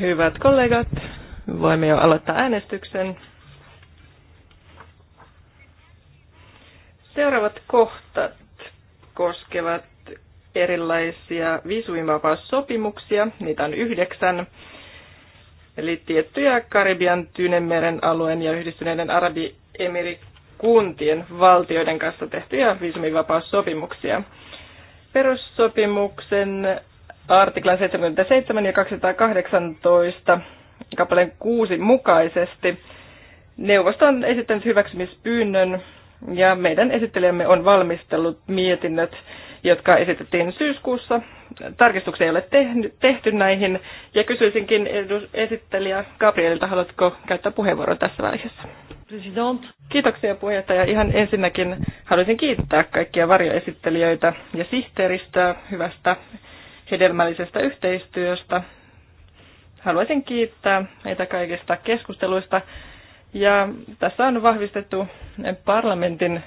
Hyvät kollegat, voimme jo aloittaa äänestyksen. Seuraavat kohtat koskevat erilaisia visuimavaussopimuksia, niitä on yhdeksän, eli tiettyjä Karibian, Tyynemeren alueen ja yhdistyneiden Arabiemiirikuntien valtioiden kanssa tehtyjä viisumivapaussopimuksia. Perussopimuksen artiklan 77 ja 218 kappaleen 6 mukaisesti. Neuvosto on esittänyt hyväksymispyynnön ja meidän esittelijämme on valmistellut mietinnöt, jotka esitettiin syyskuussa. Tarkistuksia ei ole tehty, tehty näihin ja kysyisinkin esittelijä Gabrielilta, haluatko käyttää puheenvuoron tässä vaiheessa. President. Kiitoksia puheenjohtaja. Ihan ensinnäkin haluaisin kiittää kaikkia varjoesittelijöitä ja sihteeristöä hyvästä hedelmällisestä yhteistyöstä. Haluaisin kiittää meitä kaikista keskusteluista. Ja tässä on vahvistettu parlamentin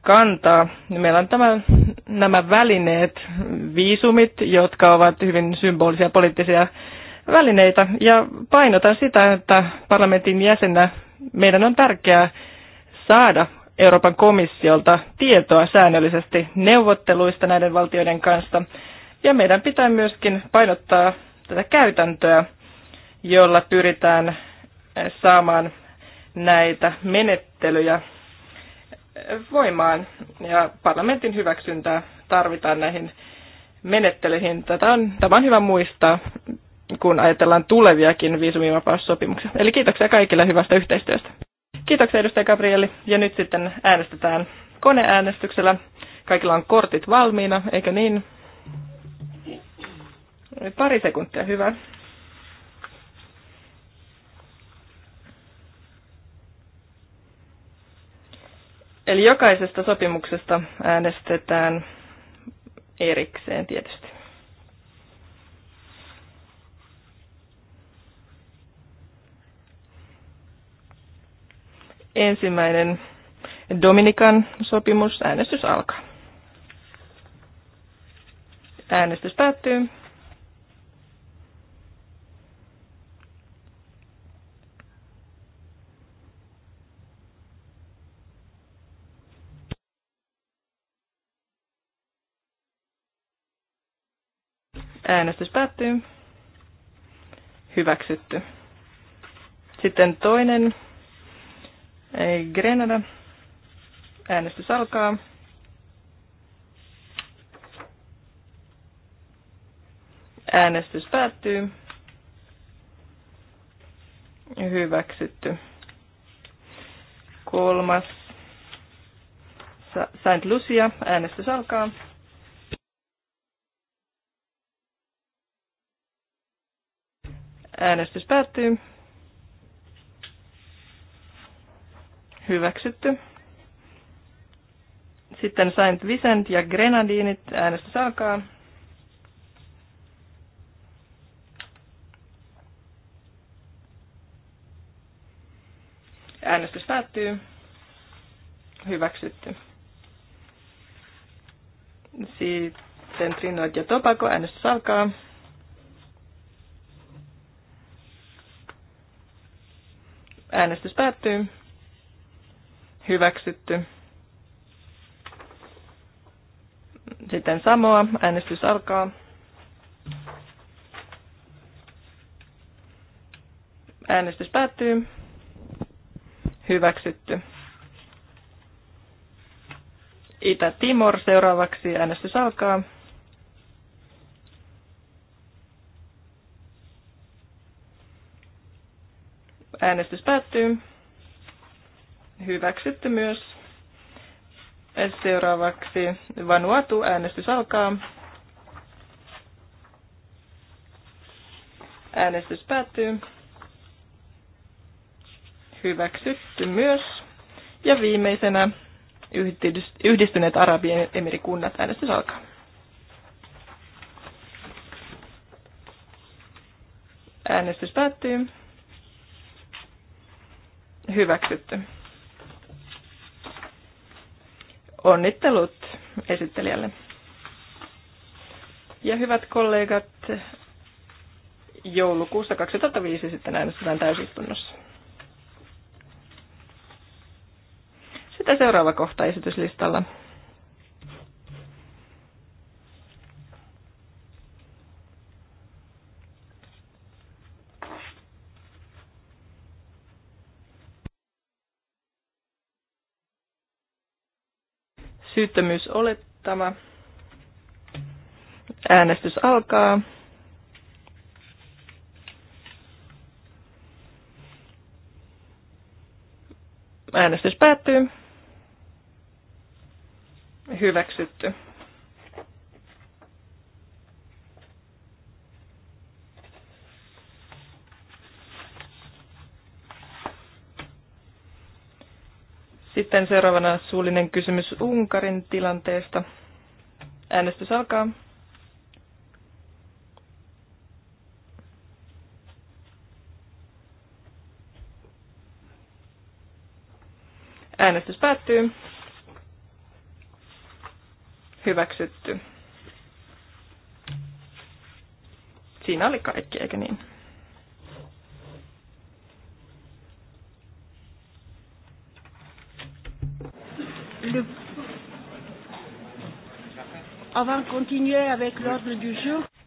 kantaa. Meillä on tämä, nämä välineet, viisumit, jotka ovat hyvin symbolisia poliittisia välineitä. Ja painotan sitä, että parlamentin jäsenä meidän on tärkeää saada Euroopan komissiolta tietoa säännöllisesti neuvotteluista näiden valtioiden kanssa – ja meidän pitää myöskin painottaa tätä käytäntöä, jolla pyritään saamaan näitä menettelyjä voimaan. Ja parlamentin hyväksyntää tarvitaan näihin menettelyihin. Tätä on, tämä on hyvä muistaa, kun ajatellaan tuleviakin viisumivapaussopimuksia. Eli kiitoksia kaikille hyvästä yhteistyöstä. Kiitoksia edustaja Gabrieli. Ja nyt sitten äänestetään koneäänestyksellä. Kaikilla on kortit valmiina, eikö niin? Pari sekuntia, hyvä. Eli jokaisesta sopimuksesta äänestetään erikseen tietysti. Ensimmäinen Dominikan sopimus, äänestys alkaa. Äänestys päättyy. Äänestys päättyy. Hyväksytty. Sitten toinen. Ei, Grenada. Äänestys alkaa. Äänestys päättyy. Hyväksytty. Kolmas. Saint Lucia. Äänestys alkaa. Äänestys päättyy. Hyväksytty. Sitten Saint Vincent ja Grenadiinit. Äänestys alkaa. Äänestys päättyy. Hyväksytty. Sitten Trinidad ja Tobago. Äänestys alkaa. Äänestys päättyy. Hyväksytty. Sitten samoa. Äänestys alkaa. Äänestys päättyy. Hyväksytty. Itä-Timor seuraavaksi. Äänestys alkaa. Äänestys päättyy. Hyväksytty myös. Seuraavaksi Vanuatu. Äänestys alkaa. Äänestys päättyy. Hyväksytty myös. Ja viimeisenä yhdistyneet Arabien emirikunnat. Äänestys alkaa. Äänestys päättyy hyväksytty. Onnittelut esittelijälle. Ja hyvät kollegat, joulukuussa 2005 sitten äänestetään täysistunnossa. Sitten seuraava kohta esityslistalla. syyttömyysolettama. Äänestys alkaa. Äänestys päättyy. Hyväksytty. Sitten seuraavana suullinen kysymys Unkarin tilanteesta. Äänestys alkaa. Äänestys päättyy. Hyväksytty. Siinä oli kaikki, eikö niin?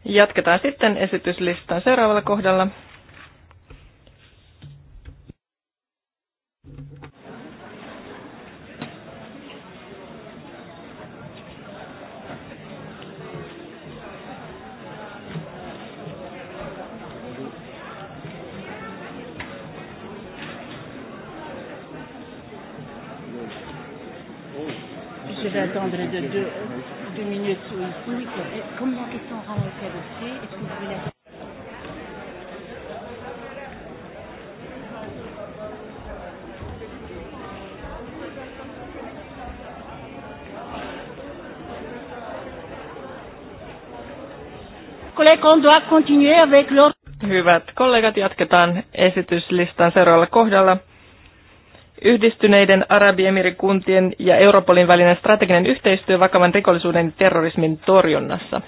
Jatketaan sitten esityslistan seuraavalla kohdalla. on doit continuer avec leur... Hyvät kollegat, jatketaan esityslistan seuraavalla kohdalla. Yhdistyneiden Arabiemirikuntien ja Europolin välinen strateginen yhteistyö vakavan rikollisuuden ja terrorismin torjunnassa.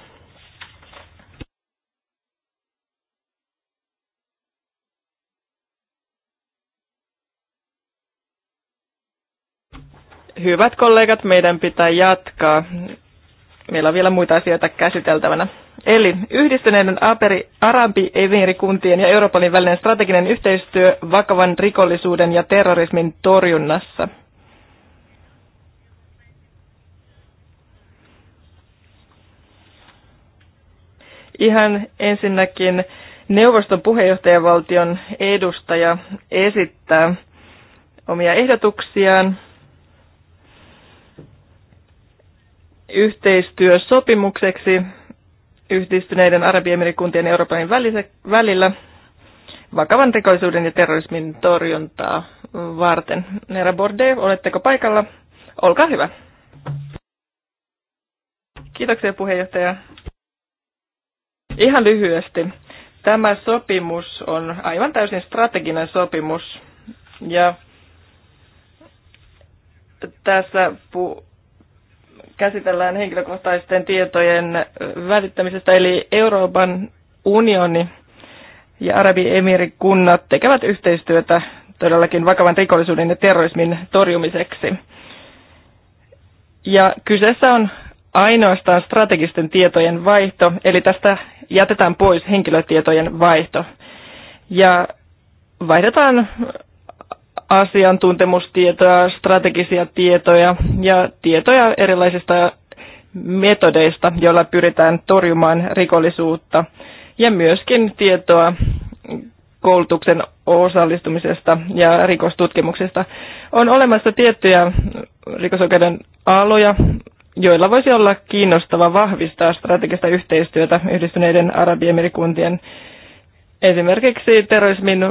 Hyvät kollegat, meidän pitää jatkaa. Meillä on vielä muita asioita käsiteltävänä. Eli yhdistyneiden arabi-emirikuntien ja Euroopanin välinen strateginen yhteistyö vakavan rikollisuuden ja terrorismin torjunnassa. Ihan ensinnäkin neuvoston puheenjohtajavaltion edustaja esittää omia ehdotuksiaan yhteistyösopimukseksi yhdistyneiden Arabiemirikuntien ja Euroopan välillä vakavan rikollisuuden ja terrorismin torjuntaa varten. Nera Borde, oletteko paikalla? Olkaa hyvä. Kiitoksia puheenjohtaja. Ihan lyhyesti. Tämä sopimus on aivan täysin strateginen sopimus ja tässä pu- käsitellään henkilökohtaisten tietojen välittämisestä, eli Euroopan unioni ja Arabi Arabi-emirikunnat tekevät yhteistyötä todellakin vakavan rikollisuuden ja terrorismin torjumiseksi. Ja kyseessä on ainoastaan strategisten tietojen vaihto, eli tästä jätetään pois henkilötietojen vaihto. Ja vaihdetaan asiantuntemustietoja, strategisia tietoja ja tietoja erilaisista metodeista, joilla pyritään torjumaan rikollisuutta ja myöskin tietoa koulutuksen osallistumisesta ja rikostutkimuksesta. On olemassa tiettyjä rikosoikeuden aloja, joilla voisi olla kiinnostava vahvistaa strategista yhteistyötä yhdistyneiden arabiemiirikuntien Esimerkiksi terrorismin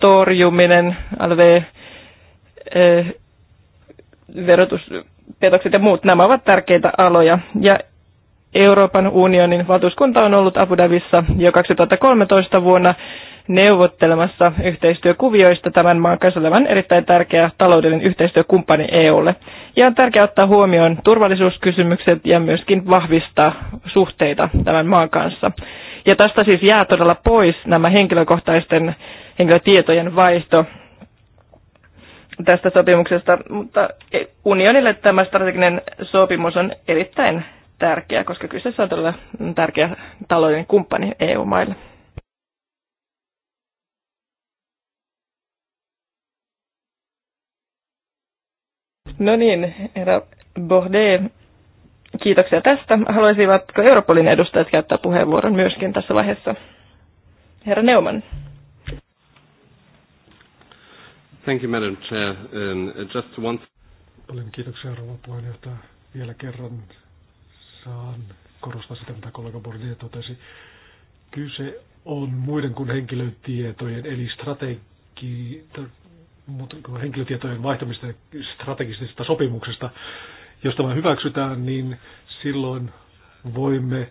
torjuminen, LV, eh, verotuspetokset ja muut, nämä ovat tärkeitä aloja. Ja Euroopan unionin valtuuskunta on ollut Abu Dhabissa jo 2013 vuonna neuvottelemassa yhteistyökuvioista tämän maan kanssa olevan erittäin tärkeä taloudellinen yhteistyökumppani EUlle. Ja on tärkeää ottaa huomioon turvallisuuskysymykset ja myöskin vahvistaa suhteita tämän maan kanssa. Ja tästä siis jää todella pois nämä henkilökohtaisten henkilötietojen vaihto tästä sopimuksesta, mutta unionille tämä strateginen sopimus on erittäin tärkeä, koska kyseessä on todella tärkeä talouden kumppani EU-maille. No niin, herra Bordet, Kiitoksia tästä. Haluaisivatko Europolin edustajat käyttää puheenvuoron myöskin tässä vaiheessa? Herra Neumann. Thank you, Madam Chair. Um, just one... Paljon kiitoksia, rouva puheenjohtaja. Vielä kerran saan korostaa sitä, mitä kollega Bordier totesi. Kyse on muiden kuin henkilötietojen, eli strategi, mutta henkilötietojen vaihtamista strategisesta sopimuksesta. Jos tämä hyväksytään, niin silloin voimme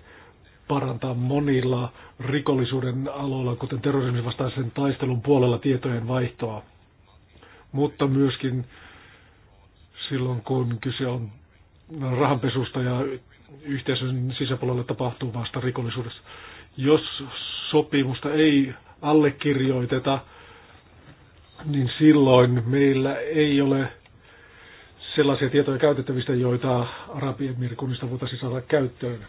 parantaa monilla rikollisuuden aloilla, kuten terrorismin vastaisen taistelun puolella tietojen vaihtoa. Mutta myöskin silloin, kun kyse on rahanpesusta ja yhteisön sisäpuolella tapahtuu vasta rikollisuudessa. Jos sopimusta ei allekirjoiteta, niin silloin meillä ei ole sellaisia tietoja käytettävistä, joita mirkunista voitaisiin saada käyttöön.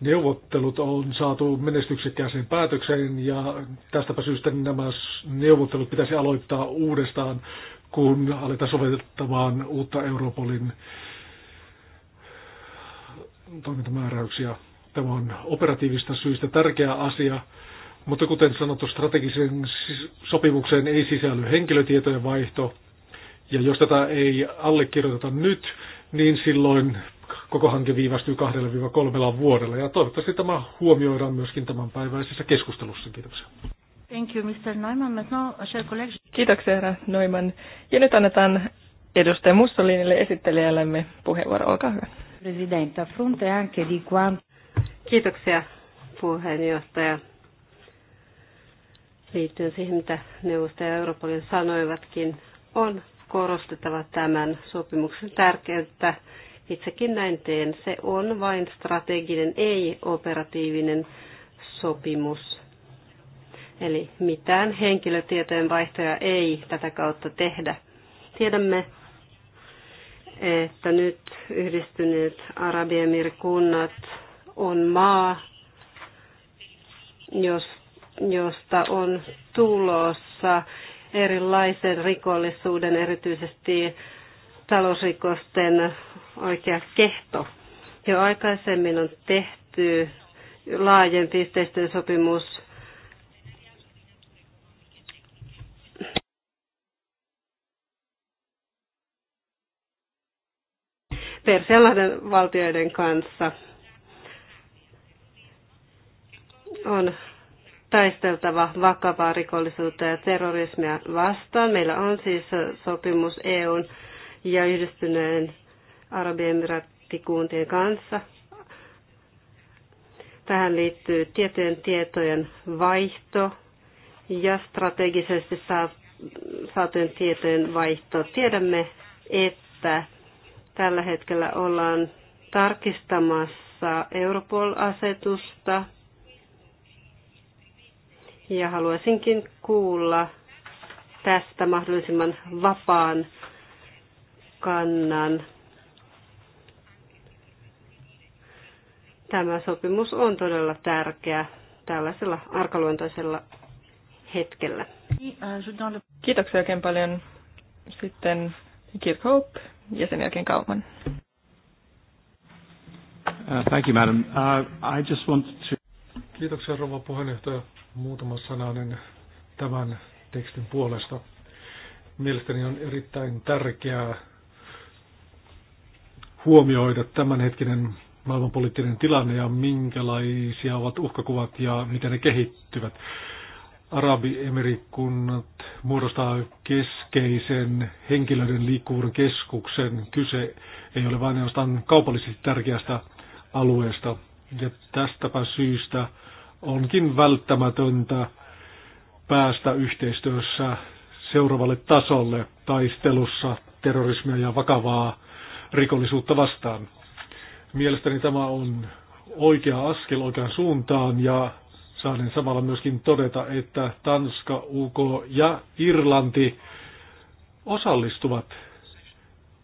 Neuvottelut on saatu menestyksekkääseen päätökseen ja tästäpä syystä nämä neuvottelut pitäisi aloittaa uudestaan, kun aletaan soveltamaan uutta Europolin toimintamääräyksiä. Tämä on operatiivista syistä tärkeä asia, mutta kuten sanottu, strategisen sopimukseen ei sisälly henkilötietojen vaihto – ja jos tätä ei allekirjoiteta nyt, niin silloin koko hanke viivästyy 2-3 vuodella. Ja toivottavasti tämä huomioidaan myöskin tämänpäiväisessä keskustelussa. Kiitoksia. Thank you, Mr. Neumann. Maintenant, cher collègue... Kiitoksia, herra Neumann. Ja nyt annetaan edustaja Mussolinille esittelijällemme puheenvuoro. Olkaa hyvä. Presidenta, Kiitoksia, puheenjohtaja. Liittyen siihen, mitä neuvostaja Euroopan sanoivatkin, on korostettava tämän sopimuksen tärkeyttä. Itsekin näin teen. Se on vain strateginen, ei operatiivinen sopimus. Eli mitään henkilötietojen vaihtoja ei tätä kautta tehdä. Tiedämme, että nyt yhdistyneet Arabiemirikunnat on maa, josta on tulossa erilaisen rikollisuuden, erityisesti talousrikosten oikea kehto. Jo aikaisemmin on tehty laajempi yhteistyösopimus Persianlahden valtioiden kanssa. On taisteltava vakavaa rikollisuutta ja terrorismia vastaan. Meillä on siis sopimus EUn ja yhdistyneen Arabiemirattikuntien kanssa. Tähän liittyy tietojen tietojen vaihto ja strategisesti saatujen tietojen vaihto. Tiedämme, että tällä hetkellä ollaan tarkistamassa Europol-asetusta – ja haluaisinkin kuulla tästä mahdollisimman vapaan kannan. Tämä sopimus on todella tärkeä tällaisella arkaluontoisella hetkellä. Kiitoksia oikein paljon. Sitten Kirk Hope ja sen jälkeen Kauman. Uh, thank you, madam. Uh, I just want to... Kiitoksia, rouva puheenjohtaja muutama sananen tämän tekstin puolesta. Mielestäni on erittäin tärkeää huomioida tämänhetkinen maailmanpoliittinen tilanne ja minkälaisia ovat uhkakuvat ja miten ne kehittyvät. Arabiemiirikunnat muodostaa keskeisen henkilöiden liikkuvuuden keskuksen. Kyse ei ole vain ainoastaan kaupallisesti tärkeästä alueesta. Ja tästäpä syystä onkin välttämätöntä päästä yhteistyössä seuraavalle tasolle taistelussa terrorismia ja vakavaa rikollisuutta vastaan. Mielestäni tämä on oikea askel oikean suuntaan ja saanen samalla myöskin todeta, että Tanska, UK ja Irlanti osallistuvat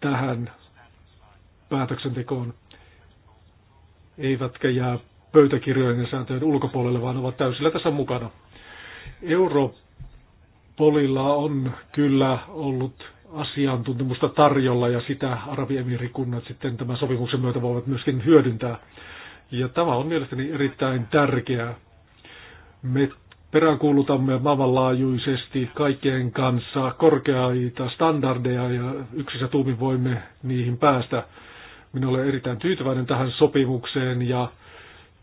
tähän päätöksentekoon, eivätkä jää pöytäkirjojen ja sääntöjen ulkopuolelle, vaan ovat täysillä tässä mukana. Europolilla on kyllä ollut asiantuntemusta tarjolla ja sitä Arabiemirikunnat sitten tämän sopimuksen myötä voivat myöskin hyödyntää. Ja tämä on mielestäni erittäin tärkeää. Me peräänkuulutamme maailmanlaajuisesti kaikkien kanssa korkeaita standardeja ja yksissä tuumin voimme niihin päästä. Minä olen erittäin tyytyväinen tähän sopimukseen ja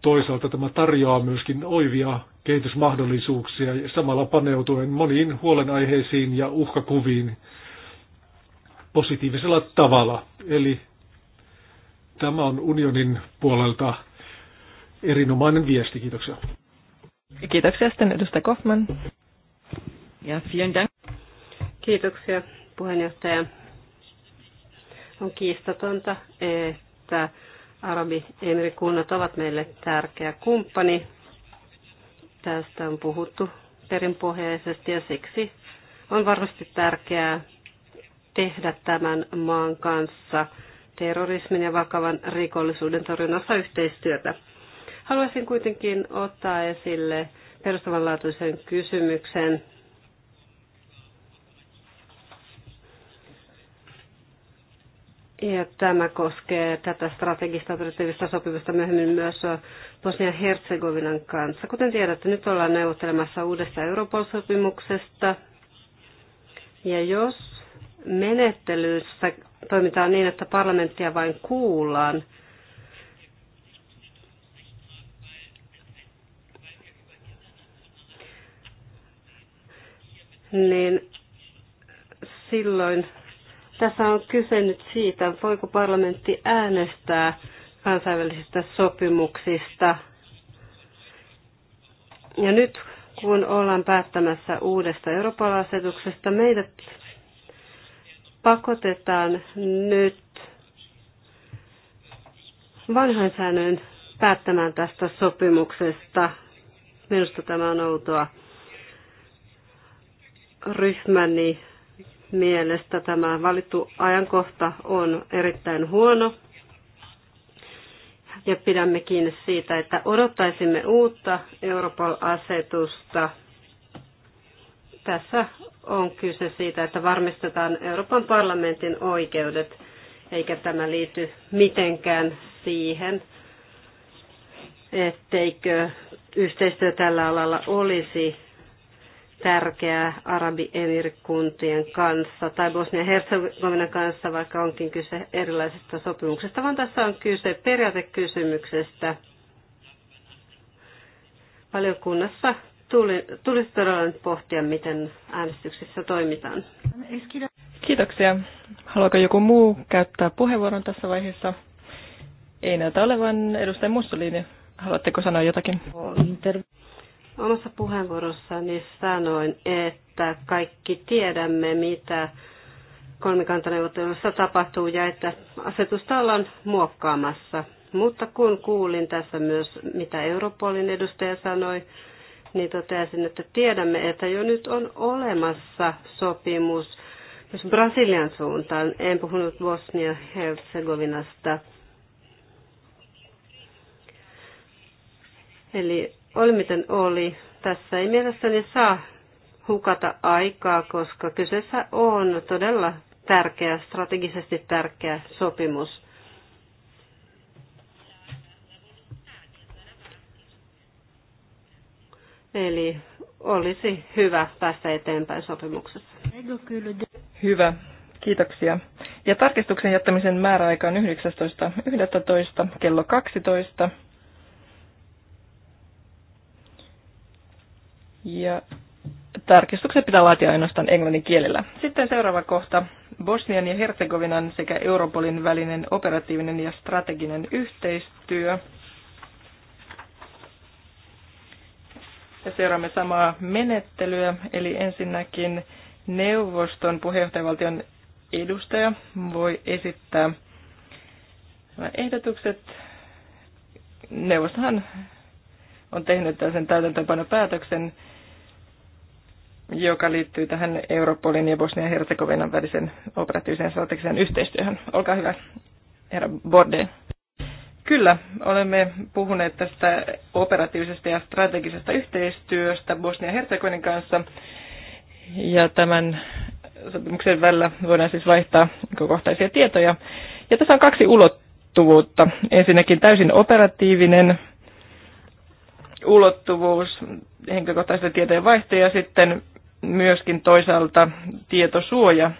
toisaalta tämä tarjoaa myöskin oivia kehitysmahdollisuuksia ja samalla paneutuen moniin huolenaiheisiin ja uhkakuviin positiivisella tavalla. Eli tämä on unionin puolelta erinomainen viesti. Kiitoksia. Kiitoksia sitten edustaja Kaufman. Ja vielen dank. Kiitoksia puheenjohtaja. On kiistatonta, että Arabi-emirikunnat ovat meille tärkeä kumppani. Tästä on puhuttu perinpohjaisesti ja siksi on varmasti tärkeää tehdä tämän maan kanssa terrorismin ja vakavan rikollisuuden torjunnassa yhteistyötä. Haluaisin kuitenkin ottaa esille perustavanlaatuisen kysymyksen, Ja tämä koskee tätä strategista operatiivista sopimusta myöhemmin myös Bosnia-Herzegovinan kanssa. Kuten tiedätte, nyt ollaan neuvottelemassa uudesta Europol-sopimuksesta. Ja jos menettelyssä toimitaan niin, että parlamenttia vain kuullaan, niin silloin tässä on kyse nyt siitä, voiko parlamentti äänestää kansainvälisistä sopimuksista. Ja nyt kun ollaan päättämässä uudesta Euroopan asetuksesta, meidät pakotetaan nyt vanhan säännön päättämään tästä sopimuksesta. Minusta tämä on outoa. Ryhmäni mielestä tämä valittu ajankohta on erittäin huono. Ja pidämme kiinni siitä, että odottaisimme uutta Europol-asetusta. Tässä on kyse siitä, että varmistetaan Euroopan parlamentin oikeudet, eikä tämä liity mitenkään siihen, etteikö yhteistyö tällä alalla olisi tärkeää Arabi-emirikuntien kanssa tai bosnia herzegovina kanssa, vaikka onkin kyse erilaisista sopimuksesta. vaan tässä on kyse periaatekysymyksestä. Valiokunnassa tuli, tulisi todella nyt pohtia, miten äänestyksissä toimitaan. Kiitoksia. Haluaako joku muu käyttää puheenvuoron tässä vaiheessa? Ei näytä olevan. Edustaja Mussolini, haluatteko sanoa jotakin? Omassa puheenvuorossani sanoin, että kaikki tiedämme, mitä kolmikantaneuvottelussa tapahtuu ja että asetusta ollaan muokkaamassa. Mutta kun kuulin tässä myös, mitä Europolin edustaja sanoi, niin totesin, että tiedämme, että jo nyt on olemassa sopimus myös Brasilian suuntaan. En puhunut Bosnia-Herzegovinasta. Eli oli miten oli, tässä ei mielestäni saa hukata aikaa, koska kyseessä on todella tärkeä, strategisesti tärkeä sopimus. Eli olisi hyvä päästä eteenpäin sopimuksessa. Hyvä, kiitoksia. Ja tarkistuksen jättämisen määräaika on 19.11. kello 12. Ja tarkistukset pitää laatia ainoastaan englannin kielellä. Sitten seuraava kohta. Bosnian ja Herzegovinan sekä Europolin välinen operatiivinen ja strateginen yhteistyö. Ja seuraamme samaa menettelyä, eli ensinnäkin neuvoston puheenjohtajavaltion edustaja voi esittää ehdotukset. Neuvostohan on tehnyt tällaisen täytäntöönpanopäätöksen päätöksen joka liittyy tähän Europolin ja Bosnian Herzegovinan välisen operatiiviseen strategiseen yhteistyöhön. Olkaa hyvä, herra Borde. Kyllä, olemme puhuneet tästä operatiivisesta ja strategisesta yhteistyöstä Bosnia herzegovinan kanssa. Ja tämän sopimuksen välillä voidaan siis vaihtaa kohtaisia tietoja. Ja tässä on kaksi ulottuvuutta. Ensinnäkin täysin operatiivinen ulottuvuus henkilökohtaisten tietojen vaihto ja sitten myöskin toisaalta tietosuoja,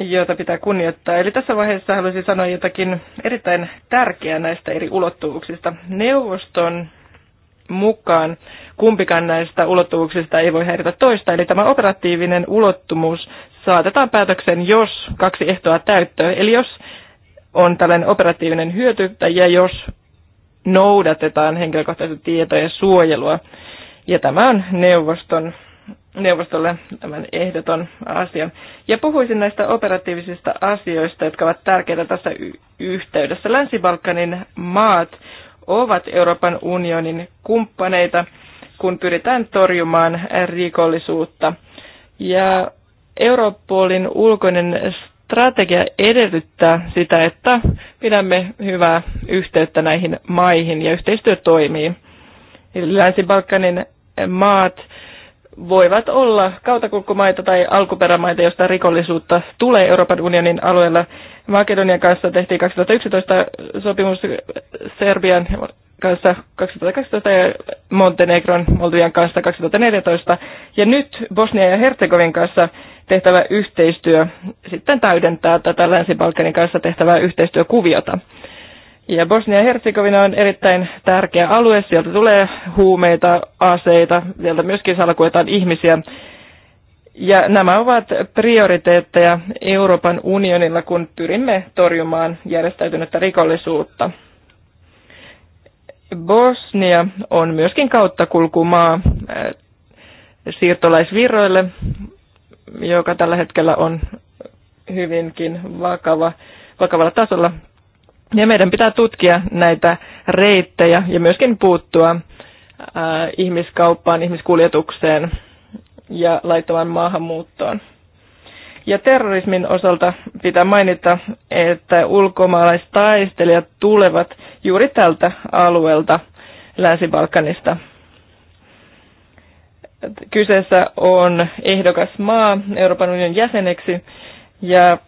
jota pitää kunnioittaa. Eli tässä vaiheessa haluaisin sanoa jotakin erittäin tärkeää näistä eri ulottuvuuksista. Neuvoston mukaan kumpikaan näistä ulottuvuuksista ei voi häiritä toista, eli tämä operatiivinen ulottuvuus saatetaan päätöksen, jos kaksi ehtoa täyttöä, eli jos on tällainen operatiivinen hyöty ja jos noudatetaan henkilökohtaisen tietojen suojelua. Ja tämä on neuvoston, neuvostolle tämän ehdoton asia. Ja puhuisin näistä operatiivisista asioista, jotka ovat tärkeitä tässä yhteydessä. Länsi-Balkanin maat ovat Euroopan unionin kumppaneita, kun pyritään torjumaan rikollisuutta. Ja Europolin ulkoinen strategia edellyttää sitä, että pidämme hyvää yhteyttä näihin maihin ja yhteistyö toimii. Länsi-Balkanin maat voivat olla kautakulkumaita tai alkuperämaita, josta rikollisuutta tulee Euroopan unionin alueella. Makedonian kanssa tehtiin 2011 sopimus Serbian kanssa 2012 ja Montenegron Moldovian kanssa 2014. Ja nyt Bosnia ja Herzegovin kanssa tehtävä yhteistyö sitten täydentää tätä Länsi-Balkanin kanssa tehtävää yhteistyökuviota. Ja Bosnia-Herzegovina on erittäin tärkeä alue. Sieltä tulee huumeita, aseita, sieltä myöskin salkuetaan ihmisiä. Ja nämä ovat prioriteetteja Euroopan unionilla, kun pyrimme torjumaan järjestäytynyttä rikollisuutta. Bosnia on myöskin kautta kulkumaa äh, siirtolaisvirroille, joka tällä hetkellä on hyvinkin vakava, vakavalla tasolla. Ja meidän pitää tutkia näitä reittejä ja myöskin puuttua ihmiskauppaan, ihmiskuljetukseen ja laittoman maahanmuuttoon. Ja terrorismin osalta pitää mainita, että ulkomaalaistaistelijat tulevat juuri tältä alueelta Länsi-Balkanista. Kyseessä on ehdokas maa Euroopan unionin jäseneksi ja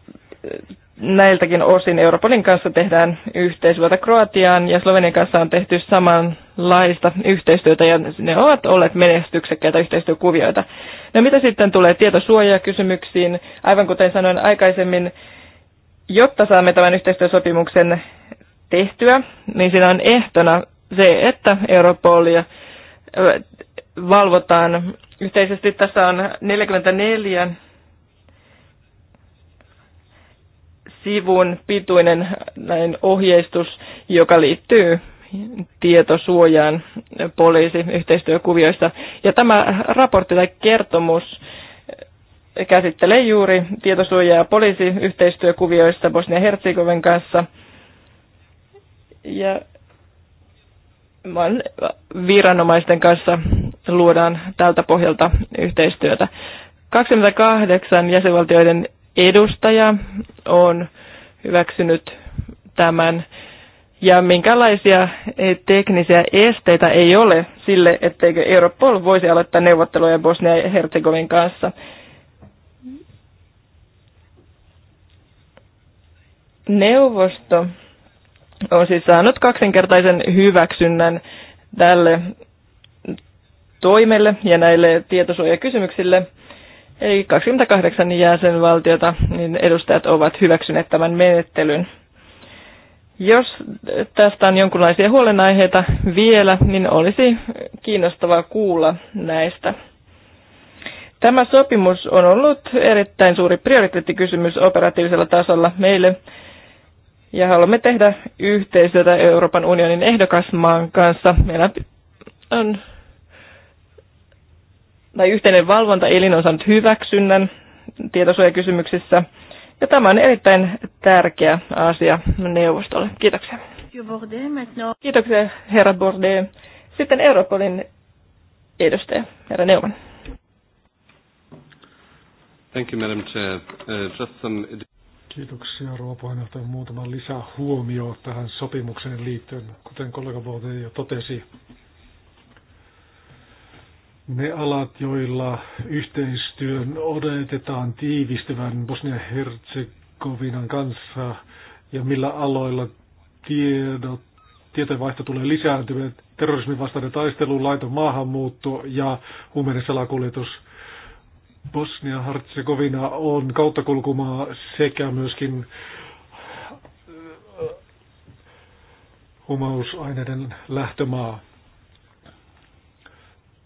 näiltäkin osin Europolin kanssa tehdään yhteistyötä Kroatiaan ja Slovenian kanssa on tehty samanlaista yhteistyötä ja ne ovat olleet menestyksekkäitä yhteistyökuvioita. No mitä sitten tulee tietosuojakysymyksiin? Aivan kuten sanoin aikaisemmin, jotta saamme tämän yhteistyösopimuksen tehtyä, niin siinä on ehtona se, että Europolia valvotaan yhteisesti. Tässä on 44 sivun pituinen näin ohjeistus, joka liittyy tietosuojaan poliisiyhteistyökuvioissa. Ja tämä raportti tai kertomus käsittelee juuri tietosuojaa poliisiyhteistyökuvioissa Bosnia-Herzegovin kanssa. Ja viranomaisten kanssa luodaan tältä pohjalta yhteistyötä. 28 jäsenvaltioiden edustaja on hyväksynyt tämän ja minkälaisia eh, teknisiä esteitä ei ole sille, etteikö Europol voisi aloittaa neuvotteluja Bosnia ja Herzegovin kanssa. Neuvosto on siis saanut kaksinkertaisen hyväksynnän tälle toimelle ja näille tietosuojakysymyksille. Eli 28 jäsenvaltiota niin edustajat ovat hyväksyneet tämän menettelyn. Jos tästä on jonkinlaisia huolenaiheita vielä, niin olisi kiinnostavaa kuulla näistä. Tämä sopimus on ollut erittäin suuri prioriteettikysymys operatiivisella tasolla meille ja haluamme tehdä yhteistyötä Euroopan unionin ehdokasmaan kanssa. Meillä on tai yhteinen valvontaelin on saanut hyväksynnän tietosuojakysymyksissä. Ja tämä on erittäin tärkeä asia neuvostolle. Kiitoksia. Kiitoksia, herra Borde. Sitten Europolin edustaja, herra Neuman. Thank you, Madam Chair. Uh, just some... Kiitoksia, rouva puheenjohtaja. Muutama lisähuomio tähän sopimukseen liittyen. Kuten kollega Borde jo totesi, ne alat, joilla yhteistyön odotetaan tiivistyvän Bosnia-Herzegovinan kanssa ja millä aloilla tiedot, tietojenvaihto tulee lisääntymään, terrorismin vastainen taistelu, laiton maahanmuutto ja huumeiden salakuljetus. Bosnia-Herzegovina on kauttakulkumaa sekä myöskin humausaineiden äh, äh, lähtömaa.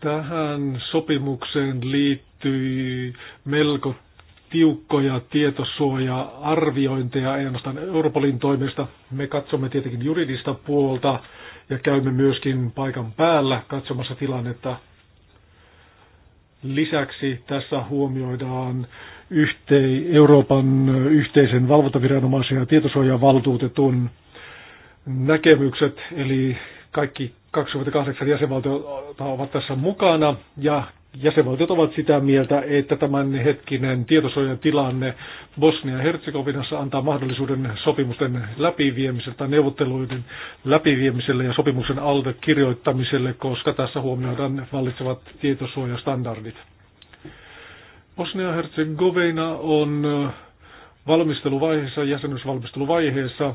Tähän sopimukseen liittyy melko tiukkoja tietosuoja-arviointeja ainoastaan Europolin toimesta. Me katsomme tietenkin juridista puolta ja käymme myöskin paikan päällä katsomassa tilannetta. Lisäksi tässä huomioidaan yhtei, Euroopan yhteisen valvontaviranomaisen ja tietosuojavaltuutetun näkemykset, eli kaikki 28 jäsenvaltiota ovat tässä mukana ja jäsenvaltiot ovat sitä mieltä, että tämän hetkinen tietosuojan tilanne Bosnia-Herzegovinassa antaa mahdollisuuden sopimusten läpiviemiselle tai neuvotteluiden läpiviemiselle ja sopimuksen allekirjoittamiselle, koska tässä huomioidaan vallitsevat tietosuojastandardit. Bosnia-Herzegovina on valmisteluvaiheessa, jäsenyysvalmisteluvaiheessa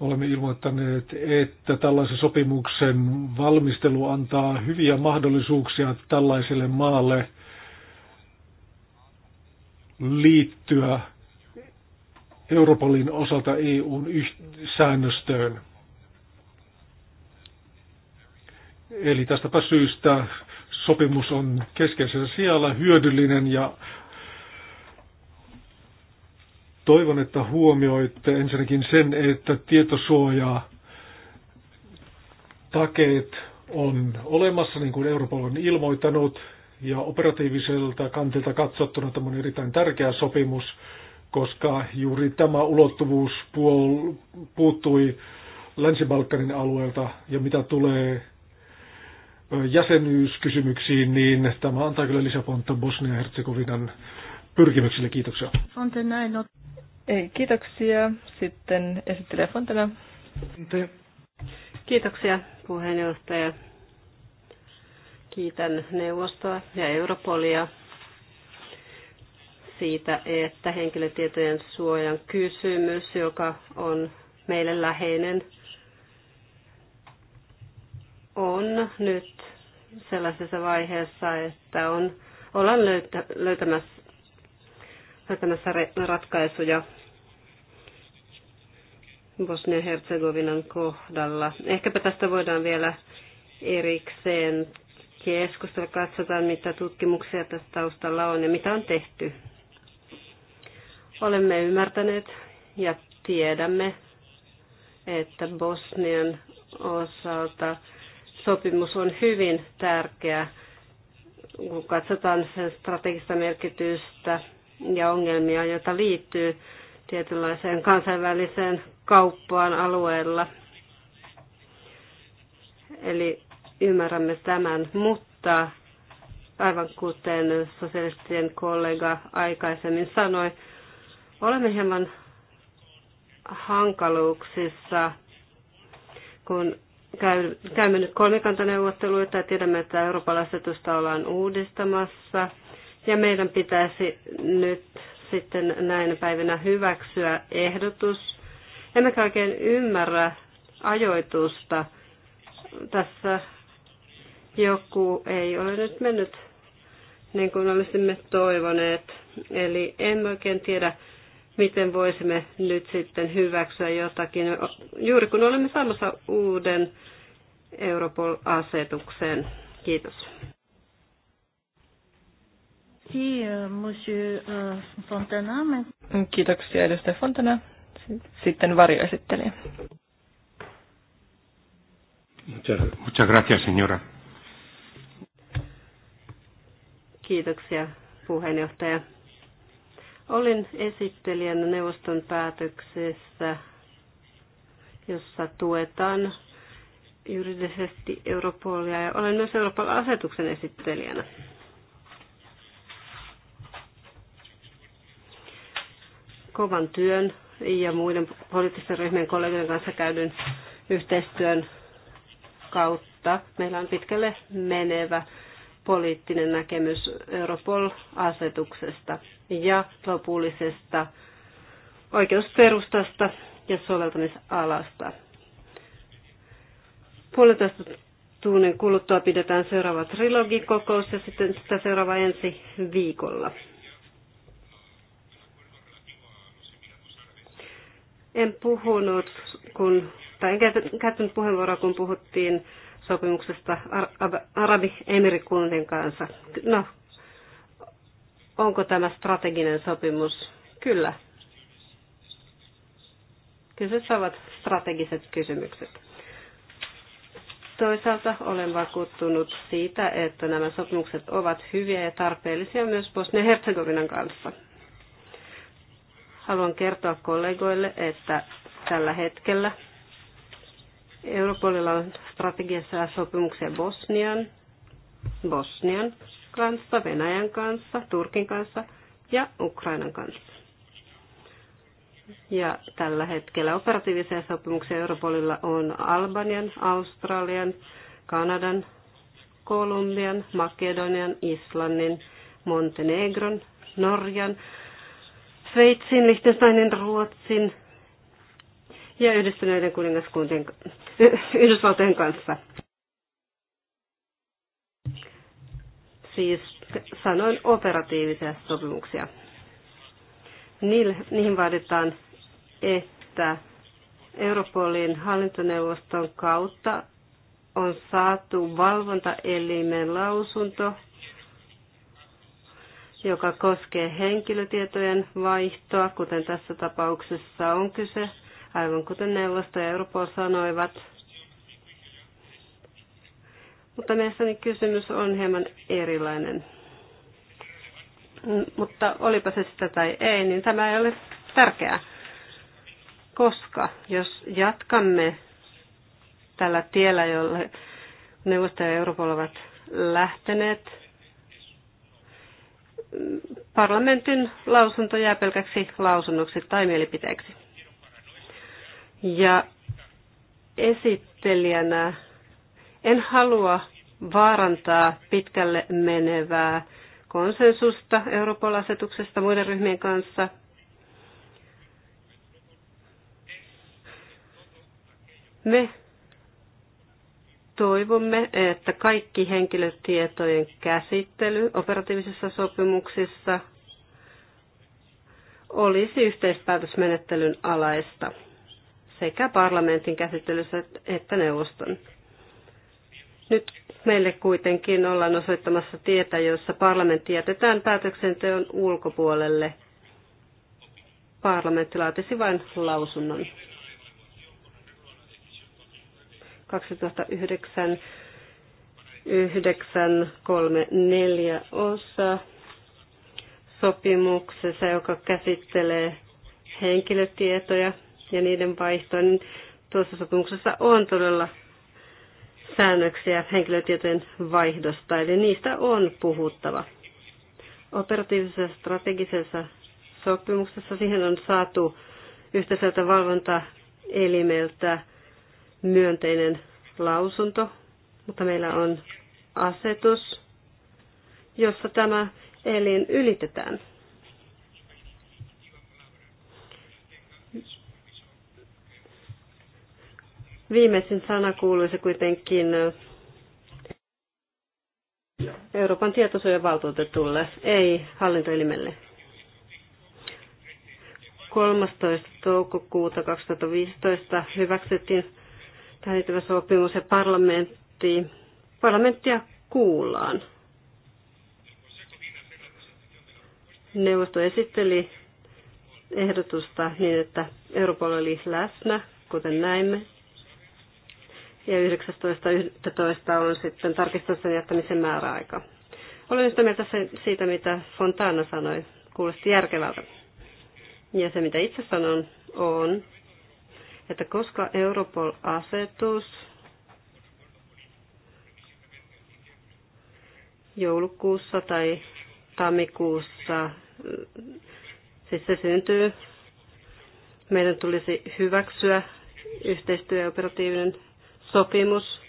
Olemme ilmoittaneet, että tällaisen sopimuksen valmistelu antaa hyviä mahdollisuuksia tällaiselle maalle liittyä Europolin osalta EUn säännöstöön. Eli tästäpä syystä sopimus on keskeisellä sijalla hyödyllinen ja Toivon, että huomioitte ensinnäkin sen, että tietosuojaa takeet on olemassa, niin kuin Euroopan on ilmoittanut, ja operatiiviselta kantilta katsottuna tämä on erittäin tärkeä sopimus, koska juuri tämä ulottuvuus puol- puuttui Länsi-Balkanin alueelta, ja mitä tulee jäsenyyskysymyksiin, niin tämä antaa kyllä lisäpontta Bosnia-Herzegovinan pyrkimyksille. Kiitoksia. Ei, kiitoksia. Sitten esittelee Fontana. Kiitoksia puheenjohtaja. Kiitän neuvostoa ja Europolia siitä, että henkilötietojen suojan kysymys, joka on meille läheinen, on nyt sellaisessa vaiheessa, että on, ollaan löytä, löytämässä, löytämässä ratkaisuja Bosnia-Herzegovinan kohdalla. Ehkäpä tästä voidaan vielä erikseen keskustella, katsotaan mitä tutkimuksia tästä taustalla on ja mitä on tehty. Olemme ymmärtäneet ja tiedämme, että Bosnian osalta sopimus on hyvin tärkeä, kun katsotaan sen strategista merkitystä ja ongelmia, joita liittyy tietynlaiseen kansainväliseen kauppaan alueella. Eli ymmärrämme tämän, mutta aivan kuten sosialistien kollega aikaisemmin sanoi, olemme hieman hankaluuksissa, kun käymme nyt kolmikantaneuvotteluita ja tiedämme, että Euroopan asetusta ollaan uudistamassa. Ja meidän pitäisi nyt sitten näinä päivinä hyväksyä ehdotus, Emmekä oikein ymmärrä ajoitusta. Tässä joku ei ole nyt mennyt niin kuin olisimme toivoneet. Eli emme oikein tiedä, miten voisimme nyt sitten hyväksyä jotakin, juuri kun olemme saamassa uuden Europol-asetuksen. Kiitos. Euh, euh, Kiitoksia, edustaja Fontana sitten varjoesittelijä. Muchas gracias, señora. Kiitoksia, puheenjohtaja. Olin esittelijänä neuvoston päätöksessä, jossa tuetaan juridisesti Europolia ja olen myös Euroopan asetuksen esittelijänä. Kovan työn ja muiden poliittisten ryhmien kollegojen kanssa käydyn yhteistyön kautta. Meillä on pitkälle menevä poliittinen näkemys Europol-asetuksesta ja lopullisesta oikeusperustasta ja soveltamisalasta. Puolitoista tunnin kuluttua pidetään seuraava trilogikokous ja sitten sitä seuraava ensi viikolla. En puhunut, kun, tai en käyttänyt puheenvuoroa, kun puhuttiin sopimuksesta Arabi-emirikuntien kanssa. No, onko tämä strateginen sopimus? Kyllä. Kyseessä ovat strategiset kysymykset. Toisaalta olen vakuuttunut siitä, että nämä sopimukset ovat hyviä ja tarpeellisia myös Bosnia-Herzegovinan kanssa. Haluan kertoa kollegoille, että tällä hetkellä Europolilla on strategiassa sopimuksia Bosnian, Bosnian kanssa, Venäjän kanssa, Turkin kanssa ja Ukrainan kanssa. Ja tällä hetkellä operatiivisia sopimuksia Europolilla on Albanian, Australian, Kanadan, Kolumbian, Makedonian, Islannin, Montenegron, Norjan, Sveitsin, Liechtensteinin, Ruotsin ja yhdistyneiden kuningaskuntien, Yhdysvaltojen kanssa. Siis sanoin operatiivisia sopimuksia. Niille, niihin vaaditaan, että Europolin hallintoneuvoston kautta on saatu valvontaelimen lausunto joka koskee henkilötietojen vaihtoa, kuten tässä tapauksessa on kyse, aivan kuten neuvosto ja Europol sanoivat. Mutta mielestäni kysymys on hieman erilainen. Mm, mutta olipa se sitä tai ei, niin tämä ei ole tärkeää. Koska jos jatkamme tällä tiellä, jolle neuvosto ja Europol ovat lähteneet, parlamentin lausunto jää pelkäksi lausunnoksi tai mielipiteeksi. Ja esittelijänä en halua vaarantaa pitkälle menevää konsensusta Euroopan asetuksesta muiden ryhmien kanssa. Me toivomme, että kaikki henkilötietojen käsittely operatiivisissa sopimuksissa olisi yhteispäätösmenettelyn alaista sekä parlamentin käsittelyssä että neuvoston. Nyt meille kuitenkin ollaan osoittamassa tietä, jossa parlamentti jätetään päätöksenteon ulkopuolelle. Parlamentti laatisi vain lausunnon. 2009 934 osa sopimuksessa, joka käsittelee henkilötietoja ja niiden vaihtoa, niin tuossa sopimuksessa on todella säännöksiä henkilötietojen vaihdosta, eli niistä on puhuttava. Operatiivisessa strategisessa sopimuksessa siihen on saatu yhteiseltä valvontaelimeltä myönteinen lausunto, mutta meillä on asetus, jossa tämä elin ylitetään. Viimeisin sana kuuluisi kuitenkin Euroopan tietosuojavaltuutetulle, ei hallintoelimelle. 13. toukokuuta 2015 hyväksyttiin tähän liittyvä sopimus ja parlamentti, parlamenttia kuullaan. Neuvosto esitteli ehdotusta niin, että Euroopan oli läsnä, kuten näimme. Ja 19.11. on sitten tarkistusten jättämisen määräaika. Olen yhtä mieltä siitä, mitä Fontana sanoi. Kuulosti järkevältä. Ja se, mitä itse sanon, on, että koska Europol-asetus joulukuussa tai tammikuussa, siis se syntyy, meidän tulisi hyväksyä yhteistyöoperatiivinen sopimus.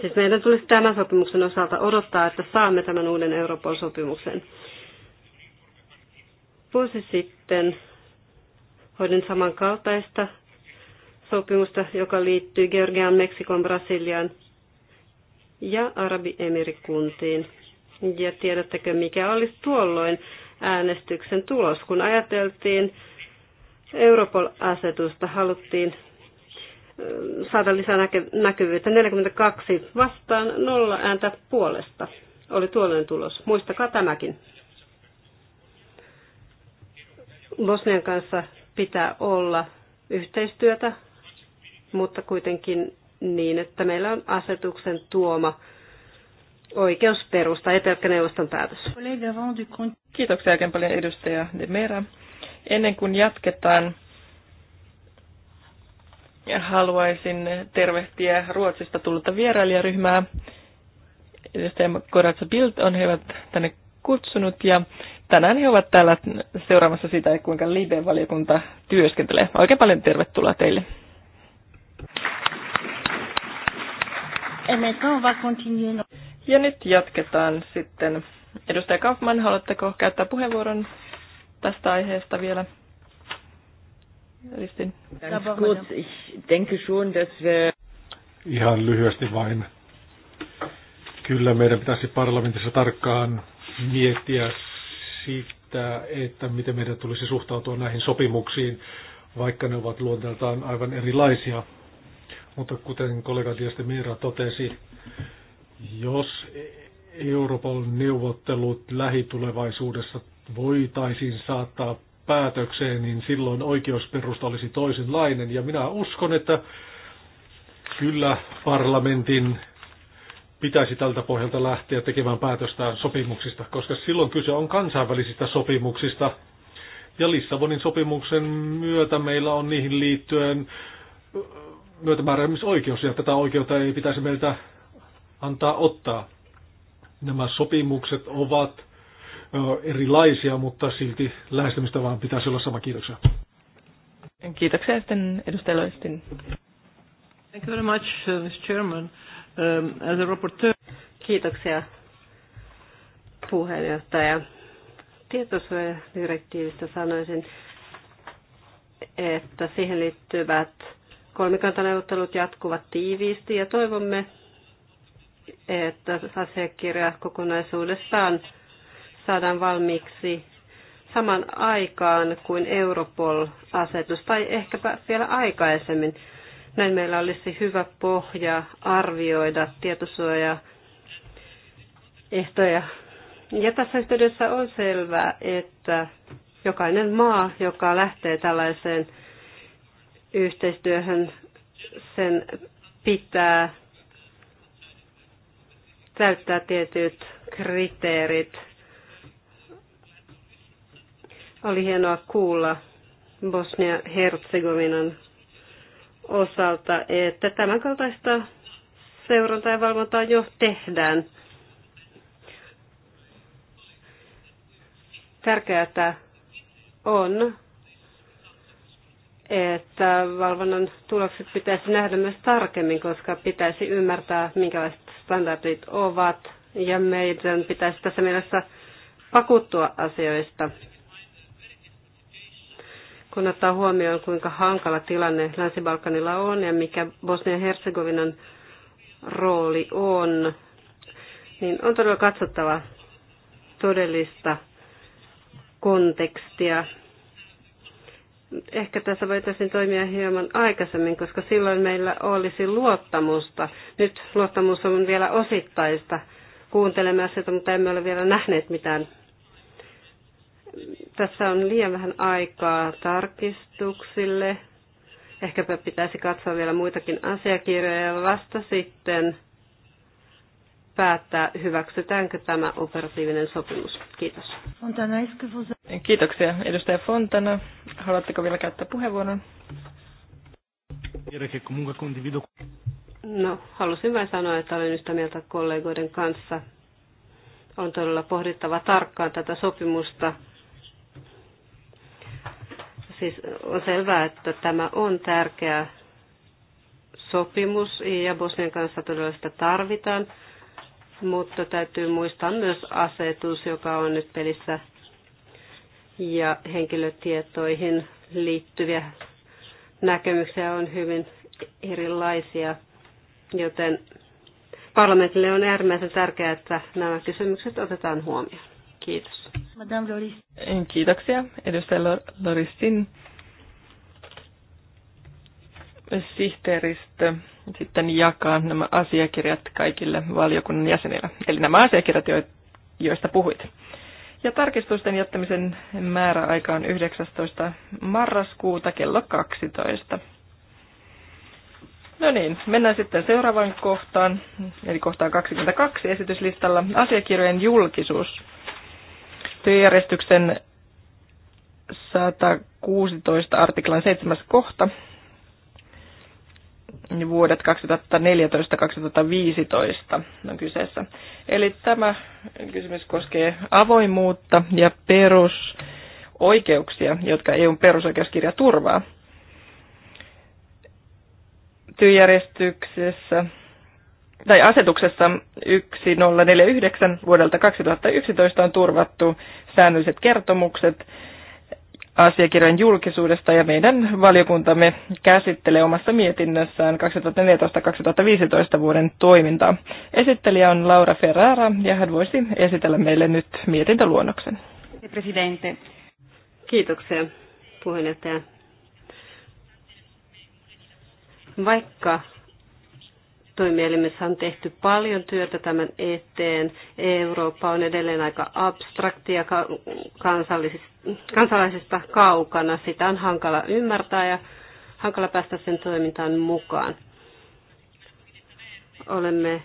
Siis meidän tulisi tämän sopimuksen osalta odottaa, että saamme tämän uuden Euroopan sopimuksen Vuosi sitten hoidin samankaltaista sopimusta, joka liittyy Georgian, Meksikon, Brasilian ja Arabiemirikuntiin. Ja tiedättekö, mikä oli tuolloin äänestyksen tulos, kun ajateltiin Europol-asetusta, haluttiin saada lisää näkyvyyttä. 42 vastaan, nolla ääntä puolesta oli tuolloin tulos. Muistakaa tämäkin. Bosnian kanssa pitää olla yhteistyötä, mutta kuitenkin niin, että meillä on asetuksen tuoma oikeusperusta, ei pelkkä neuvoston päätös. Kiitoksia oikein paljon edustaja De Mera. Ennen kuin jatketaan, haluaisin tervehtiä Ruotsista tullutta vierailijaryhmää. Edustaja Koratsa Bild on heidät tänne kutsunut ja tänään he ovat täällä seuraamassa sitä, kuinka Libe-valiokunta työskentelee. Oikein paljon tervetuloa teille. Ja nyt jatketaan sitten. Edustaja Kaufman, haluatteko käyttää puheenvuoron tästä aiheesta vielä? Ihan lyhyesti vain. Kyllä meidän pitäisi parlamentissa tarkkaan miettiä siitä, että miten meidän tulisi suhtautua näihin sopimuksiin, vaikka ne ovat luonteeltaan aivan erilaisia. Mutta kuten kollega Dieste Miira totesi, jos Euroopan neuvottelut lähitulevaisuudessa voitaisiin saattaa päätökseen, niin silloin oikeusperusta olisi toisenlainen. Ja minä uskon, että kyllä parlamentin pitäisi tältä pohjalta lähteä tekemään päätöstä sopimuksista, koska silloin kyse on kansainvälisistä sopimuksista. Ja Lissabonin sopimuksen myötä meillä on niihin liittyen myötämääräämisoikeus, ja tätä oikeutta ei pitäisi meiltä antaa ottaa. Nämä sopimukset ovat erilaisia, mutta silti lähestymistä vaan pitäisi olla sama. Kiitoksia. Kiitoksia sitten edustajalle. Thank you very much, uh, Mr. Chairman. Um, as a rapporteur. Kiitoksia puheenjohtaja. Tietosuojadirektiivistä sanoisin, että siihen liittyvät kolmikantaneuvottelut jatkuvat tiiviisti ja toivomme, että asiakirja kokonaisuudessaan saadaan valmiiksi saman aikaan kuin Europol-asetus tai ehkäpä vielä aikaisemmin näin meillä olisi hyvä pohja arvioida tietosuoja ehtoja. Ja tässä yhteydessä on selvää, että jokainen maa, joka lähtee tällaiseen yhteistyöhön, sen pitää täyttää tietyt kriteerit. Oli hienoa kuulla Bosnia-Herzegovinan osalta, että tämänkaltaista seurantaa ja valvontaa jo tehdään. Tärkeää on, että valvonnan tulokset pitäisi nähdä myös tarkemmin, koska pitäisi ymmärtää, minkälaiset standardit ovat, ja meidän pitäisi tässä mielessä pakuttua asioista kun ottaa huomioon, kuinka hankala tilanne Länsi-Balkanilla on ja mikä Bosnia-Herzegovinan rooli on, niin on todella katsottava todellista kontekstia. Ehkä tässä voitaisiin toimia hieman aikaisemmin, koska silloin meillä olisi luottamusta. Nyt luottamus on vielä osittaista kuuntelemaan sitä, mutta emme ole vielä nähneet mitään tässä on liian vähän aikaa tarkistuksille. Ehkäpä pitäisi katsoa vielä muitakin asiakirjoja ja vasta sitten päättää, hyväksytäänkö tämä operatiivinen sopimus. Kiitos. Kiitoksia. Edustaja Fontana, haluatteko vielä käyttää puheenvuoron? No, halusin vain sanoa, että olen yhtä mieltä kollegoiden kanssa. On todella pohdittava tarkkaan tätä sopimusta Siis on selvää, että tämä on tärkeä sopimus ja Bosnian kanssa todella sitä tarvitaan, mutta täytyy muistaa myös asetus, joka on nyt pelissä ja henkilötietoihin liittyviä näkemyksiä on hyvin erilaisia, joten parlamentille on äärimmäisen tärkeää, että nämä kysymykset otetaan huomioon. Kiitos. Madame Loris. Eh, kiitoksia edustaja Loristin sihteeristö sitten jakaa nämä asiakirjat kaikille valiokunnan jäsenille. Eli nämä asiakirjat, joista puhuit. Ja tarkistusten jättämisen määräaika on 19. marraskuuta kello 12. No niin, mennään sitten seuraavaan kohtaan, eli kohtaan 22 esityslistalla, asiakirjojen julkisuus työjärjestyksen 116 artiklan 7. kohta vuodet 2014-2015 on kyseessä. Eli tämä kysymys koskee avoimuutta ja perusoikeuksia, jotka EUn perusoikeuskirja turvaa. Työjärjestyksessä tai asetuksessa 1049 vuodelta 2011 on turvattu säännölliset kertomukset asiakirjan julkisuudesta ja meidän valiokuntamme käsittelee omassa mietinnössään 2014-2015 vuoden toimintaa. Esittelijä on Laura Ferrara ja hän voisi esitellä meille nyt mietintöluonnoksen. Presidente. Kiitoksia puheenjohtaja. Vaikka toimielimessä on tehty paljon työtä tämän eteen. Eurooppa on edelleen aika abstraktia kansalaisista kaukana. Sitä on hankala ymmärtää ja hankala päästä sen toimintaan mukaan. Olemme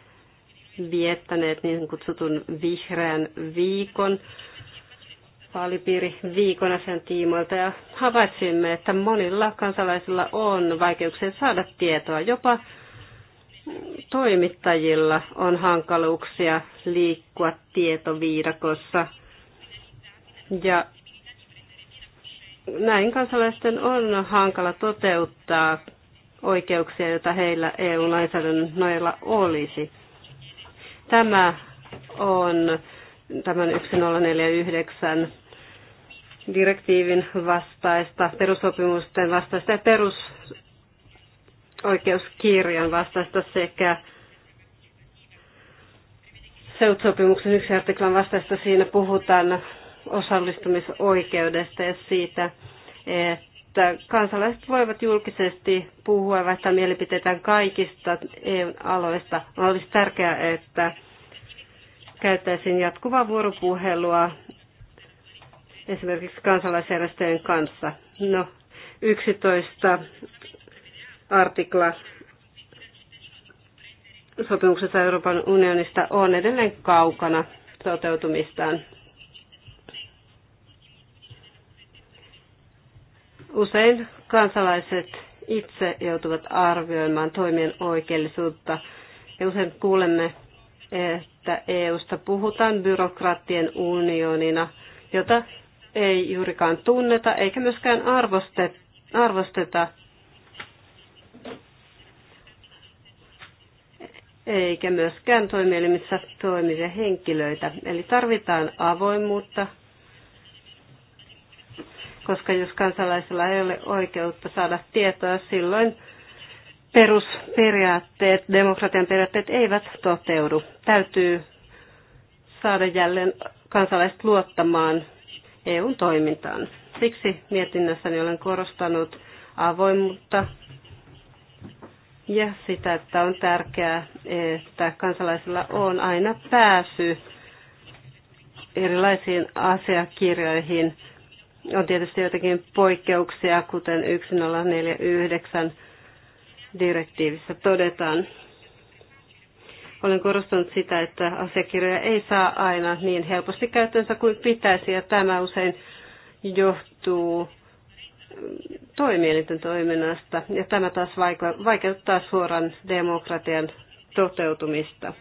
viettäneet niin kutsutun vihreän viikon vaalipiiri viikon sen tiimoilta ja havaitsimme, että monilla kansalaisilla on vaikeuksia saada tietoa. Jopa toimittajilla on hankaluuksia liikkua tietoviidakossa. Ja näin kansalaisten on hankala toteuttaa oikeuksia, joita heillä EU-lainsäädännön nojalla olisi. Tämä on tämän 1049 direktiivin vastaista, perusopimusten vastaista ja perus oikeuskirjan vastaista sekä seutsopimuksen yksi artiklan vastaista. Siinä puhutaan osallistumisoikeudesta ja siitä, että kansalaiset voivat julkisesti puhua ja vaihtaa mielipiteitään kaikista EU-aloista. Olisi tärkeää, että käyttäisiin jatkuvaa vuoropuhelua esimerkiksi kansalaisjärjestöjen kanssa. No, 11 artikla sopimuksessa Euroopan unionista on edelleen kaukana toteutumistaan. Usein kansalaiset itse joutuvat arvioimaan toimien oikeellisuutta ja usein kuulemme, että EUsta puhutaan byrokraattien unionina, jota ei juurikaan tunneta eikä myöskään arvosteta eikä myöskään toimielimissä toimivia henkilöitä. Eli tarvitaan avoimuutta, koska jos kansalaisilla ei ole oikeutta saada tietoa, silloin perusperiaatteet, demokratian periaatteet eivät toteudu. Täytyy saada jälleen kansalaiset luottamaan EUn toimintaan. Siksi mietinnässäni olen korostanut avoimuutta, ja sitä, että on tärkeää, että kansalaisilla on aina pääsy erilaisiin asiakirjoihin. On tietysti jotakin poikkeuksia, kuten 1049 direktiivissä todetaan. Olen korostanut sitä, että asiakirjoja ei saa aina niin helposti käyttöönsä kuin pitäisi, ja tämä usein johtuu toimielinten toiminnasta, ja tämä taas vaikeuttaa suoran demokratian toteutumista.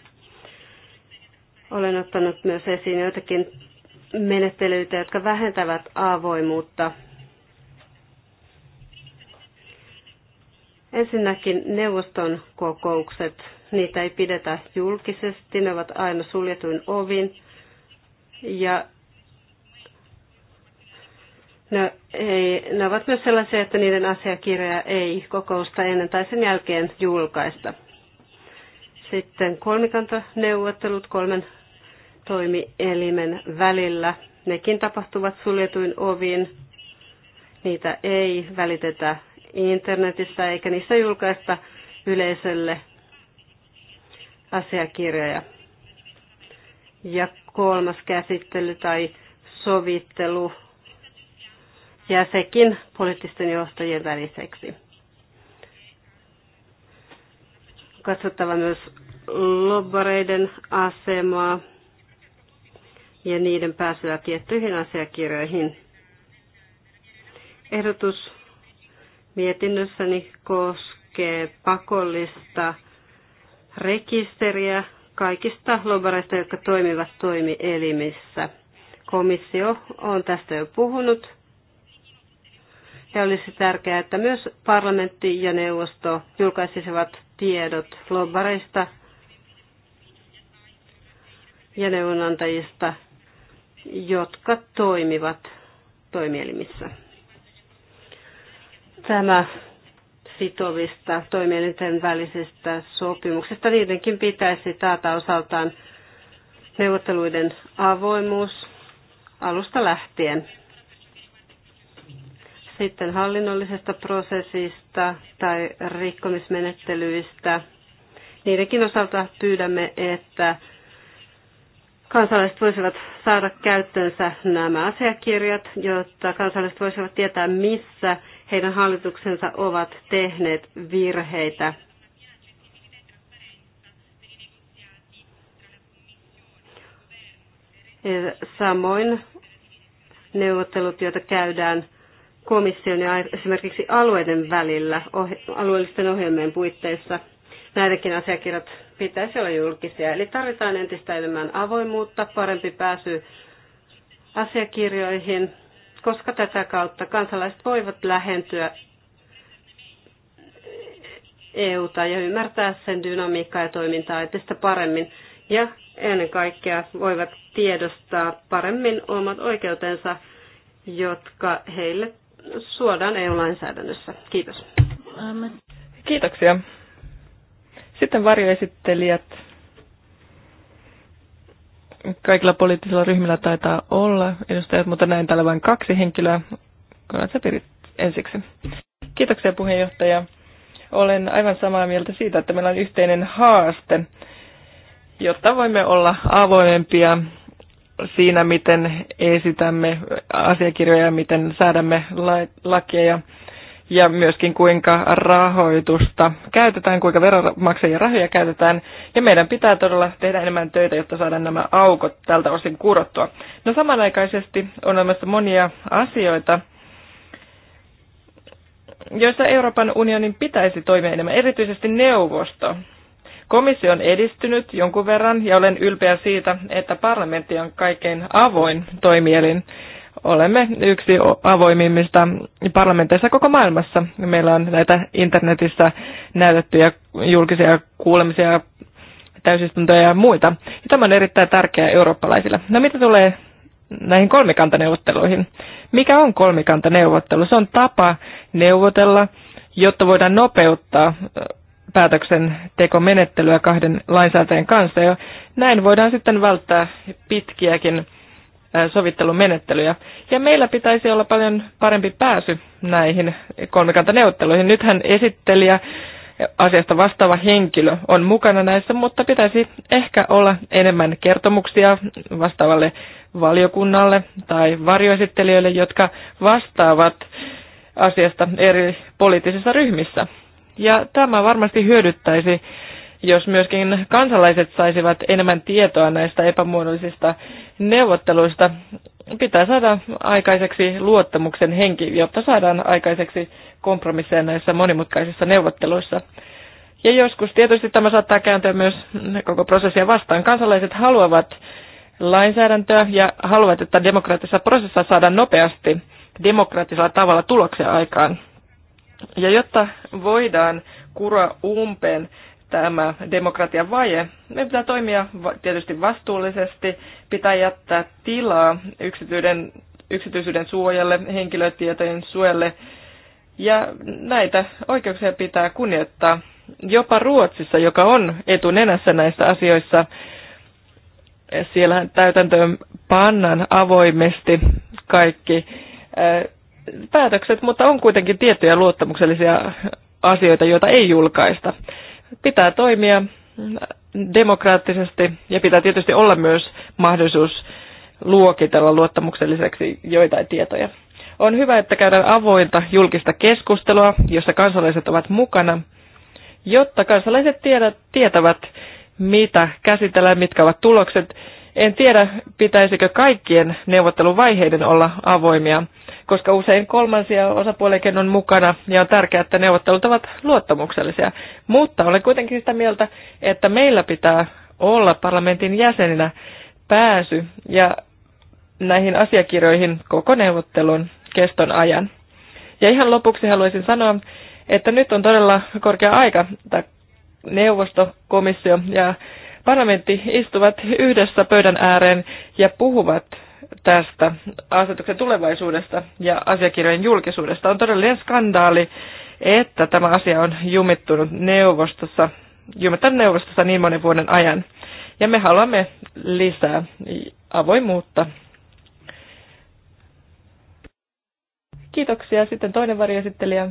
Olen ottanut myös esiin joitakin menettelyitä, jotka vähentävät avoimuutta. Ensinnäkin neuvoston kokoukset, niitä ei pidetä julkisesti, ne ovat aina suljetuin ovin ja No, ei, ne ovat myös sellaisia, että niiden asiakirjoja ei kokousta ennen tai sen jälkeen julkaista. Sitten kolmikantaneuvottelut kolmen toimielimen välillä. Nekin tapahtuvat suljetuin oviin, Niitä ei välitetä internetissä eikä niissä julkaista yleisölle asiakirjoja. Ja kolmas käsittely tai sovittelu ja sekin poliittisten johtajien väliseksi. Katsottava myös lobbareiden asemaa ja niiden pääsyä tiettyihin asiakirjoihin. Ehdotus mietinnössäni koskee pakollista rekisteriä kaikista lobbareista, jotka toimivat toimielimissä. Komissio on tästä jo puhunut ja olisi tärkeää, että myös parlamentti ja neuvosto julkaisisivat tiedot lobbareista ja neuvonantajista, jotka toimivat toimielimissä. Tämä sitovista toimielinten välisistä sopimuksista, niidenkin pitäisi taata osaltaan neuvotteluiden avoimuus alusta lähtien. Sitten hallinnollisesta prosessista tai rikkomismenettelyistä. Niidenkin osalta pyydämme, että kansalaiset voisivat saada käyttöönsä nämä asiakirjat, jotta kansalaiset voisivat tietää, missä heidän hallituksensa ovat tehneet virheitä. Samoin neuvottelut, joita käydään komission ja esimerkiksi alueiden välillä alueellisten ohjelmien puitteissa näidenkin asiakirjat pitäisi olla julkisia. Eli tarvitaan entistä enemmän avoimuutta, parempi pääsy asiakirjoihin, koska tätä kautta kansalaiset voivat lähentyä EUta ja ymmärtää sen dynamiikkaa ja toimintaa entistä paremmin. Ja ennen kaikkea voivat tiedostaa paremmin omat oikeutensa, jotka heille suodaan EU-lainsäädännössä. Kiitos. Kiitoksia. Sitten varjoesittelijät. Kaikilla poliittisilla ryhmillä taitaa olla edustajat, mutta näin täällä vain kaksi henkilöä. se pirit ensiksi. Kiitoksia puheenjohtaja. Olen aivan samaa mieltä siitä, että meillä on yhteinen haaste, jotta voimme olla avoimempia siinä, miten esitämme asiakirjoja, miten säädämme lakeja ja myöskin kuinka rahoitusta käytetään, kuinka veronmaksajien rahoja käytetään. Ja meidän pitää todella tehdä enemmän töitä, jotta saadaan nämä aukot tältä osin kurottua. No samanaikaisesti on olemassa monia asioita, joissa Euroopan unionin pitäisi toimia enemmän, erityisesti neuvosto. Komissio on edistynyt jonkun verran ja olen ylpeä siitä, että parlamentti on kaikkein avoin toimielin. Olemme yksi avoimimmista parlamenteista koko maailmassa. Meillä on näitä internetissä näytettyjä julkisia kuulemisia, täysistuntoja ja muita. Ja tämä on erittäin tärkeää eurooppalaisille. No mitä tulee näihin kolmikantaneuvotteluihin? Mikä on kolmikantaneuvottelu? Se on tapa neuvotella, jotta voidaan nopeuttaa päätöksentekomenettelyä kahden lainsäätäjän kanssa. Ja näin voidaan sitten välttää pitkiäkin sovittelumenettelyjä. Ja meillä pitäisi olla paljon parempi pääsy näihin kolmikantaneuvotteluihin. Nythän esittelijä asiasta vastaava henkilö on mukana näissä, mutta pitäisi ehkä olla enemmän kertomuksia vastaavalle valiokunnalle tai varjoesittelijöille, jotka vastaavat asiasta eri poliittisissa ryhmissä. Ja tämä varmasti hyödyttäisi, jos myöskin kansalaiset saisivat enemmän tietoa näistä epämuodollisista neuvotteluista. Pitää saada aikaiseksi luottamuksen henki, jotta saadaan aikaiseksi kompromisseja näissä monimutkaisissa neuvotteluissa. Ja joskus tietysti tämä saattaa kääntyä myös koko prosessia vastaan. Kansalaiset haluavat lainsäädäntöä ja haluavat, että demokraattisessa prosessissa saadaan nopeasti demokraattisella tavalla tuloksia aikaan. Ja jotta voidaan kuroa umpeen tämä demokratian vaje, meidän pitää toimia tietysti vastuullisesti, pitää jättää tilaa yksityiden, yksityisyyden suojalle, henkilötietojen suojalle, ja näitä oikeuksia pitää kunnioittaa. Jopa Ruotsissa, joka on etunenässä näissä asioissa, siellä täytäntöön pannan avoimesti kaikki päätökset, mutta on kuitenkin tiettyjä luottamuksellisia asioita, joita ei julkaista. Pitää toimia demokraattisesti ja pitää tietysti olla myös mahdollisuus luokitella luottamukselliseksi joitain tietoja. On hyvä, että käydään avointa julkista keskustelua, jossa kansalaiset ovat mukana, jotta kansalaiset tiedä tietävät, mitä käsitellään, mitkä ovat tulokset. En tiedä, pitäisikö kaikkien neuvotteluvaiheiden olla avoimia koska usein kolmansia osapuoliakin on mukana ja on tärkeää, että neuvottelut ovat luottamuksellisia. Mutta olen kuitenkin sitä mieltä, että meillä pitää olla parlamentin jäseninä pääsy ja näihin asiakirjoihin koko neuvottelun keston ajan. Ja ihan lopuksi haluaisin sanoa, että nyt on todella korkea aika, että neuvosto, komissio ja parlamentti istuvat yhdessä pöydän ääreen ja puhuvat tästä asetuksen tulevaisuudesta ja asiakirjojen julkisuudesta. On todellinen skandaali, että tämä asia on jumittunut neuvostossa, jumittanut neuvostossa niin monen vuoden ajan. Ja me haluamme lisää avoimuutta. Kiitoksia. Sitten toinen varjoesittelijä.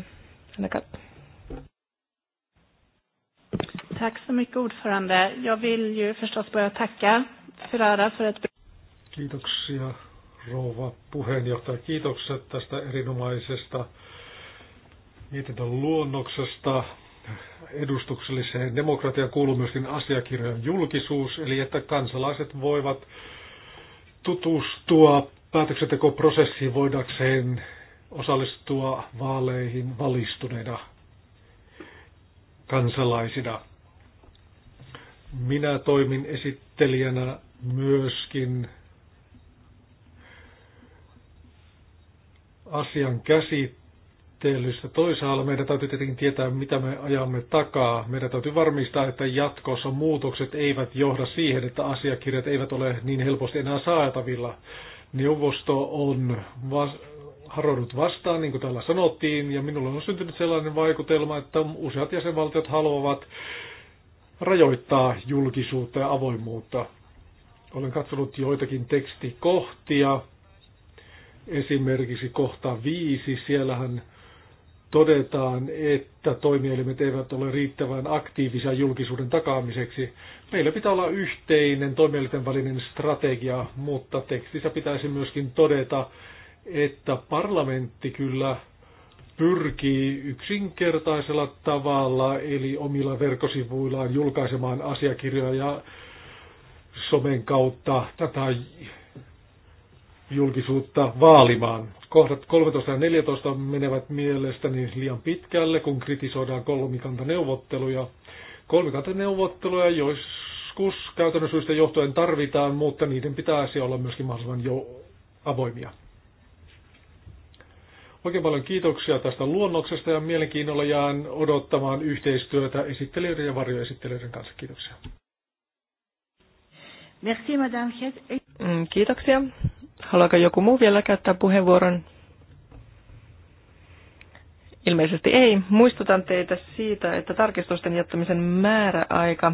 Tack så mycket ordförande. Jag vill ju förstås börja tacka Ferrara för ett Kiitoksia rouva puheenjohtaja. Kiitokset tästä erinomaisesta mietinnön luonnoksesta. Edustukselliseen demokratiaan kuuluu myöskin asiakirjan julkisuus, eli että kansalaiset voivat tutustua päätöksentekoprosessiin voidakseen osallistua vaaleihin valistuneena kansalaisina. Minä toimin esittelijänä myöskin asian käsittelyssä. Toisaalla meidän täytyy tietenkin tietää, mitä me ajamme takaa. Meidän täytyy varmistaa, että jatkossa muutokset eivät johda siihen, että asiakirjat eivät ole niin helposti enää saatavilla. Neuvosto on vas- harodut vastaan, niin kuin täällä sanottiin, ja minulle on syntynyt sellainen vaikutelma, että useat jäsenvaltiot haluavat rajoittaa julkisuutta ja avoimuutta. Olen katsonut joitakin tekstikohtia, esimerkiksi kohta viisi, siellähän todetaan, että toimielimet eivät ole riittävän aktiivisia julkisuuden takaamiseksi. Meillä pitää olla yhteinen toimielinten välinen strategia, mutta tekstissä pitäisi myöskin todeta, että parlamentti kyllä pyrkii yksinkertaisella tavalla, eli omilla verkkosivuillaan julkaisemaan asiakirjoja ja somen kautta tätä julkisuutta vaalimaan. Kohdat 13 ja 14 menevät mielestäni liian pitkälle, kun kritisoidaan kolmikantaneuvotteluja. Kolmikantaneuvotteluja joskus käytännön syystä johtuen tarvitaan, mutta niiden pitäisi olla myöskin mahdollisimman jo avoimia. Oikein paljon kiitoksia tästä luonnoksesta ja mielenkiinnolla jään odottamaan yhteistyötä esittelijöiden ja varjoesittelijöiden kanssa. Kiitoksia. Merci, madame. Mm, kiitoksia. Haluaako joku muu vielä käyttää puheenvuoron? Ilmeisesti ei. Muistutan teitä siitä, että tarkistusten jättämisen määräaika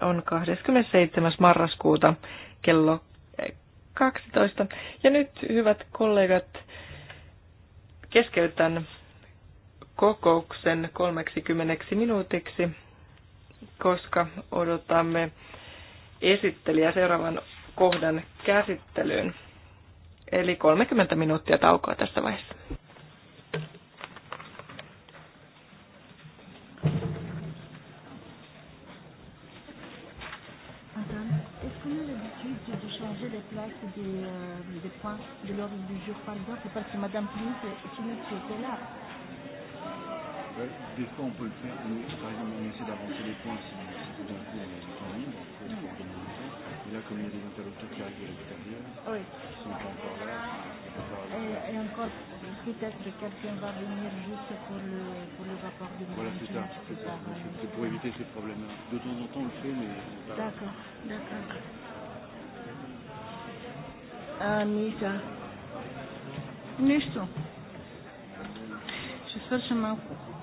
on 27. marraskuuta kello 12. Eh, ja nyt, hyvät kollegat, keskeytän kokouksen 30 minuutiksi, koska odotamme esittelijä seuraavan kohdan käsittelyyn. Eli 30 minuuttia taukoa tässä vaiheessa. Euh, des, fois, on peut le faire, nous, par exemple, on essaie d'avancer les points si, si tout d'un coup on est en ligne, pour organiser la commune des interlocuteurs de l'extérieur. Oui. Ils sont encore là. Et, et encore, peut-être quelqu'un va venir juste pour le, pour le rapport du Voilà, c'est ça. C'est ça. Euh, c'est pour éviter ces problèmes. De temps en temps, on le fait, mais. D'accord, d'accord. Anita. Nu știu. Și sfârșim acum.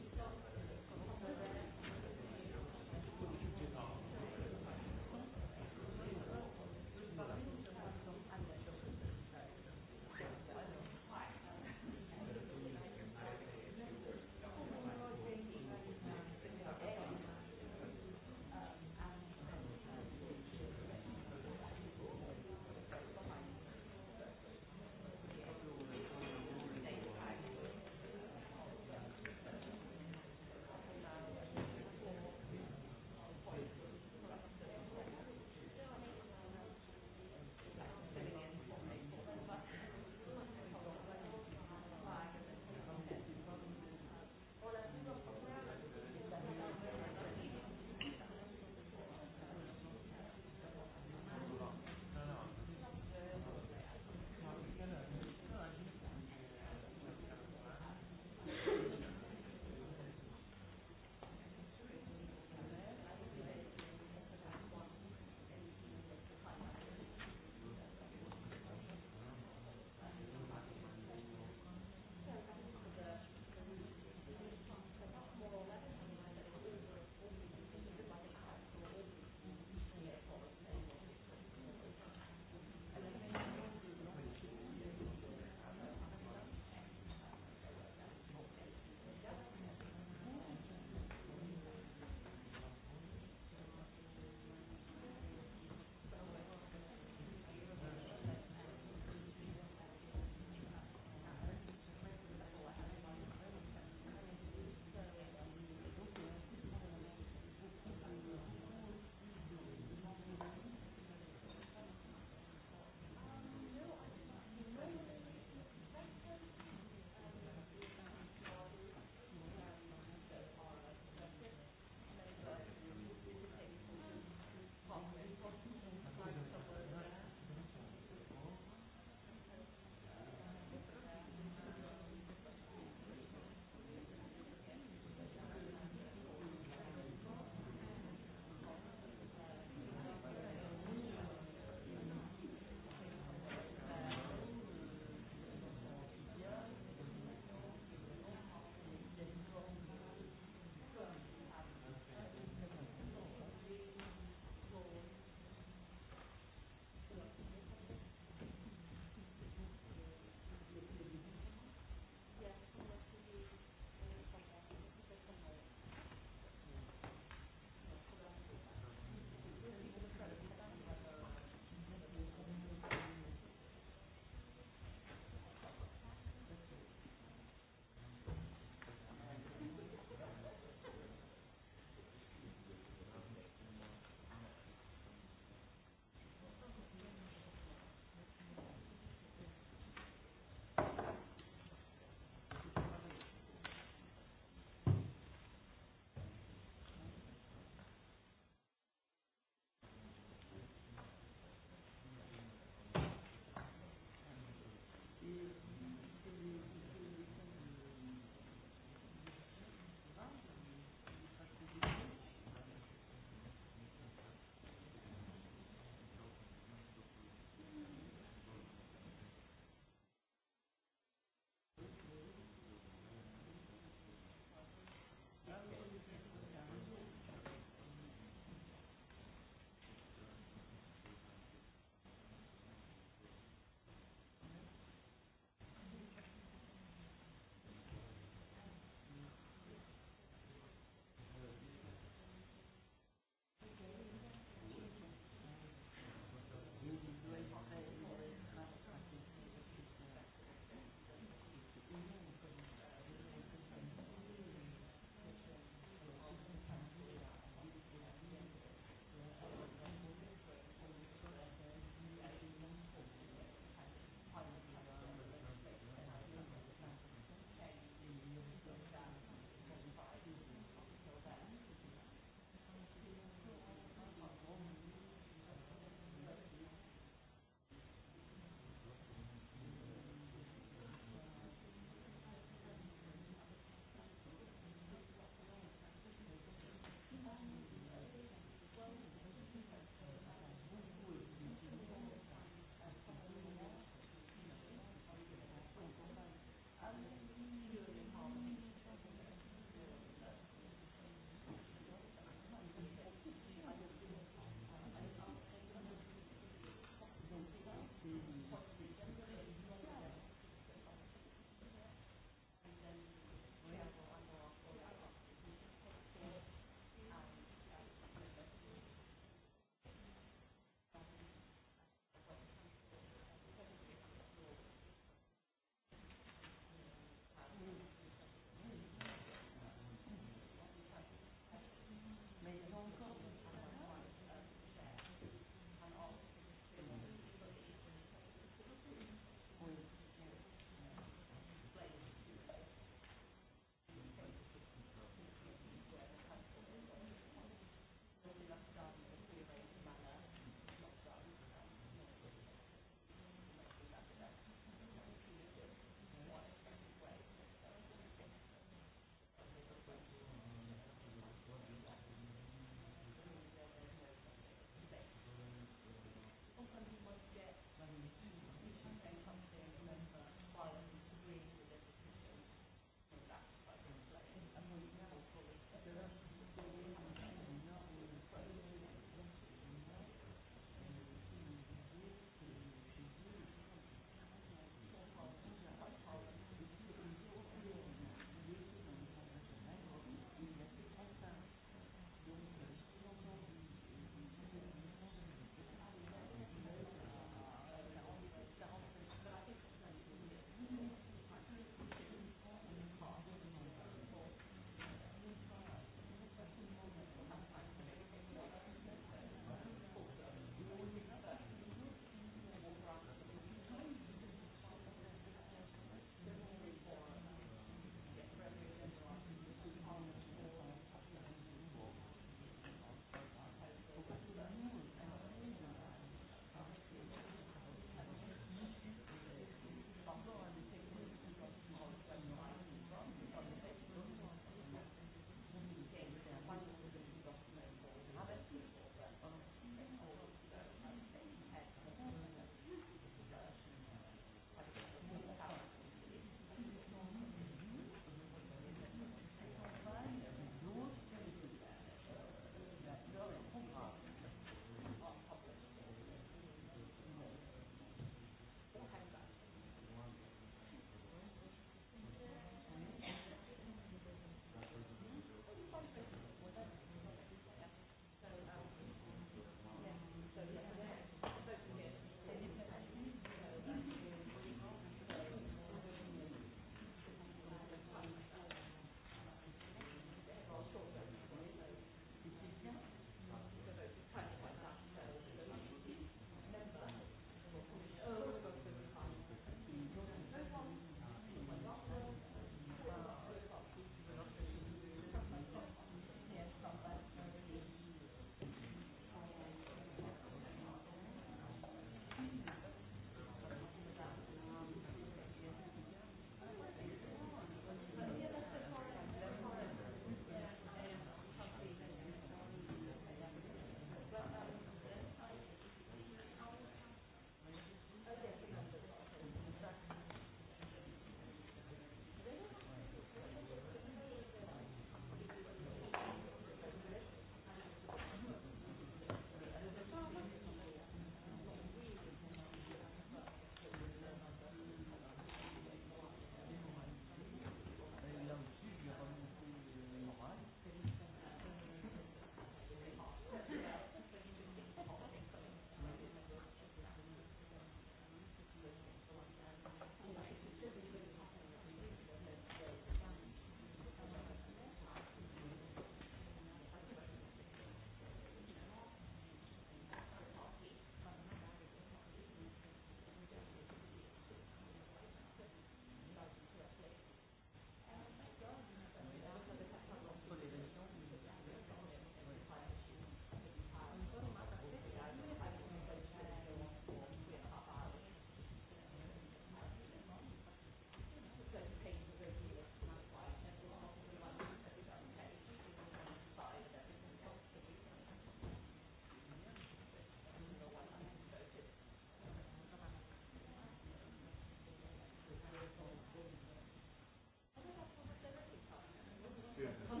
Kiitos.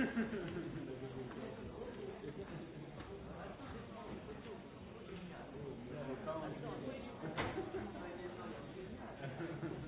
Thank you.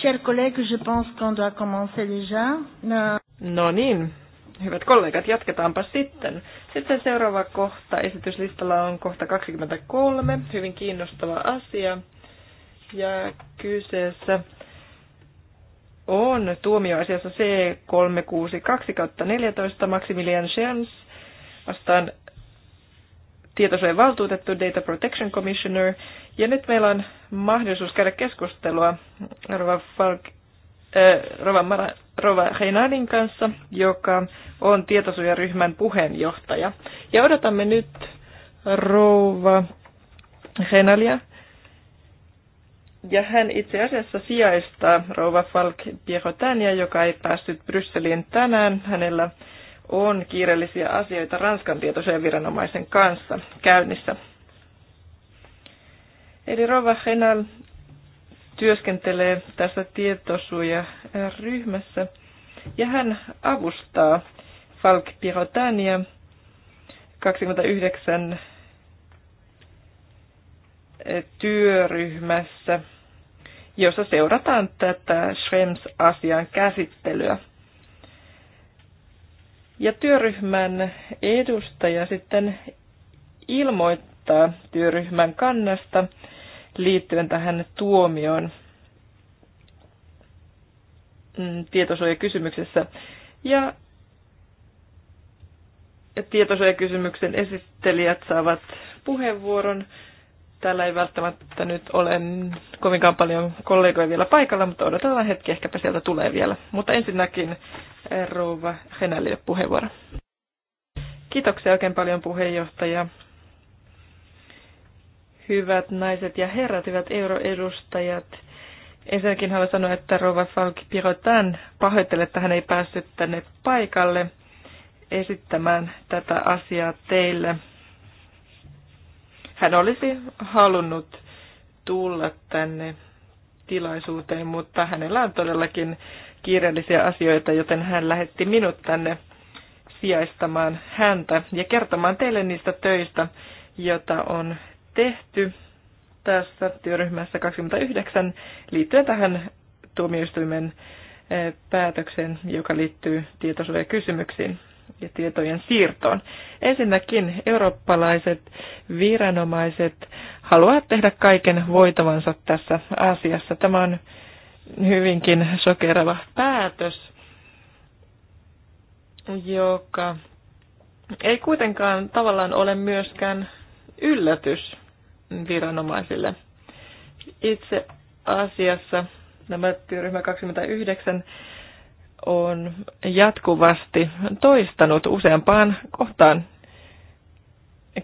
Chers collègues, je pense qu'on doit commencer déjà. No. no niin, hyvät kollegat, jatketaanpa sitten. Sitten seuraava kohta esityslistalla on kohta 23, hyvin kiinnostava asia. Ja kyseessä on tuomioasiassa C362-14 Maximilian Schens vastaan tietosuojan valtuutettu Data Protection Commissioner. Ja nyt meillä on mahdollisuus käydä keskustelua Rova, Falk, äh, Rova, Mara, Rova Heinanin kanssa, joka on tietosuojaryhmän puheenjohtaja. Ja odotamme nyt Rova Heinalia. Ja hän itse asiassa sijaistaa Rova Falk Piehotania, joka ei päässyt Brysseliin tänään. Hänellä on kiireellisiä asioita Ranskan tietosuojaviranomaisen kanssa käynnissä. Eli Rova Henal työskentelee tässä tietosuojaryhmässä ja hän avustaa Falk Pirotania 29 eh, työryhmässä, jossa seurataan tätä Schrems-asian käsittelyä. Ja työryhmän edustaja sitten ilmoittaa työryhmän kannasta liittyen tähän tuomioon mm, tietosuojakysymyksessä. Ja tietosuojakysymyksen esittelijät saavat puheenvuoron. Täällä ei välttämättä nyt ole kovinkaan paljon kollegoja vielä paikalla, mutta odotetaan hetki, ehkäpä sieltä tulee vielä. Mutta ensinnäkin eh, rouva Henälille puheenvuoro. Kiitoksia oikein paljon puheenjohtaja. Hyvät naiset ja herrat, hyvät euroedustajat. Ensinnäkin haluan sanoa, että Rova Falk Pirotan pahoittelee, että hän ei päässyt tänne paikalle esittämään tätä asiaa teille. Hän olisi halunnut tulla tänne tilaisuuteen, mutta hänellä on todellakin kiireellisiä asioita, joten hän lähetti minut tänne sijaistamaan häntä ja kertomaan teille niistä töistä, jota on tehty tässä työryhmässä 29 liittyen tähän tuomioistuimen eh, päätöksen, joka liittyy tietosuojakysymyksiin ja tietojen siirtoon. Ensinnäkin eurooppalaiset viranomaiset haluavat tehdä kaiken voitavansa tässä asiassa. Tämä on hyvinkin sokerava päätös, joka ei kuitenkaan tavallaan ole myöskään yllätys viranomaisille. Itse asiassa nämä työryhmä 29 on jatkuvasti toistanut useampaan kohtaan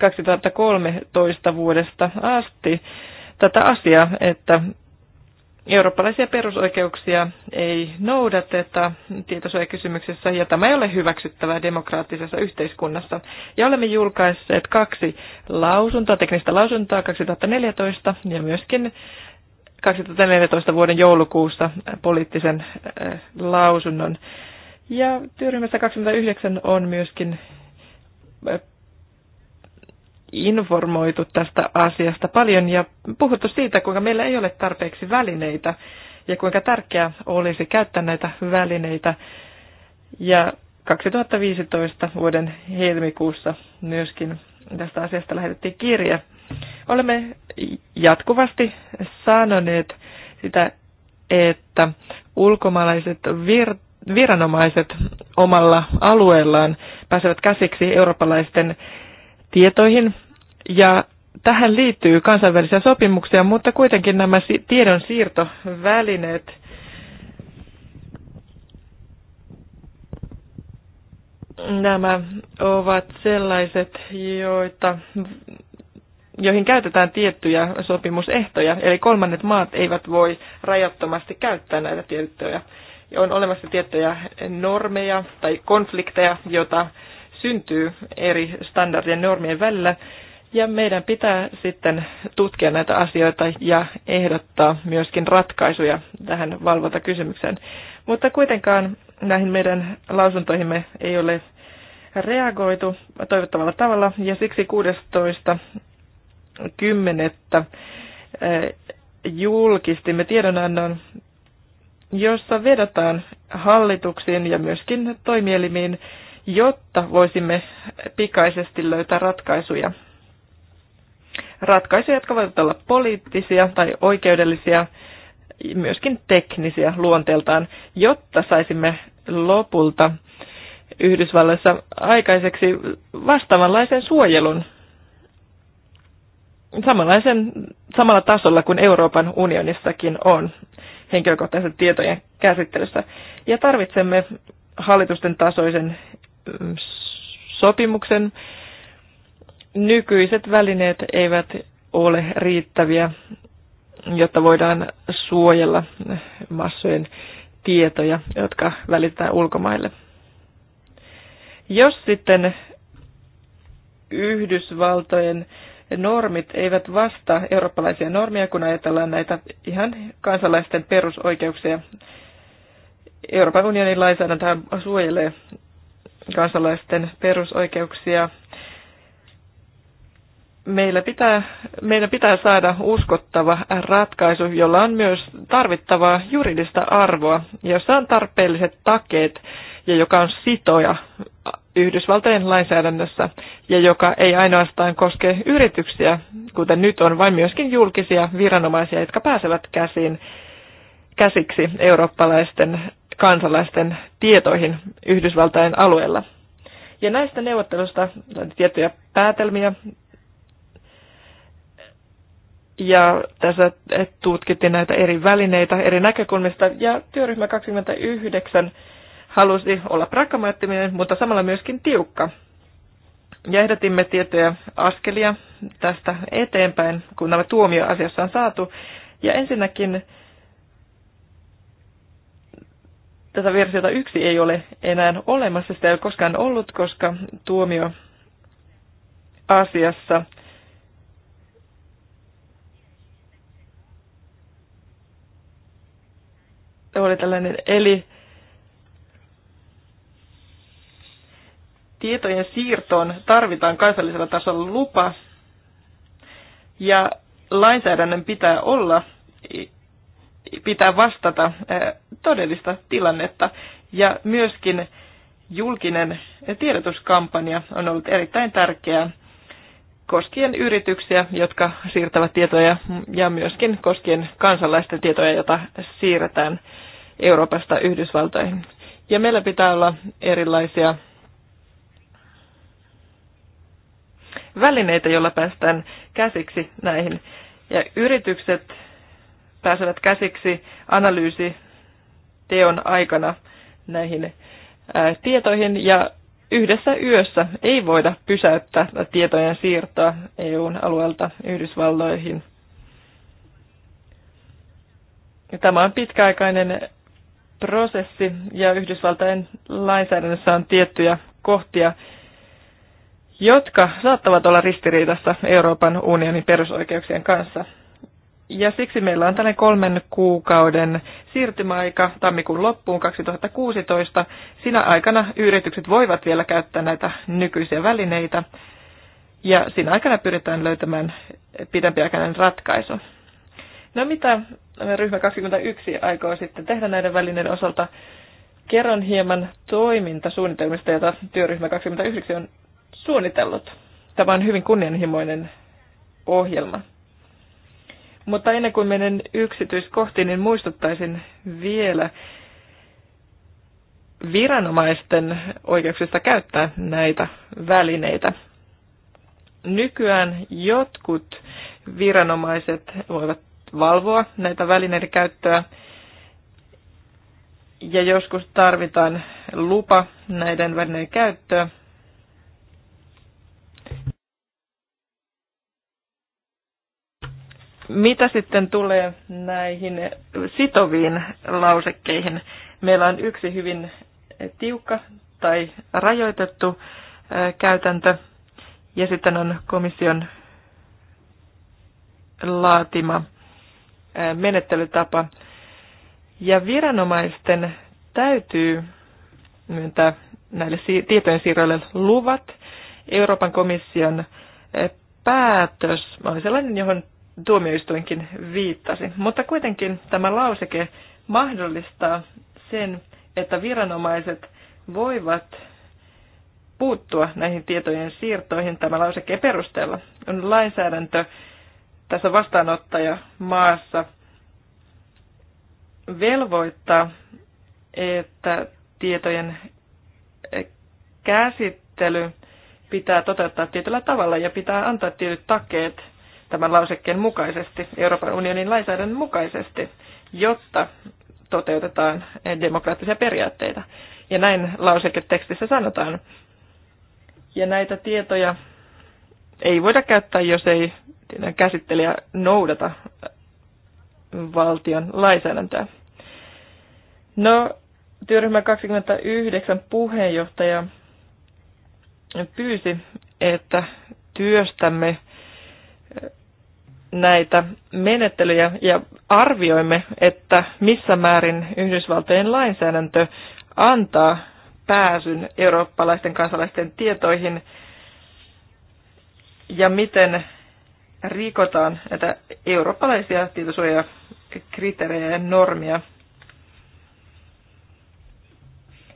2013 vuodesta asti tätä asiaa, että eurooppalaisia perusoikeuksia ei noudateta tietosuojakysymyksessä, ja tämä ei ole hyväksyttävää demokraattisessa yhteiskunnassa. Ja olemme julkaisseet kaksi lausuntoa, teknistä lausuntoa 2014 ja myöskin 2014 vuoden joulukuussa poliittisen äh, lausunnon. Ja työryhmässä 29 on myöskin äh, informoitu tästä asiasta paljon ja puhuttu siitä, kuinka meillä ei ole tarpeeksi välineitä ja kuinka tärkeää olisi käyttää näitä välineitä. Ja 2015 vuoden helmikuussa myöskin tästä asiasta lähetettiin kirje. Olemme jatkuvasti sanoneet sitä, että ulkomaalaiset vir- viranomaiset omalla alueellaan pääsevät käsiksi eurooppalaisten tietoihin ja tähän liittyy kansainvälisiä sopimuksia, mutta kuitenkin nämä tiedon siirtovälineet nämä ovat sellaiset, joita, joihin käytetään tiettyjä sopimusehtoja, eli kolmannet maat eivät voi rajattomasti käyttää näitä tiettyjä. On olemassa tiettyjä normeja tai konflikteja, joita syntyy eri standardien normien välillä, ja meidän pitää sitten tutkia näitä asioita ja ehdottaa myöskin ratkaisuja tähän valvontakysymykseen. Mutta kuitenkaan näihin meidän lausuntoihimme ei ole reagoitu toivottavalla tavalla ja siksi 16.10. Eh, julkistimme tiedonannon, jossa vedotaan hallituksiin ja myöskin toimielimiin, jotta voisimme pikaisesti löytää ratkaisuja ratkaisuja, jotka voivat olla poliittisia tai oikeudellisia, myöskin teknisiä luonteeltaan, jotta saisimme lopulta Yhdysvalloissa aikaiseksi vastaavanlaisen suojelun samanlaisen, samalla tasolla kuin Euroopan unionissakin on henkilökohtaisen tietojen käsittelyssä. Ja tarvitsemme hallitusten tasoisen mm, sopimuksen, nykyiset välineet eivät ole riittäviä, jotta voidaan suojella massojen tietoja, jotka välitetään ulkomaille. Jos sitten Yhdysvaltojen normit eivät vastaa eurooppalaisia normeja, kun ajatellaan näitä ihan kansalaisten perusoikeuksia. Euroopan unionin lainsäädäntö suojelee kansalaisten perusoikeuksia meillä pitää, meidän pitää saada uskottava ratkaisu, jolla on myös tarvittavaa juridista arvoa, jossa on tarpeelliset takeet ja joka on sitoja Yhdysvaltojen lainsäädännössä ja joka ei ainoastaan koske yrityksiä, kuten nyt on, vaan myöskin julkisia viranomaisia, jotka pääsevät käsiin, käsiksi eurooppalaisten kansalaisten tietoihin Yhdysvaltain alueella. Ja näistä neuvottelusta tiettyjä päätelmiä ja tässä tutkittiin näitä eri välineitä eri näkökulmista ja työryhmä 29 halusi olla pragmaattinen, mutta samalla myöskin tiukka. Ja ehdotimme tiettyjä askelia tästä eteenpäin, kun nämä tuomioasiassa on saatu. Ja ensinnäkin tätä versiota yksi ei ole enää olemassa, sitä ei ole koskaan ollut, koska tuomioasiassa oli tällainen, eli tietojen siirtoon tarvitaan kansallisella tasolla lupa ja lainsäädännön pitää olla, pitää vastata todellista tilannetta ja myöskin julkinen tiedotuskampanja on ollut erittäin tärkeää koskien yrityksiä, jotka siirtävät tietoja ja myöskin koskien kansalaisten tietoja, joita siirretään Euroopasta Yhdysvaltoihin. Ja meillä pitää olla erilaisia välineitä, joilla päästään käsiksi näihin. Ja yritykset pääsevät käsiksi analyysi teon aikana näihin tietoihin ja yhdessä yössä ei voida pysäyttää tietojen siirtoa EUn alueelta Yhdysvalloihin. Tämä on pitkäaikainen prosessi ja Yhdysvaltain lainsäädännössä on tiettyjä kohtia, jotka saattavat olla ristiriidassa Euroopan unionin perusoikeuksien kanssa. Ja siksi meillä on tällainen kolmen kuukauden siirtymäaika tammikuun loppuun 2016. Sinä aikana yritykset voivat vielä käyttää näitä nykyisiä välineitä. Ja siinä aikana pyritään löytämään pidempiaikainen ratkaisu. No mitä ryhmä 21 aikoo sitten tehdä näiden välineiden osalta? Kerron hieman toimintasuunnitelmista, jota työryhmä 21 on suunnitellut. Tämä on hyvin kunnianhimoinen ohjelma. Mutta ennen kuin menen yksityiskohtiin, niin muistuttaisin vielä viranomaisten oikeuksista käyttää näitä välineitä. Nykyään jotkut viranomaiset voivat valvoa näitä välineiden käyttöä ja joskus tarvitaan lupa näiden välineiden käyttöä Mitä sitten tulee näihin sitoviin lausekkeihin? Meillä on yksi hyvin tiukka tai rajoitettu käytäntö ja sitten on komission laatima menettelytapa. Ja viranomaisten täytyy myöntää näille tietojen siirroille luvat. Euroopan komission päätös on sellainen, johon tuomioistuinkin viittasi. Mutta kuitenkin tämä lauseke mahdollistaa sen, että viranomaiset voivat puuttua näihin tietojen siirtoihin tämän lausekkeen perusteella. On lainsäädäntö tässä vastaanottaja maassa velvoittaa, että tietojen käsittely pitää toteuttaa tietyllä tavalla ja pitää antaa tietyt takeet tämän lausekkeen mukaisesti, Euroopan unionin lainsäädännön mukaisesti, jotta toteutetaan demokraattisia periaatteita. Ja näin lauseketekstissä sanotaan. Ja näitä tietoja ei voida käyttää, jos ei käsittelijä noudata valtion lainsäädäntöä. No, työryhmä 29 puheenjohtaja pyysi, että työstämme näitä menettelyjä ja arvioimme, että missä määrin Yhdysvaltojen lainsäädäntö antaa pääsyn eurooppalaisten kansalaisten tietoihin ja miten rikotaan näitä eurooppalaisia tietosuojakriteerejä ja normia.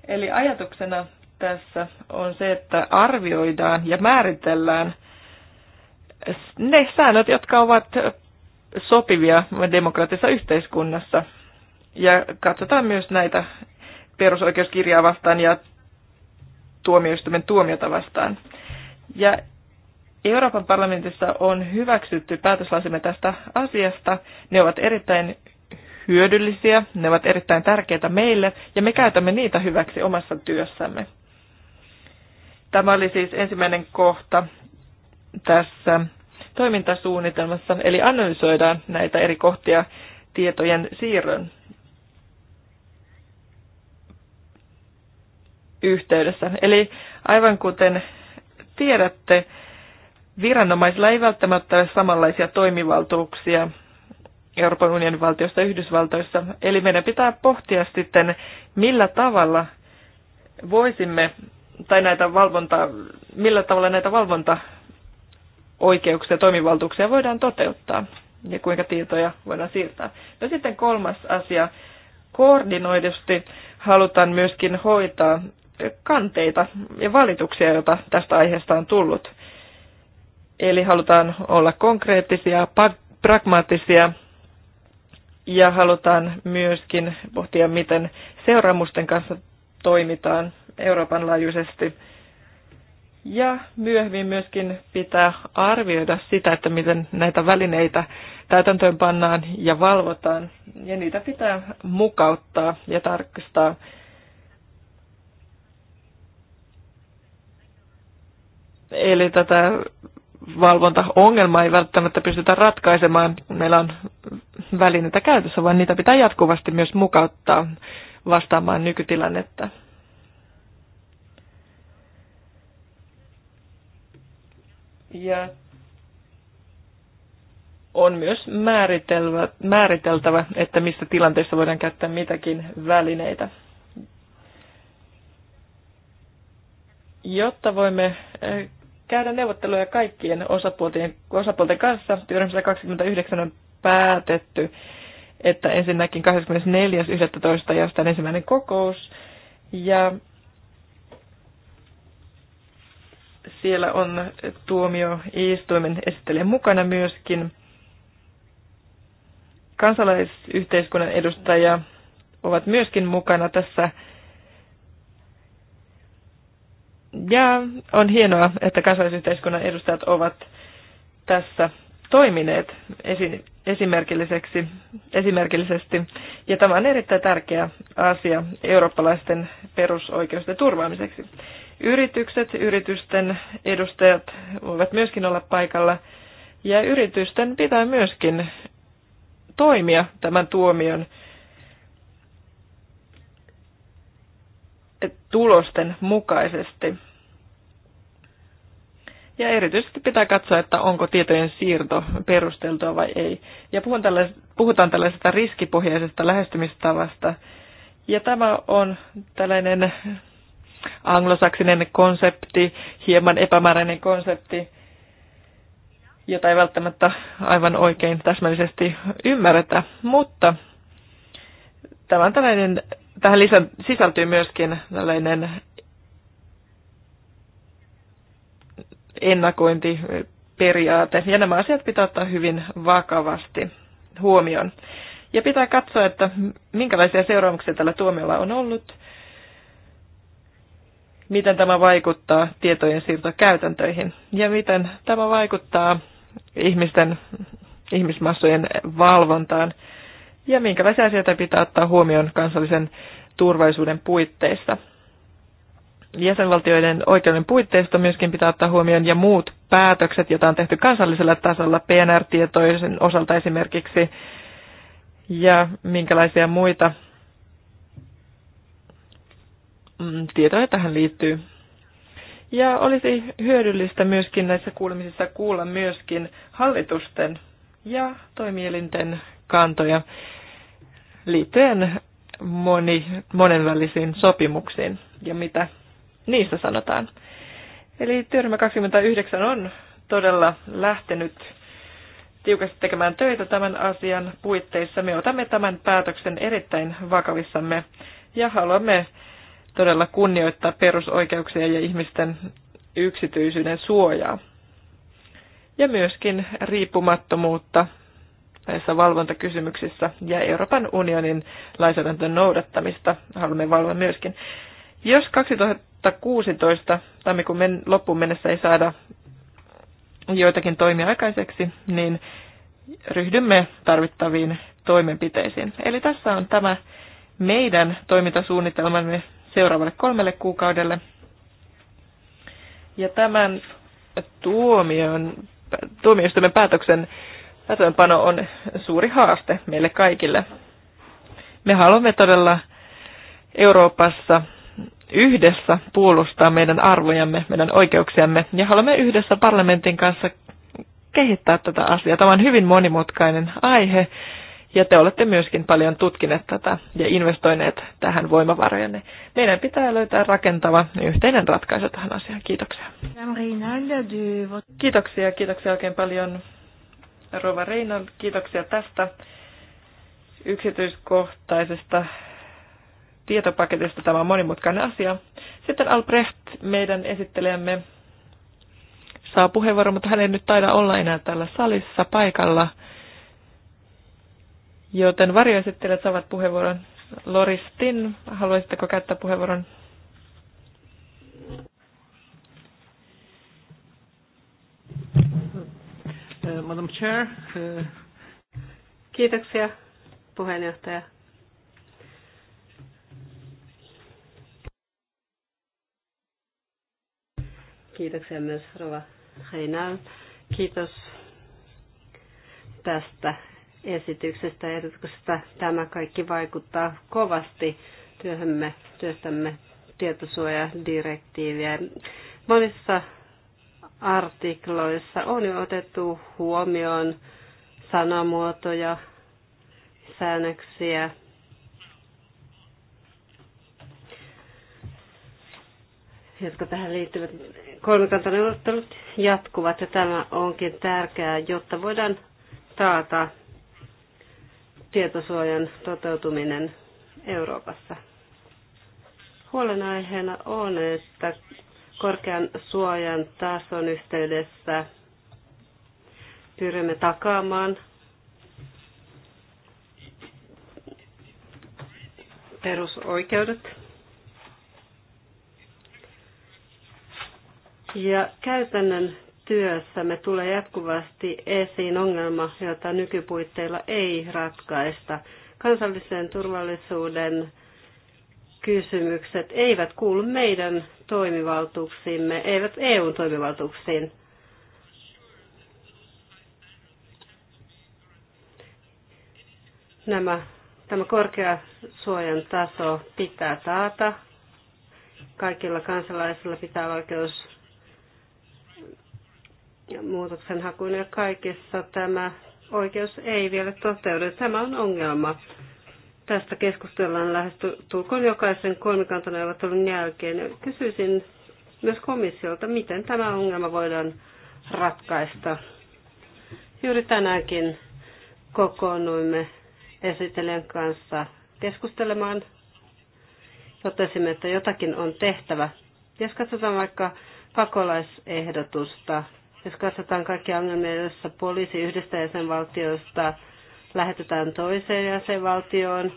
Eli ajatuksena tässä on se, että arvioidaan ja määritellään – ne säännöt, jotka ovat sopivia demokraattisessa yhteiskunnassa. Ja katsotaan myös näitä perusoikeuskirjaa vastaan ja tuomioistuimen tuomiota vastaan. Ja Euroopan parlamentissa on hyväksytty päätöslausemme tästä asiasta. Ne ovat erittäin hyödyllisiä, ne ovat erittäin tärkeitä meille ja me käytämme niitä hyväksi omassa työssämme. Tämä oli siis ensimmäinen kohta tässä toimintasuunnitelmassa, eli analysoidaan näitä eri kohtia tietojen siirron yhteydessä. Eli aivan kuten tiedätte, viranomaisilla ei välttämättä ole samanlaisia toimivaltuuksia Euroopan unionin valtiossa Yhdysvaltoissa. Eli meidän pitää pohtia sitten, millä tavalla voisimme, tai näitä valvonta, millä tavalla näitä valvonta oikeuksia ja toimivaltuuksia voidaan toteuttaa ja kuinka tietoja voidaan siirtää. No sitten kolmas asia. Koordinoidusti halutaan myöskin hoitaa kanteita ja valituksia, joita tästä aiheesta on tullut. Eli halutaan olla konkreettisia, pragmaattisia ja halutaan myöskin pohtia, miten seuraamusten kanssa toimitaan Euroopan laajuisesti ja myöhemmin myöskin pitää arvioida sitä, että miten näitä välineitä täytäntöön pannaan ja valvotaan. Ja niitä pitää mukauttaa ja tarkistaa. Eli tätä valvontaongelmaa ei välttämättä pystytä ratkaisemaan. Meillä on välineitä käytössä, vaan niitä pitää jatkuvasti myös mukauttaa vastaamaan nykytilannetta. Ja on myös määriteltävä, määriteltävä, että mistä tilanteessa voidaan käyttää mitäkin välineitä. Jotta voimme eh, käydä neuvotteluja kaikkien osapuolten, osapuolten kanssa, työryhmässä 29 on päätetty, että ensinnäkin 24.11. jostain ensimmäinen kokous, ja Siellä on istuimen esittelijä mukana myöskin. Kansalaisyhteiskunnan edustaja ovat myöskin mukana tässä. Ja on hienoa, että kansalaisyhteiskunnan edustajat ovat tässä toimineet esimerkilliseksi, esimerkillisesti. Ja tämä on erittäin tärkeä asia eurooppalaisten perusoikeusten turvaamiseksi. Yritykset, yritysten edustajat voivat myöskin olla paikalla ja yritysten pitää myöskin toimia tämän tuomion eh, tulosten mukaisesti. Ja erityisesti pitää katsoa, että onko tietojen siirto perusteltua vai ei. Ja puhun tällais, puhutaan tällaisesta riskipohjaisesta lähestymistavasta. Ja tämä on tällainen anglosaksinen konsepti, hieman epämääräinen konsepti, jota ei välttämättä aivan oikein täsmällisesti ymmärretä, mutta tämän tällainen, tähän lisä, sisältyy myöskin tällainen ennakointiperiaate, ja nämä asiat pitää ottaa hyvin vakavasti huomioon. Ja pitää katsoa, että minkälaisia seuraamuksia tällä tuomiolla on ollut, miten tämä vaikuttaa tietojen siirtokäytäntöihin ja miten tämä vaikuttaa ihmisten, ihmismassojen valvontaan ja minkälaisia asioita pitää ottaa huomioon kansallisen turvallisuuden puitteissa. Jäsenvaltioiden oikeuden puitteista myöskin pitää ottaa huomioon ja muut päätökset, joita on tehty kansallisella tasolla PNR-tietoisen osalta esimerkiksi, ja minkälaisia muita Mm, tietoja tähän liittyy. Ja olisi hyödyllistä myöskin näissä kuulemisissa kuulla myöskin hallitusten ja toimielinten kantoja liittyen moni, monenvälisiin sopimuksiin ja mitä niistä sanotaan. Eli työryhmä 29 on todella lähtenyt tiukasti tekemään töitä tämän asian puitteissa. Me otamme tämän päätöksen erittäin vakavissamme ja haluamme todella kunnioittaa perusoikeuksia ja ihmisten yksityisyyden suojaa. Ja myöskin riippumattomuutta näissä valvontakysymyksissä ja Euroopan unionin lainsäädäntön noudattamista haluamme valvoa myöskin. Jos 2016 tammikuun men- loppuun mennessä ei saada joitakin toimia aikaiseksi, niin ryhdymme tarvittaviin toimenpiteisiin. Eli tässä on tämä meidän toimintasuunnitelmamme seuraavalle kolmelle kuukaudelle. Ja tämän tuomion, tuomioistuimen päätöksen päätöönpano on suuri haaste meille kaikille. Me haluamme todella Euroopassa yhdessä puolustaa meidän arvojamme, meidän oikeuksiamme ja haluamme yhdessä parlamentin kanssa kehittää tätä asiaa. Tämä on hyvin monimutkainen aihe ja te olette myöskin paljon tutkineet tätä ja investoineet tähän voimavarojenne, Meidän pitää löytää rakentava yhteinen ratkaisu tähän asiaan. Kiitoksia. Kiitoksia, kiitoksia oikein paljon Rova Reinald. Kiitoksia tästä yksityiskohtaisesta tietopaketista. Tämä on monimutkainen asia. Sitten Albrecht, meidän esittelijämme, saa puheenvuoron, mutta hän ei nyt taida olla enää täällä salissa paikalla. Joten varjoesittelijät saavat puheenvuoron. Loristin, haluaisitteko käyttää puheenvuoron? Uh, Madam Chair. Uh, Kiitoksia puheenjohtaja. Kiitoksia myös Rova Heinal, Kiitos tästä esityksestä ja ehdotuksesta. Tämä kaikki vaikuttaa kovasti työhömme, työstämme tietosuojadirektiiviä. Monissa artikloissa on jo otettu huomioon sanamuotoja, säännöksiä. jotka tähän liittyvät. Kolmikantaneuvottelut jatkuvat ja tämä onkin tärkeää, jotta voidaan taata tietosuojan toteutuminen Euroopassa. Huolenaiheena on, että korkean suojan tason yhteydessä pyrimme takaamaan perusoikeudet. Ja käytännön me tulee jatkuvasti esiin ongelma, jota nykypuitteilla ei ratkaista. Kansallisen turvallisuuden kysymykset eivät kuulu meidän toimivaltuuksiimme, eivät EUn toimivaltuuksiin. Nämä, tämä korkea suojan taso pitää taata. Kaikilla kansalaisilla pitää oikeus ja muutoksenhakuun ja kaikessa tämä oikeus ei vielä toteudu. Tämä on ongelma. Tästä keskustellaan lähes tulkoon jokaisen kolmikantaneuvottelun jälkeen. Kysyisin myös komissiolta, miten tämä ongelma voidaan ratkaista. Juuri tänäänkin kokoonnuimme esittelijän kanssa keskustelemaan. Totesimme, että jotakin on tehtävä. Jos katsotaan vaikka pakolaisehdotusta, jos katsotaan kaikki ongelmia, joissa poliisi yhdestä jäsenvaltiosta lähetetään toiseen jäsenvaltioon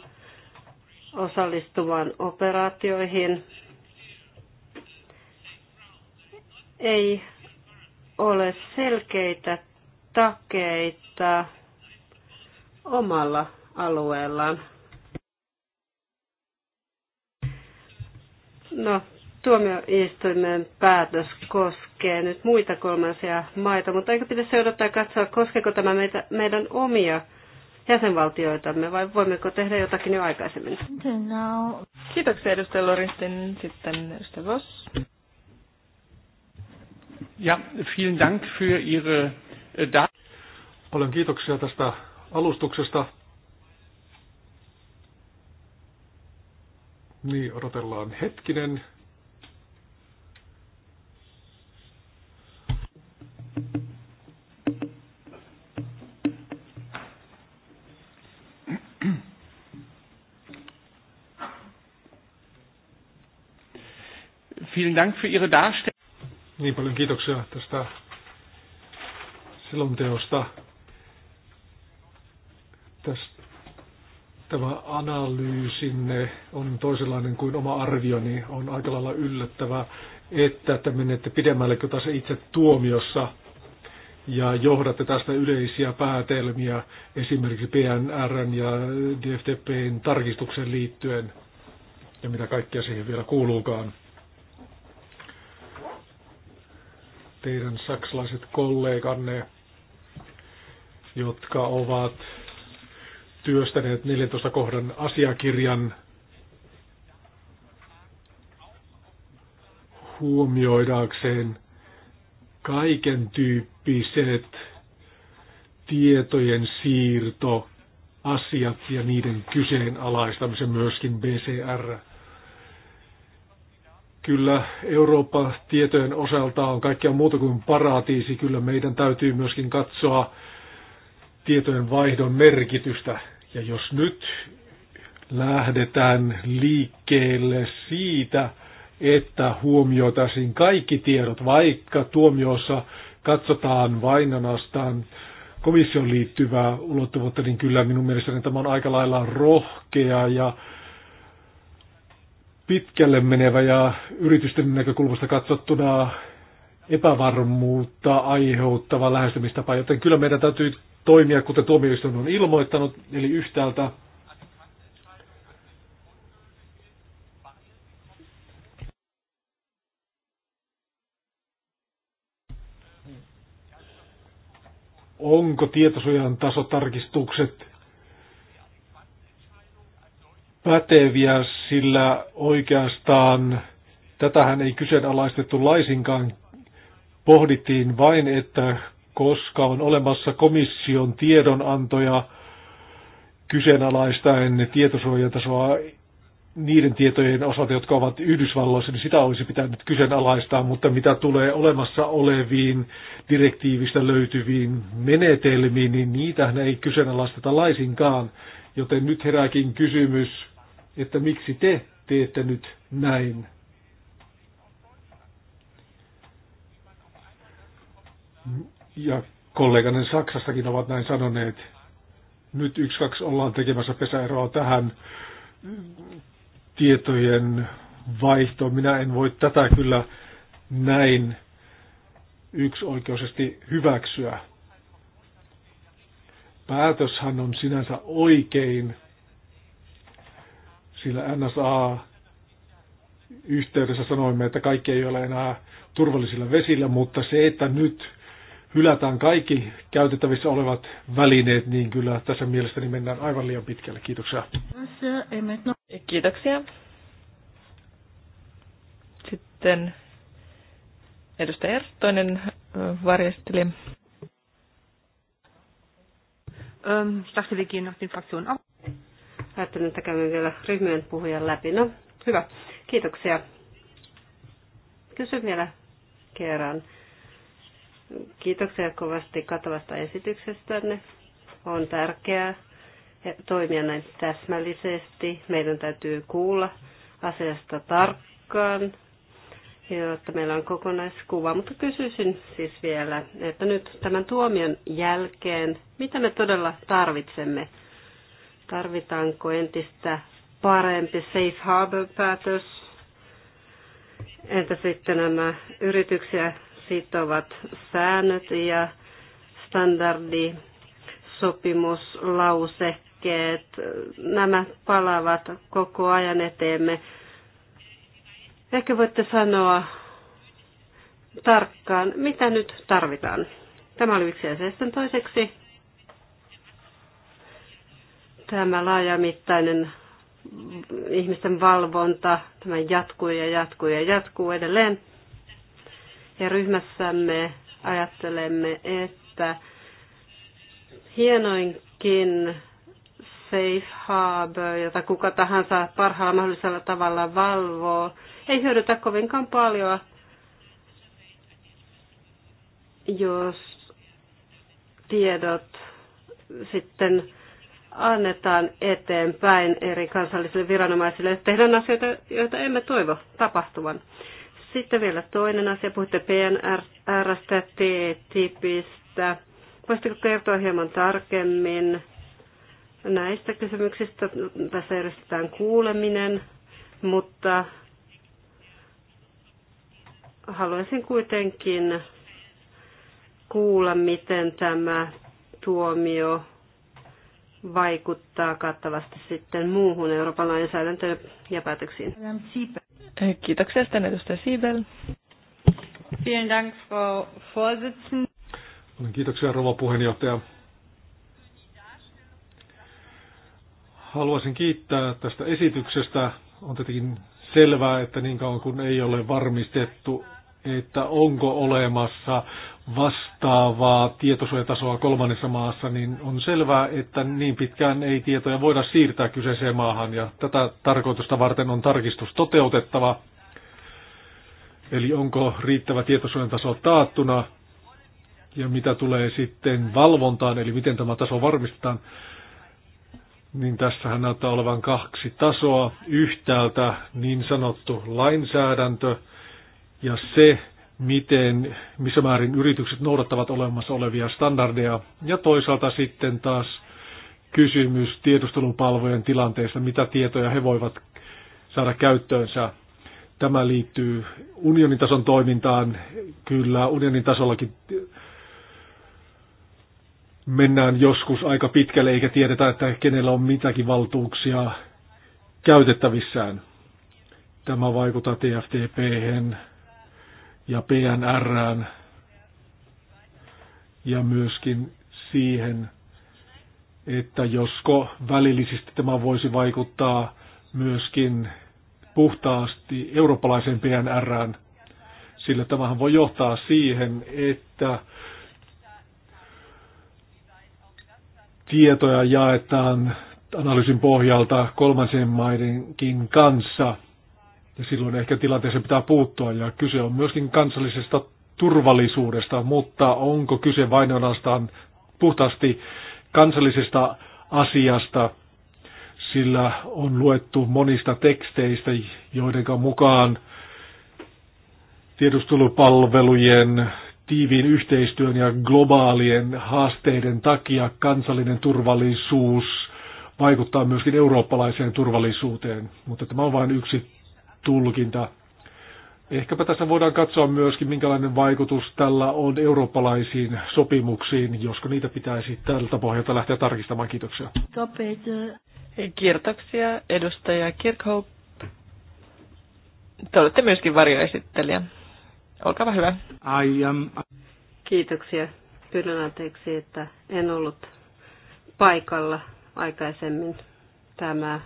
osallistuvan operaatioihin, ei ole selkeitä takeita omalla alueellaan. No, tuomioistuimen päätös koskee koskee nyt muita kolmansia maita, mutta eikö pitäisi odottaa katsoa, koskeeko tämä meitä, meidän omia jäsenvaltioitamme vai voimmeko tehdä jotakin jo aikaisemmin? No. Kiitoksia edustaja Loristin. Sitten edustaja Voss. Ja, vielen Dank für Ihre äh, Daten. Paljon kiitoksia tästä alustuksesta. Niin, odotellaan hetkinen. vielen Dank für Ihre Darstellung. Niin paljon kiitoksia tästä selonteosta. Tästä, tämä analyysinne on toisenlainen kuin oma arvioni. On aika lailla yllättävää, että te menette pidemmälle kuin tässä itse tuomiossa ja johdatte tästä yleisiä päätelmiä esimerkiksi PNRn ja DFTPn tarkistuksen liittyen ja mitä kaikkea siihen vielä kuuluukaan. teidän saksalaiset kolleganne, jotka ovat työstäneet 14 kohdan asiakirjan huomioidakseen kaiken tyyppiset tietojen siirto, asiat ja niiden kyseenalaistamisen myöskin BCR Kyllä Eurooppa tietojen osalta on kaikkea muuta kuin paratiisi. Kyllä meidän täytyy myöskin katsoa tietojen vaihdon merkitystä. Ja jos nyt lähdetään liikkeelle siitä, että huomioitaisiin kaikki tiedot, vaikka tuomiossa katsotaan vain ainoastaan komission liittyvää ulottuvuutta, niin kyllä minun mielestäni tämä on aika lailla rohkea ja pitkälle menevä ja yritysten näkökulmasta katsottuna epävarmuutta aiheuttava lähestymistapa, joten kyllä meidän täytyy toimia, kuten tuomioistuin on ilmoittanut, eli yhtäältä onko tietosuojan tasotarkistukset päteviä, sillä oikeastaan tätähän ei kyseenalaistettu laisinkaan. Pohdittiin vain, että koska on olemassa komission tiedonantoja kyseenalaistaen tietosuojatasoa niiden tietojen osalta, jotka ovat Yhdysvalloissa, niin sitä olisi pitänyt kyseenalaistaa, mutta mitä tulee olemassa oleviin direktiivistä löytyviin menetelmiin, niin niitähän ei kyseenalaisteta laisinkaan. Joten nyt herääkin kysymys, että miksi te teette nyt näin? Ja kolleganen Saksastakin ovat näin sanoneet. Nyt yksi kaksi ollaan tekemässä pesäeroa tähän tietojen vaihtoon. Minä en voi tätä kyllä näin yksioikeisesti hyväksyä. Päätöshän on sinänsä oikein, sillä NSA-yhteydessä sanoimme, että kaikki ei ole enää turvallisilla vesillä, mutta se, että nyt hylätään kaikki käytettävissä olevat välineet, niin kyllä tässä mielestäni mennään aivan liian pitkälle. Kiitoksia. Kiitoksia. Sitten edustaja Erttoinen varjesteli. Ähm, ich dachte, wir gehen nach den Fraktionen auf. Ajattelin, että käymme vielä ryhmien puhujan läpi. No, hyvä. Kiitoksia. Kysyn vielä kerran. Kiitoksia kovasti katavasta esityksestänne. On tärkeää toimia näin täsmällisesti. Meidän täytyy kuulla asiasta tarkkaan että meillä on kokonaiskuva. Mutta kysyisin siis vielä, että nyt tämän tuomion jälkeen, mitä me todella tarvitsemme? Tarvitaanko entistä parempi safe harbor-päätös? Entä sitten nämä yrityksiä sitovat säännöt ja standardi, sopimuslausekkeet, nämä palaavat koko ajan eteemme Ehkä voitte sanoa tarkkaan, mitä nyt tarvitaan. Tämä oli yksi asia. toiseksi tämä laajamittainen ihmisten valvonta, tämä jatkuu ja jatkuu ja jatkuu edelleen. Ja ryhmässämme ajattelemme, että hienoinkin safe harbor, jota kuka tahansa parhaalla mahdollisella tavalla valvoo, ei hyödytä kovinkaan paljon, jos tiedot sitten annetaan eteenpäin eri kansallisille viranomaisille. Tehdään asioita, joita emme toivo tapahtuvan. Sitten vielä toinen asia. Puhutte PNRstä, T-tipistä. Voisitteko kertoa hieman tarkemmin näistä kysymyksistä? Tässä järjestetään kuuleminen, mutta haluaisin kuitenkin kuulla, miten tämä tuomio vaikuttaa kattavasti sitten muuhun Euroopan lainsäädäntöön ja päätöksiin. Kiitoksia sitten edustaja Siebel. Vielen Dank, Frau Vorsitzende. Kiitoksia, rouva puheenjohtaja. Haluaisin kiittää tästä esityksestä. On tietenkin selvää, että niin kauan kun ei ole varmistettu, että onko olemassa vastaavaa tietosuojatasoa kolmannessa maassa, niin on selvää, että niin pitkään ei tietoja voida siirtää kyseiseen maahan ja tätä tarkoitusta varten on tarkistus toteutettava. Eli onko riittävä tietosuojataso taattuna ja mitä tulee sitten valvontaan, eli miten tämä taso varmistetaan, niin tässähän näyttää olevan kaksi tasoa. Yhtäältä niin sanottu lainsäädäntö ja se, miten, missä määrin yritykset noudattavat olemassa olevia standardeja. Ja toisaalta sitten taas kysymys tiedustelupalvojen tilanteesta, mitä tietoja he voivat saada käyttöönsä. Tämä liittyy unionin tason toimintaan. Kyllä unionin tasollakin mennään joskus aika pitkälle eikä tiedetä, että kenellä on mitäkin valtuuksia käytettävissään. Tämä vaikuttaa tftp ja PNR ja myöskin siihen, että josko välillisesti tämä voisi vaikuttaa myöskin puhtaasti eurooppalaiseen pnr sillä tämähän voi johtaa siihen, että tietoja jaetaan analyysin pohjalta kolmansien maidenkin kanssa. Ja silloin ehkä tilanteeseen pitää puuttua ja kyse on myöskin kansallisesta turvallisuudesta, mutta onko kyse vain ainoastaan puhtaasti kansallisesta asiasta, sillä on luettu monista teksteistä, joiden mukaan tiedustelupalvelujen tiiviin yhteistyön ja globaalien haasteiden takia kansallinen turvallisuus vaikuttaa myöskin eurooppalaiseen turvallisuuteen, mutta tämä on vain yksi tulkinta. Ehkäpä tässä voidaan katsoa myöskin, minkälainen vaikutus tällä on eurooppalaisiin sopimuksiin, josko niitä pitäisi tältä pohjalta lähteä tarkistamaan. Kiitoksia. Kiitoksia, edustaja Kirkhope. Te olette myöskin varjoesittelijä. Olkaa hyvä. I am... Kiitoksia. Pyydän anteeksi, että en ollut paikalla aikaisemmin. Tämä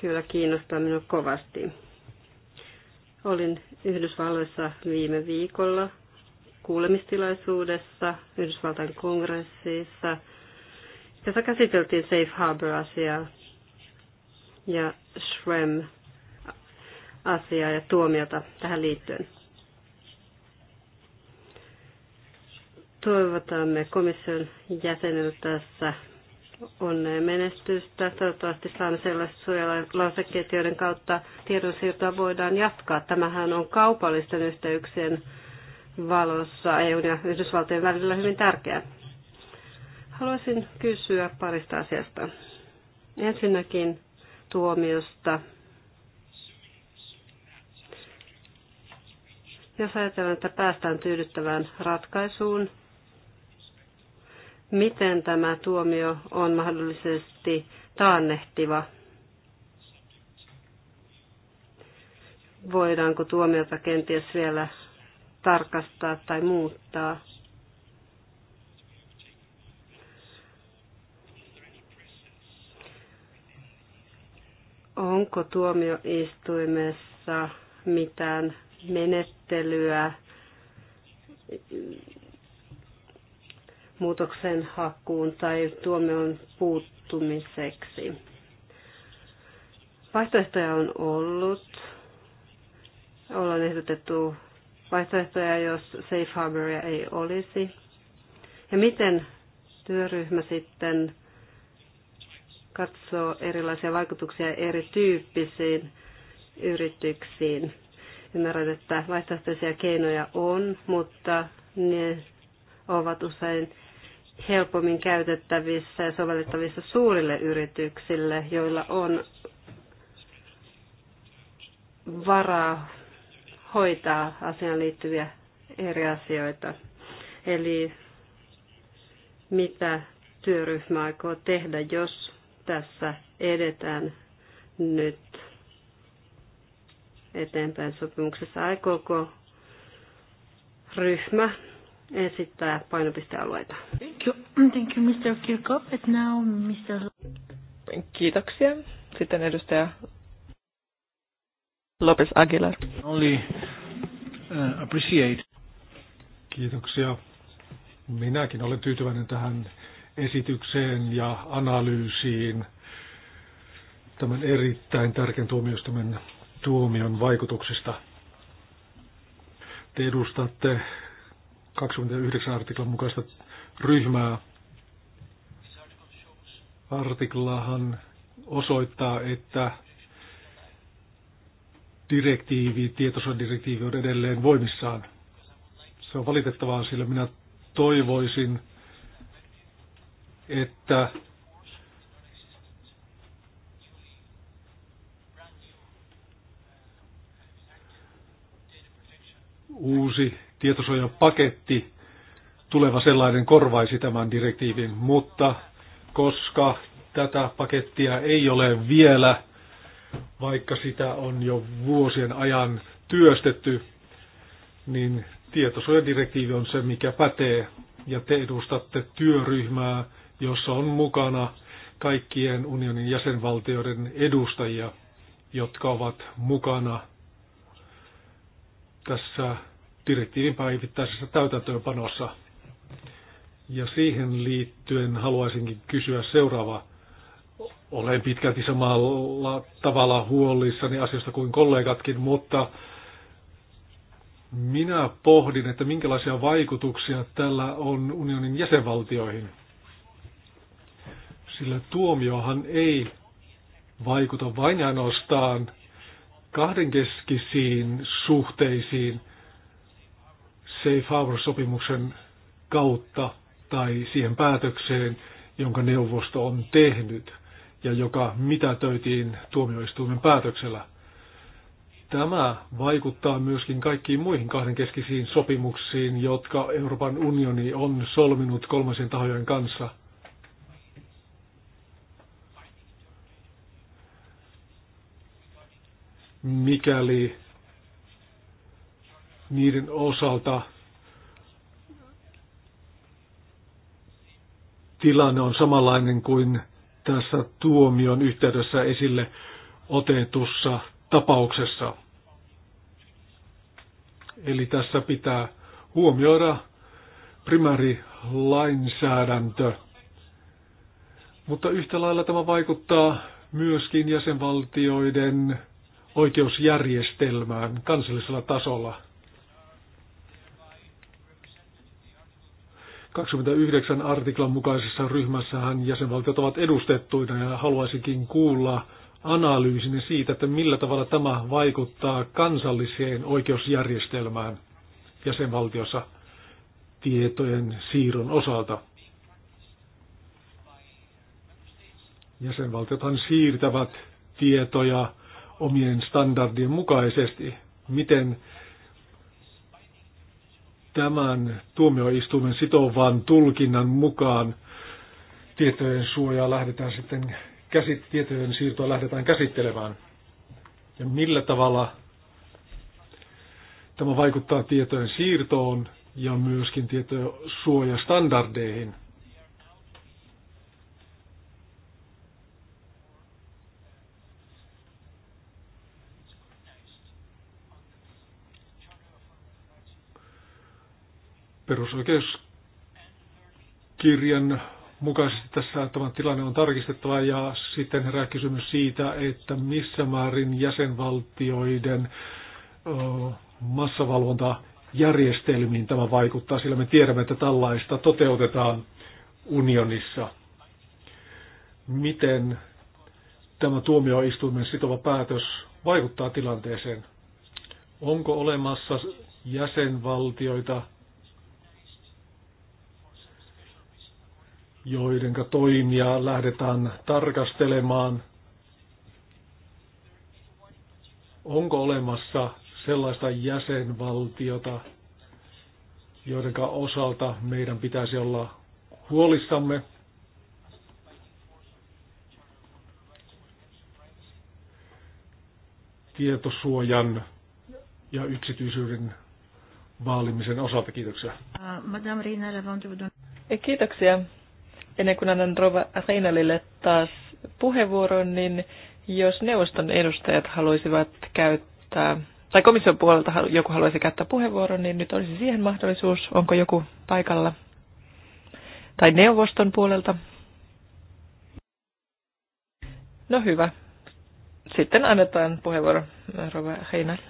kyllä kiinnostaa minua kovasti. Olin Yhdysvalloissa viime viikolla kuulemistilaisuudessa Yhdysvaltain kongressissa, jossa käsiteltiin Safe Harbor-asiaa. Ja Schrem asiaa ja tuomiota tähän liittyen. Toivotamme komission jäsenille tässä onnea menestystä. Toivottavasti saamme sellaiset suojalausekkeet, joiden kautta tiedonsiirtoa voidaan jatkaa. Tämähän on kaupallisten yhteyksien valossa EUn ja Yhdysvaltojen välillä hyvin tärkeää. Haluaisin kysyä parista asiasta. Ensinnäkin tuomiosta Jos ajatellaan, että päästään tyydyttävään ratkaisuun, miten tämä tuomio on mahdollisesti taannehtiva? Voidaanko tuomiota kenties vielä tarkastaa tai muuttaa? Onko tuomioistuimessa mitään menettelyä muutoksen hakuun tai tuomion puuttumiseksi. Vaihtoehtoja on ollut. Ollaan ehdotettu vaihtoehtoja, jos safe harboria ei olisi. Ja miten työryhmä sitten katsoo erilaisia vaikutuksia erityyppisiin yrityksiin. Ymmärrän, että vaihtoehtoisia keinoja on, mutta ne ovat usein helpommin käytettävissä ja sovellettavissa suurille yrityksille, joilla on varaa hoitaa asiaan liittyviä eri asioita. Eli mitä työryhmä aikoo tehdä, jos tässä edetään nyt eteenpäin sopimuksessa. Aikooko ryhmä esittää painopistealueita? Thank you, Thank you Mr. Kirkhoff. And now Mr. Kiitoksia. Sitten edustaja Lopez Aguilar. Only uh, appreciate. Kiitoksia. Minäkin olen tyytyväinen tähän esitykseen ja analyysiin tämän erittäin tärkeän tuomioistuimen tuomion vaikutuksista. Te edustatte 29 artiklan mukaista ryhmää. Artiklahan osoittaa, että direktiivi, tietosuojadirektiivi on edelleen voimissaan. Se on valitettavaa, sillä minä toivoisin, että uusi tietosuojapaketti, tuleva sellainen korvaisi tämän direktiivin, mutta koska tätä pakettia ei ole vielä, vaikka sitä on jo vuosien ajan työstetty, niin tietosuojadirektiivi on se, mikä pätee. Ja te edustatte työryhmää, jossa on mukana kaikkien unionin jäsenvaltioiden edustajia, jotka ovat mukana tässä direktiivin päivittäisessä täytäntöönpanossa. Ja siihen liittyen haluaisinkin kysyä seuraavaa olen pitkälti samalla tavalla huolissani asiasta kuin kollegatkin, mutta minä pohdin, että minkälaisia vaikutuksia tällä on unionin jäsenvaltioihin. Sillä tuomiohan ei vaikuta vain ainoastaan kahdenkeskisiin suhteisiin, Safe Harbor-sopimuksen kautta tai siihen päätökseen, jonka neuvosto on tehnyt ja joka mitätöitiin tuomioistuimen päätöksellä. Tämä vaikuttaa myöskin kaikkiin muihin kahdenkeskisiin sopimuksiin, jotka Euroopan unioni on solminut kolmansien tahojen kanssa. Mikäli niiden osalta tilanne on samanlainen kuin tässä tuomion yhteydessä esille otetussa tapauksessa. Eli tässä pitää huomioida primäärilainsäädäntö. Mutta yhtä lailla tämä vaikuttaa myöskin jäsenvaltioiden oikeusjärjestelmään kansallisella tasolla. 29 artiklan mukaisessa ryhmässähän jäsenvaltiot ovat edustettuina ja haluaisinkin kuulla analyysin siitä, että millä tavalla tämä vaikuttaa kansalliseen oikeusjärjestelmään jäsenvaltiossa tietojen siirron osalta. Jäsenvaltiothan siirtävät tietoja omien standardien mukaisesti. Miten tämän tuomioistuimen sitovan tulkinnan mukaan tietojen suojaa lähdetään sitten, käsit, tietojen siirtoa lähdetään käsittelemään. Ja millä tavalla tämä vaikuttaa tietojen siirtoon ja myöskin tietojen suojastandardeihin – perusoikeuskirjan mukaisesti tässä tämä tilanne on tarkistettava ja sitten herää kysymys siitä, että missä määrin jäsenvaltioiden massavalvontajärjestelmiin tämä vaikuttaa, sillä me tiedämme, että tällaista toteutetaan unionissa. Miten tämä tuomioistuimen sitova päätös vaikuttaa tilanteeseen? Onko olemassa jäsenvaltioita, joiden toimia lähdetään tarkastelemaan. Onko olemassa sellaista jäsenvaltiota, joiden osalta meidän pitäisi olla huolissamme? tietosuojan ja yksityisyyden vaalimisen osalta. Kiitoksia. Uh, Madame Reina eh, Kiitoksia ennen kuin annan Rova Reinalille taas puheenvuoron, niin jos neuvoston edustajat haluaisivat käyttää, tai komission puolelta joku haluaisi käyttää puheenvuoron, niin nyt olisi siihen mahdollisuus. Onko joku paikalla? Tai neuvoston puolelta? No hyvä. Sitten annetaan puheenvuoro Rova Heinalle.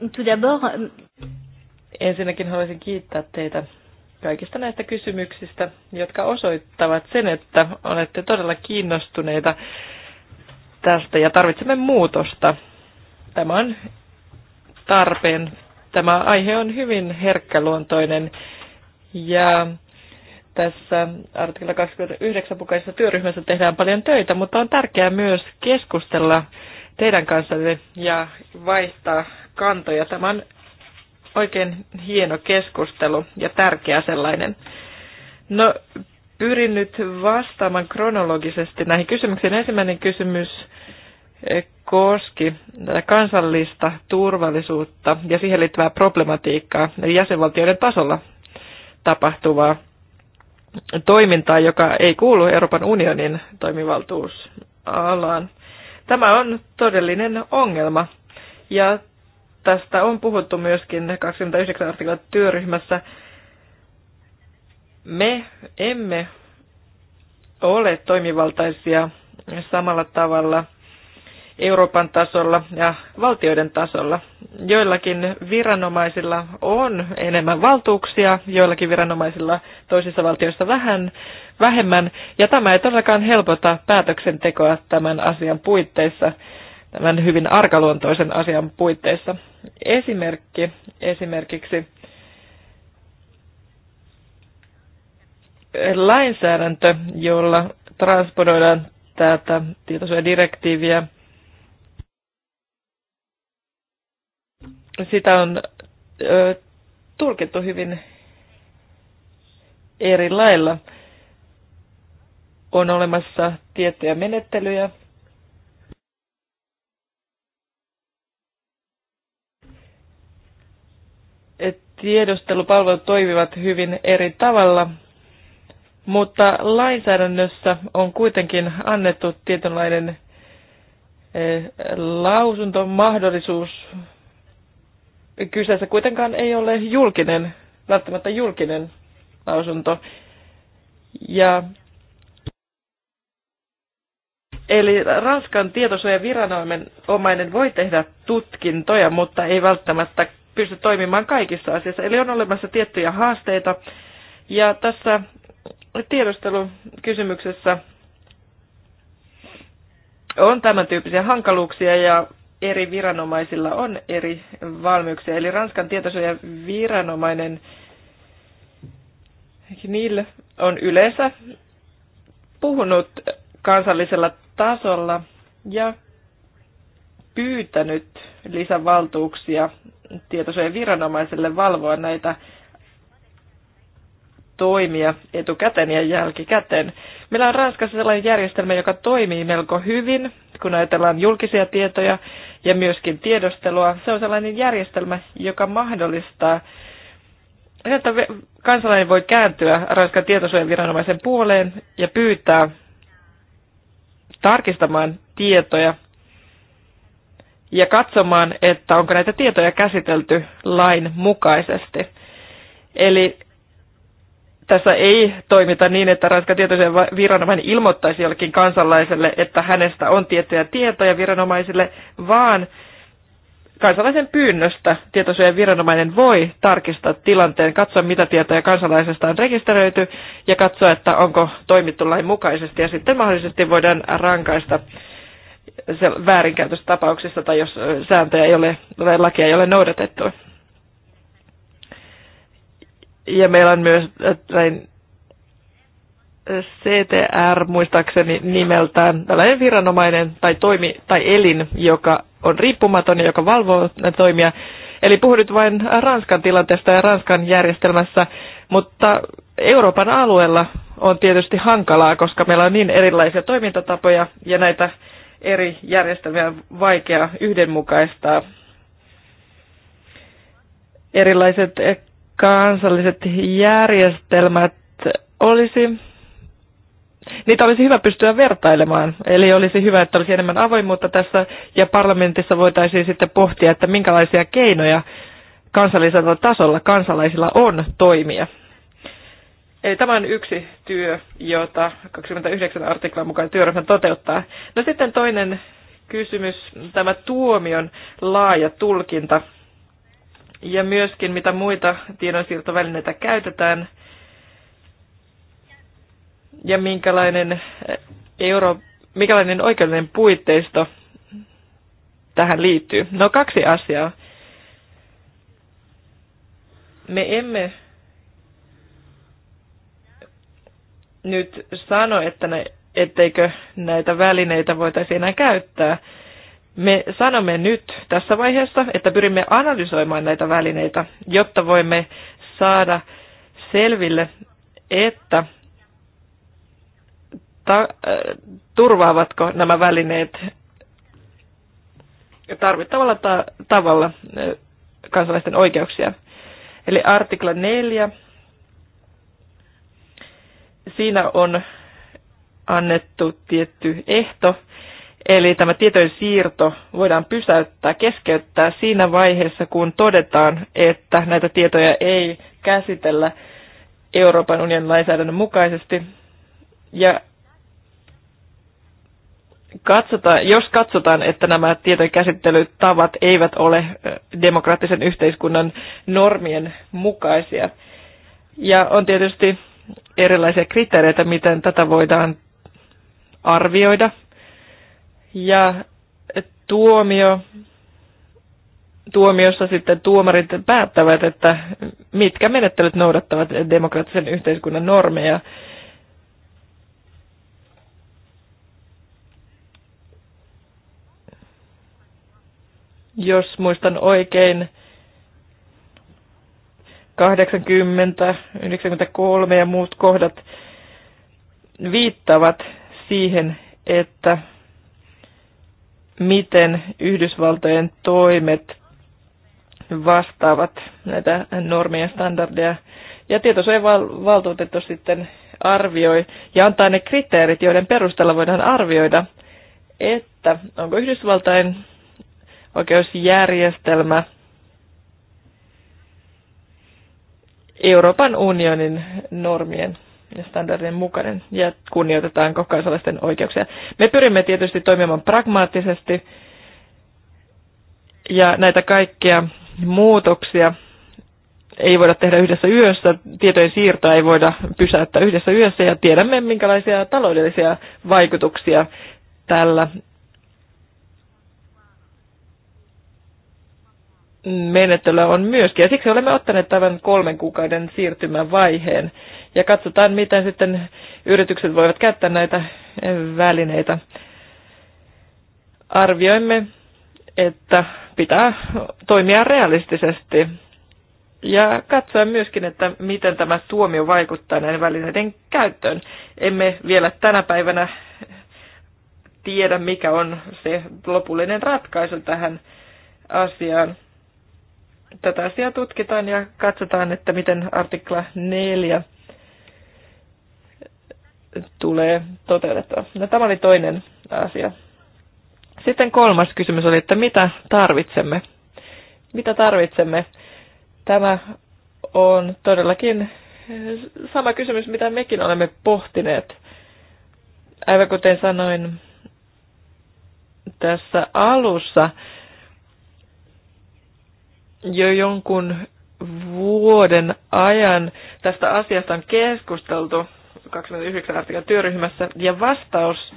Tout d'abord, euh, Ensinnäkin haluaisin kiittää teitä kaikista näistä kysymyksistä, jotka osoittavat sen, että olette todella kiinnostuneita tästä ja tarvitsemme muutosta. Tämä on tarpeen. Tämä aihe on hyvin herkkäluontoinen ja tässä artikla 29 mukaisessa työryhmässä tehdään paljon töitä, mutta on tärkeää myös keskustella teidän kanssanne ja vaihtaa kantoja. Tämä on oikein hieno keskustelu ja tärkeä sellainen. No, pyrin nyt vastaamaan kronologisesti näihin kysymyksiin. Ensimmäinen kysymys eh, koski kansallista turvallisuutta ja siihen liittyvää problematiikkaa, eli jäsenvaltioiden tasolla tapahtuvaa toimintaa, joka ei kuulu Euroopan unionin toimivaltuusalaan. Tämä on todellinen ongelma ja tästä on puhuttu myöskin 29 artikla työryhmässä. Me emme ole toimivaltaisia samalla tavalla Euroopan tasolla ja valtioiden tasolla. Joillakin viranomaisilla on enemmän valtuuksia, joillakin viranomaisilla toisissa valtioissa vähän, vähemmän, ja tämä ei todellakaan helpota päätöksentekoa tämän asian puitteissa tämän hyvin arkaluontoisen asian puitteissa. Esimerkki esimerkiksi lainsäädäntö, jolla transponoidaan tätä tietosuojadirektiiviä. Sitä on ö, tulkittu hyvin eri lailla. On olemassa tiettyjä menettelyjä, tiedustelupalvelut toimivat hyvin eri tavalla, mutta lainsäädännössä on kuitenkin annettu tietynlainen eh, lausuntomahdollisuus. Kyseessä kuitenkaan ei ole julkinen, välttämättä julkinen lausunto. Ja Eli Ranskan tietosuojaviranomainen voi tehdä tutkintoja, mutta ei välttämättä pysty toimimaan kaikissa asioissa. Eli on olemassa tiettyjä haasteita. Ja tässä tiedustelukysymyksessä on tämän tyyppisiä hankaluuksia ja eri viranomaisilla on eri valmiuksia. Eli Ranskan tietosuojaviranomainen niillä on yleensä puhunut kansallisella tasolla ja pyytänyt lisävaltuuksia tietosuojan viranomaiselle valvoa näitä toimia etukäteen ja jälkikäteen. Meillä on Ranskassa sellainen järjestelmä, joka toimii melko hyvin, kun ajatellaan julkisia tietoja ja myöskin tiedostelua. Se on sellainen järjestelmä, joka mahdollistaa, että kansalainen voi kääntyä Ranskan tietosuojaviranomaisen puoleen ja pyytää tarkistamaan tietoja ja katsomaan, että onko näitä tietoja käsitelty lain mukaisesti. Eli tässä ei toimita niin, että Ranska tietoisen viranomainen ilmoittaisi jollekin kansalaiselle, että hänestä on tiettyjä tietoja viranomaisille, vaan kansalaisen pyynnöstä tietosuojan viranomainen voi tarkistaa tilanteen, katsoa mitä tietoja kansalaisesta on rekisteröity ja katsoa, että onko toimittu lain mukaisesti ja sitten mahdollisesti voidaan rankaista väärinkäytöstapauksissa tai jos sääntöjä ei ole, tai lakia ei ole noudatettu. Ja meillä on myös näin CTR muistaakseni nimeltään tällainen viranomainen tai toimi tai elin, joka on riippumaton ja joka valvoo näitä toimia. Eli puhun nyt vain Ranskan tilanteesta ja Ranskan järjestelmässä, mutta Euroopan alueella on tietysti hankalaa, koska meillä on niin erilaisia toimintatapoja ja näitä eri järjestelmiä vaikea yhdenmukaistaa. Erilaiset kansalliset järjestelmät olisi, niitä olisi hyvä pystyä vertailemaan. Eli olisi hyvä, että olisi enemmän avoimuutta tässä ja parlamentissa voitaisiin sitten pohtia, että minkälaisia keinoja kansallisella tasolla kansalaisilla on toimia. Eli tämä on yksi työ, jota 29 artiklan mukaan työryhmä toteuttaa. No sitten toinen kysymys, tämä tuomion laaja tulkinta ja myöskin mitä muita tiedonsiirtovälineitä käytetään ja minkälainen, eh, euro, minkälainen oikeudellinen puitteisto tähän liittyy. No kaksi asiaa. Me emme nyt sano, että ne, etteikö näitä välineitä voitaisiin enää käyttää. Me sanomme nyt tässä vaiheessa, että pyrimme analysoimaan näitä välineitä, jotta voimme saada selville, että ta- äh, turvaavatko nämä välineet tarvittavalla ta- tavalla äh, kansalaisten oikeuksia. Eli artikla 4 siinä on annettu tietty ehto, eli tämä tietojen siirto voidaan pysäyttää, keskeyttää siinä vaiheessa, kun todetaan, että näitä tietoja ei käsitellä Euroopan unionin lainsäädännön mukaisesti. Ja katsotaan, jos katsotaan, että nämä tietojen käsittelytavat eivät ole demokraattisen yhteiskunnan normien mukaisia. Ja on tietysti erilaisia kriteereitä, miten tätä voidaan arvioida. Ja tuomio, tuomiossa sitten tuomarit päättävät, että mitkä menettelyt noudattavat demokraattisen yhteiskunnan normeja. Jos muistan oikein, 80, 93 ja muut kohdat viittavat siihen, että miten Yhdysvaltojen toimet vastaavat näitä normeja, standardeja. Ja tietosuojavaltuutettu sitten arvioi ja antaa ne kriteerit, joiden perusteella voidaan arvioida, että onko Yhdysvaltain oikeusjärjestelmä – Euroopan unionin normien ja standardien mukainen ja kunnioitetaan kansalaisten oikeuksia. Me pyrimme tietysti toimimaan pragmaattisesti ja näitä kaikkia muutoksia ei voida tehdä yhdessä yössä, tietojen siirtoa ei voida pysäyttää yhdessä yössä ja tiedämme, minkälaisia taloudellisia vaikutuksia tällä menettelyä on myöskin. Ja siksi olemme ottaneet tämän kolmen kuukauden siirtymävaiheen. Ja katsotaan, miten sitten yritykset voivat käyttää näitä eh, välineitä. Arvioimme, että pitää toimia realistisesti ja katsoa myöskin, että miten tämä tuomio vaikuttaa näiden välineiden käyttöön. Emme vielä tänä päivänä tiedä, mikä on se lopullinen ratkaisu tähän asiaan tätä asiaa tutkitaan ja katsotaan, että miten artikla 4 tulee toteutettua. No, tämä oli toinen asia. Sitten kolmas kysymys oli, että mitä tarvitsemme? Mitä tarvitsemme? Tämä on todellakin sama kysymys, mitä mekin olemme pohtineet. Aivan kuten sanoin tässä alussa, jo jonkun vuoden ajan tästä asiasta on keskusteltu 29 artikan työryhmässä ja vastaus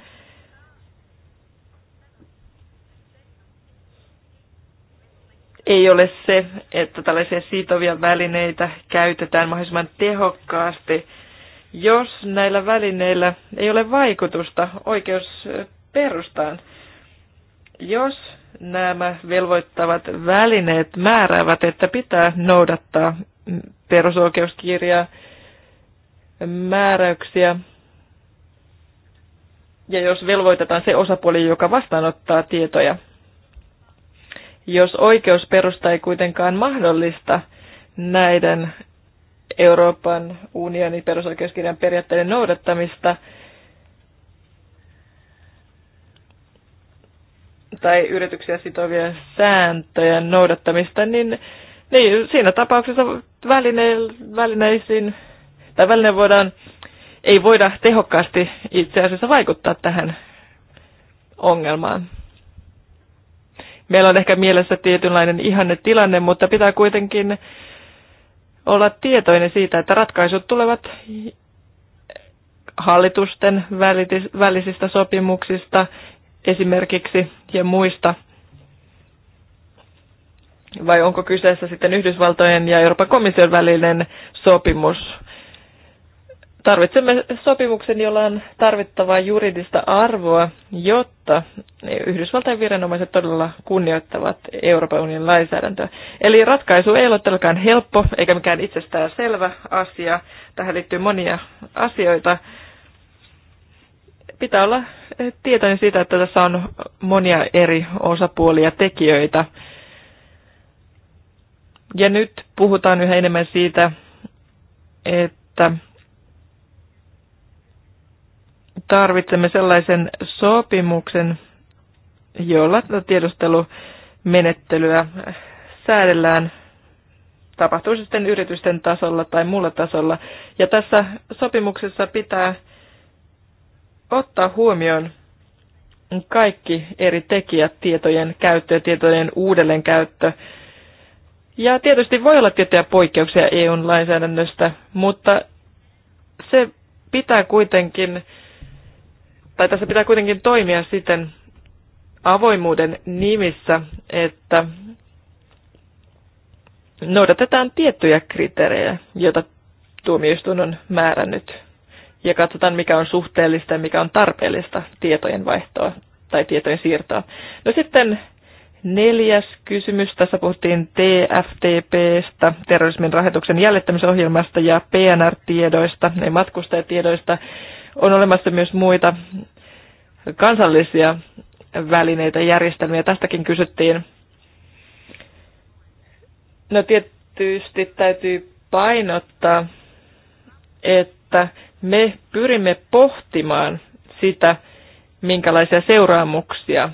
ei ole se, että tällaisia sitovia välineitä käytetään mahdollisimman tehokkaasti, jos näillä välineillä ei ole vaikutusta oikeusperustaan. Jos nämä velvoittavat välineet määräävät, että pitää noudattaa perusoikeuskirjaa määräyksiä. Ja jos velvoitetaan se osapuoli, joka vastaanottaa tietoja. Jos oikeusperusta ei kuitenkaan mahdollista näiden Euroopan unionin perusoikeuskirjan periaatteiden noudattamista, tai yrityksiä sitovia sääntöjä noudattamista, niin, niin siinä tapauksessa väline, välineisiin tai väline voidaan, ei voida tehokkaasti itse asiassa vaikuttaa tähän ongelmaan. Meillä on ehkä mielessä tietynlainen ihanne tilanne, mutta pitää kuitenkin olla tietoinen siitä, että ratkaisut tulevat hallitusten välisistä sopimuksista esimerkiksi ja muista? Vai onko kyseessä sitten Yhdysvaltojen ja Euroopan komission välinen sopimus? Tarvitsemme sopimuksen, jolla on tarvittavaa juridista arvoa, jotta Yhdysvaltain viranomaiset todella kunnioittavat Euroopan unionin lainsäädäntöä. Eli ratkaisu ei ole todellakaan helppo eikä mikään itsestään selvä asia. Tähän liittyy monia asioita pitää olla eh, tietoinen siitä, että tässä on monia eri osapuolia tekijöitä. Ja nyt puhutaan yhä enemmän siitä, että tarvitsemme sellaisen sopimuksen, jolla tiedustelumenettelyä säädellään, tapahtuu sitten yritysten tasolla tai muulla tasolla. Ja tässä sopimuksessa pitää ottaa huomioon kaikki eri tekijät, tietojen käyttö ja tietojen uudelleenkäyttö. Ja tietysti voi olla tiettyjä poikkeuksia eu lainsäädännöstä, mutta se pitää kuitenkin, tai tässä pitää kuitenkin toimia siten avoimuuden nimissä, että noudatetaan tiettyjä kriteerejä, joita tuomioistuin on määrännyt ja katsotaan, mikä on suhteellista ja mikä on tarpeellista tietojen vaihtoa tai tietojen siirtoa. No sitten neljäs kysymys. Tässä puhuttiin TFTPstä, terrorismin rahoituksen jäljittämisohjelmasta ja PNR-tiedoista, ei matkustajatiedoista. On olemassa myös muita kansallisia välineitä, järjestelmiä. Tästäkin kysyttiin. No tietysti täytyy painottaa, että että me pyrimme pohtimaan sitä, minkälaisia seuraamuksia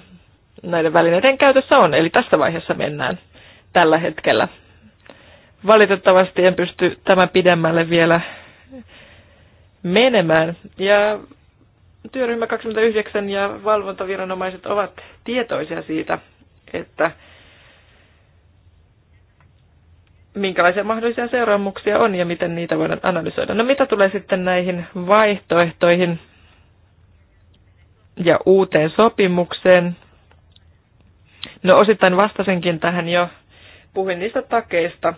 näiden välineiden käytössä on. Eli tässä vaiheessa mennään tällä hetkellä. Valitettavasti en pysty tämän pidemmälle vielä menemään. Ja työryhmä 29 ja valvontaviranomaiset ovat tietoisia siitä, että minkälaisia mahdollisia seuraamuksia on ja miten niitä voidaan analysoida. No mitä tulee sitten näihin vaihtoehtoihin ja uuteen sopimukseen? No osittain vastasinkin tähän jo. Puhuin niistä takeista,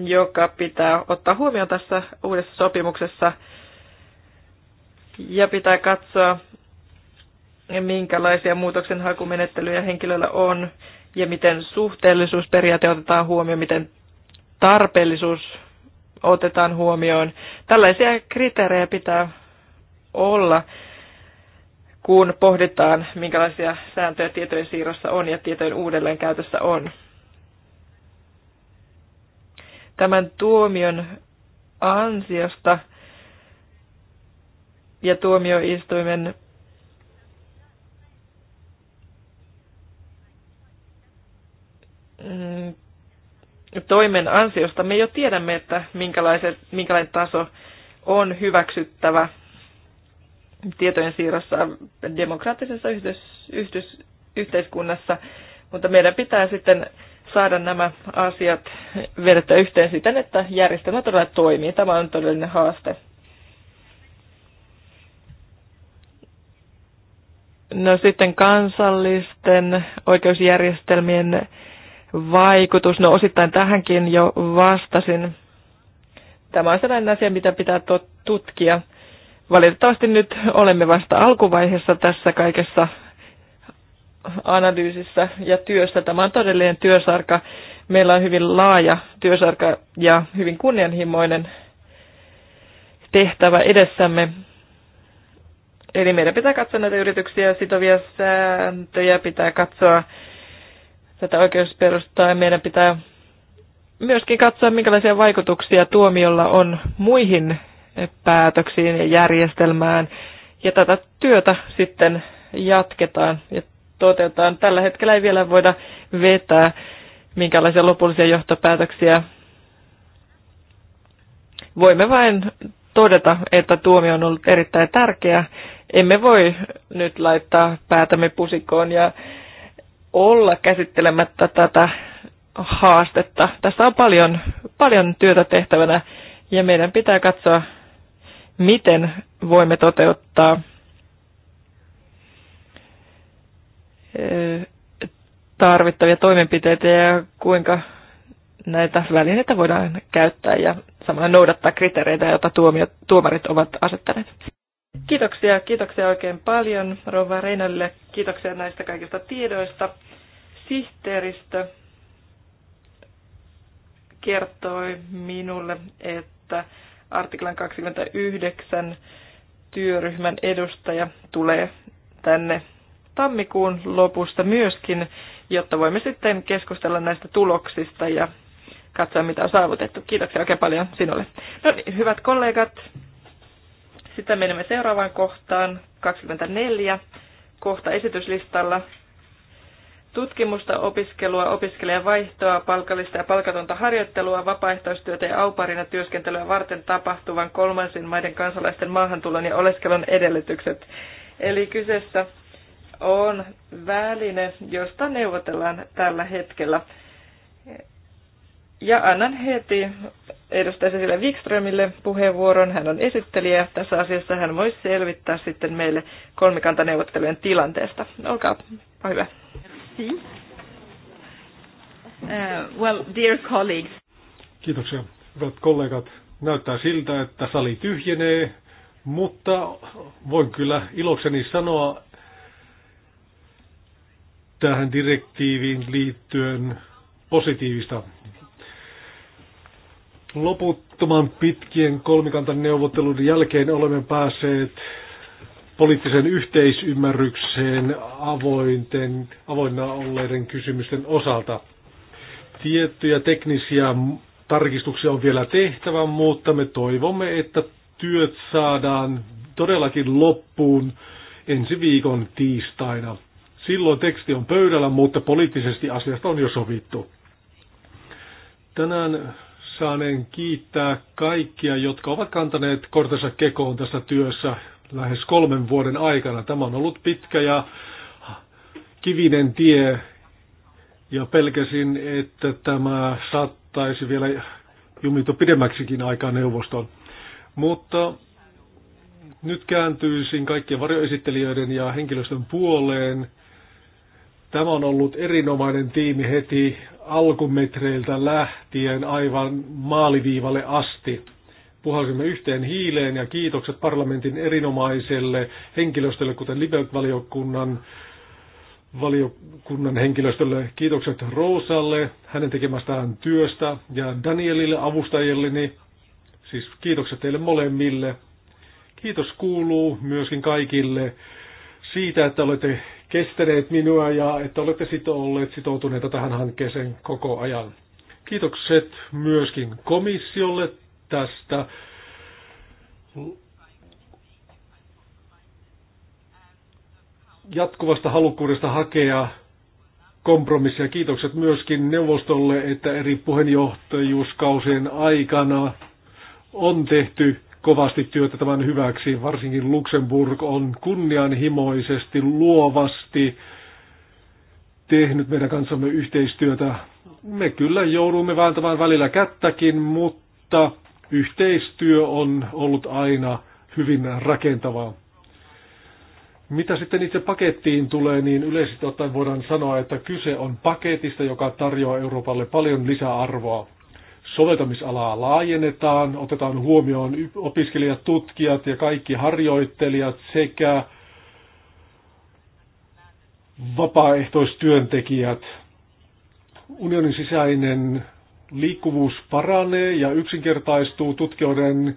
joka pitää ottaa huomioon tässä uudessa sopimuksessa ja pitää katsoa, minkälaisia muutoksenhakumenettelyjä henkilöllä on ja miten suhteellisuusperiaate otetaan huomioon, miten tarpeellisuus otetaan huomioon. Tällaisia kriteerejä pitää olla, kun pohditaan, minkälaisia sääntöjä tietojen siirrossa on ja tietojen uudelleenkäytössä on. Tämän tuomion ansiosta ja tuomioistuimen toimen ansiosta me jo tiedämme, että minkälaiset, minkälainen taso on hyväksyttävä tietojen siirrossa demokraattisessa yhteys, yhteys, yhteiskunnassa, mutta meidän pitää sitten saada nämä asiat vedettä yhteen siten, että järjestelmä todella toimii. Tämä on todellinen haaste. No sitten kansallisten oikeusjärjestelmien vaikutus? No osittain tähänkin jo vastasin. Tämä on sellainen asia, mitä pitää tutkia. Valitettavasti nyt olemme vasta alkuvaiheessa tässä kaikessa analyysissä ja työssä. Tämä on todellinen työsarka. Meillä on hyvin laaja työsarka ja hyvin kunnianhimoinen tehtävä edessämme. Eli meidän pitää katsoa näitä yrityksiä sitovia sääntöjä, pitää katsoa tätä oikeusperustaa. ja Meidän pitää myöskin katsoa, minkälaisia vaikutuksia tuomiolla on muihin päätöksiin ja järjestelmään. Ja tätä työtä sitten jatketaan ja toteutetaan. Tällä hetkellä ei vielä voida vetää minkälaisia lopullisia johtopäätöksiä. Voimme vain todeta, että tuomio on ollut erittäin tärkeä. Emme voi nyt laittaa päätämme pusikoon ja olla käsittelemättä tätä haastetta. Tässä on paljon, paljon työtä tehtävänä ja meidän pitää katsoa, miten voimme toteuttaa tarvittavia toimenpiteitä ja kuinka näitä välineitä voidaan käyttää ja samalla noudattaa kriteereitä, joita tuomarit ovat asettaneet. Kiitoksia, kiitoksia oikein paljon Rova Reinalle Kiitoksia näistä kaikista tiedoista. Sihteeristö kertoi minulle, että artiklan 29 työryhmän edustaja tulee tänne tammikuun lopusta myöskin, jotta voimme sitten keskustella näistä tuloksista ja katsoa, mitä on saavutettu. Kiitoksia oikein paljon sinulle. No niin, hyvät kollegat, sitten menemme seuraavaan kohtaan, 24 kohta esityslistalla. Tutkimusta, opiskelua, opiskelijavaihtoa, palkallista ja palkatonta harjoittelua, vapaaehtoistyötä ja auparina työskentelyä varten tapahtuvan kolmansin maiden kansalaisten maahantulon ja oleskelun edellytykset. Eli kyseessä on väline, josta neuvotellaan tällä hetkellä. Ja annan heti edustaja Cecilia Wikströmille puheenvuoron. Hän on esittelijä tässä asiassa. Hän voi selvittää sitten meille kolmikantaneuvottelujen tilanteesta. Olkaa hyvä. Merci. Uh, well, dear colleagues. Kiitoksia. Hyvät kollegat, näyttää siltä, että sali tyhjenee, mutta voin kyllä ilokseni sanoa tähän direktiiviin liittyen positiivista. Loputtoman pitkien kolmikantaneuvotteluiden jälkeen olemme päässeet poliittisen yhteisymmärrykseen avointen, avoinna olleiden kysymysten osalta. Tiettyjä teknisiä tarkistuksia on vielä tehtävä, mutta me toivomme, että työt saadaan todellakin loppuun ensi viikon tiistaina. Silloin teksti on pöydällä, mutta poliittisesti asiasta on jo sovittu. Tänään saaneen kiittää kaikkia, jotka ovat kantaneet kortensa kekoon tässä työssä lähes kolmen vuoden aikana. Tämä on ollut pitkä ja kivinen tie ja pelkäsin, että tämä saattaisi vielä jumito pidemmäksikin aikaa neuvoston. Mutta nyt kääntyisin kaikkien varjoesittelijöiden ja henkilöstön puoleen Tämä on ollut erinomainen tiimi heti alkumetreiltä lähtien aivan maaliviivalle asti. Puhalsimme yhteen hiileen ja kiitokset parlamentin erinomaiselle henkilöstölle, kuten Libet-valiokunnan valiokunnan henkilöstölle kiitokset Roosalle hänen tekemästään työstä ja Danielille avustajilleni. Siis kiitokset teille molemmille. Kiitos kuuluu myöskin kaikille siitä, että olette kestäneet minua ja että olette sito olleet sitoutuneita tähän hankkeeseen koko ajan. Kiitokset myöskin komissiolle tästä jatkuvasta halukkuudesta hakea kompromissia. Kiitokset myöskin neuvostolle, että eri puheenjohtajuuskausien aikana on tehty kovasti työtä tämän hyväksi. Varsinkin Luxemburg on kunnianhimoisesti, luovasti tehnyt meidän kanssamme yhteistyötä. Me kyllä joudumme vääntämään välillä kättäkin, mutta yhteistyö on ollut aina hyvin rakentavaa. Mitä sitten itse pakettiin tulee, niin yleisesti ottaen voidaan sanoa, että kyse on paketista, joka tarjoaa Euroopalle paljon lisäarvoa soveltamisalaa laajennetaan, otetaan huomioon opiskelijat, tutkijat ja kaikki harjoittelijat sekä vapaaehtoistyöntekijät. Unionin sisäinen liikkuvuus paranee ja yksinkertaistuu tutkijoiden,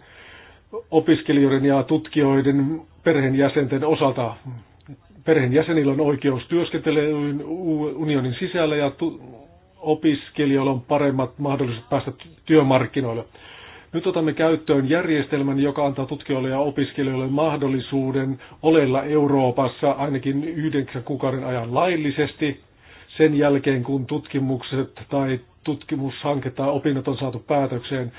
opiskelijoiden ja tutkijoiden perheenjäsenten osalta. Perheenjäsenillä on oikeus työskentelyyn unionin sisällä ja opiskelijoilla on paremmat mahdollisuudet päästä työmarkkinoille. Nyt otamme käyttöön järjestelmän, joka antaa tutkijoille ja opiskelijoille mahdollisuuden olella Euroopassa ainakin yhdeksän kuukauden ajan laillisesti sen jälkeen, kun tutkimukset tai tutkimushanke tai opinnot on saatu päätökseen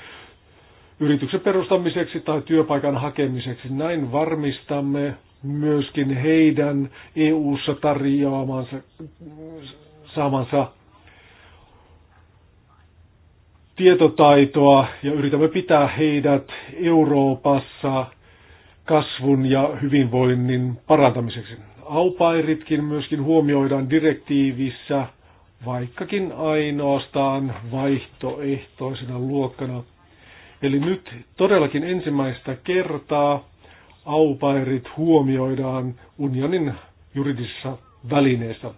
yrityksen perustamiseksi tai työpaikan hakemiseksi. Näin varmistamme myöskin heidän EU-ssa tarjoamansa saamansa tietotaitoa ja yritämme pitää heidät Euroopassa kasvun ja hyvinvoinnin parantamiseksi. Aupairitkin myöskin huomioidaan direktiivissä, vaikkakin ainoastaan vaihtoehtoisena luokkana. Eli nyt todellakin ensimmäistä kertaa aupairit huomioidaan unionin juridisessa välineessä.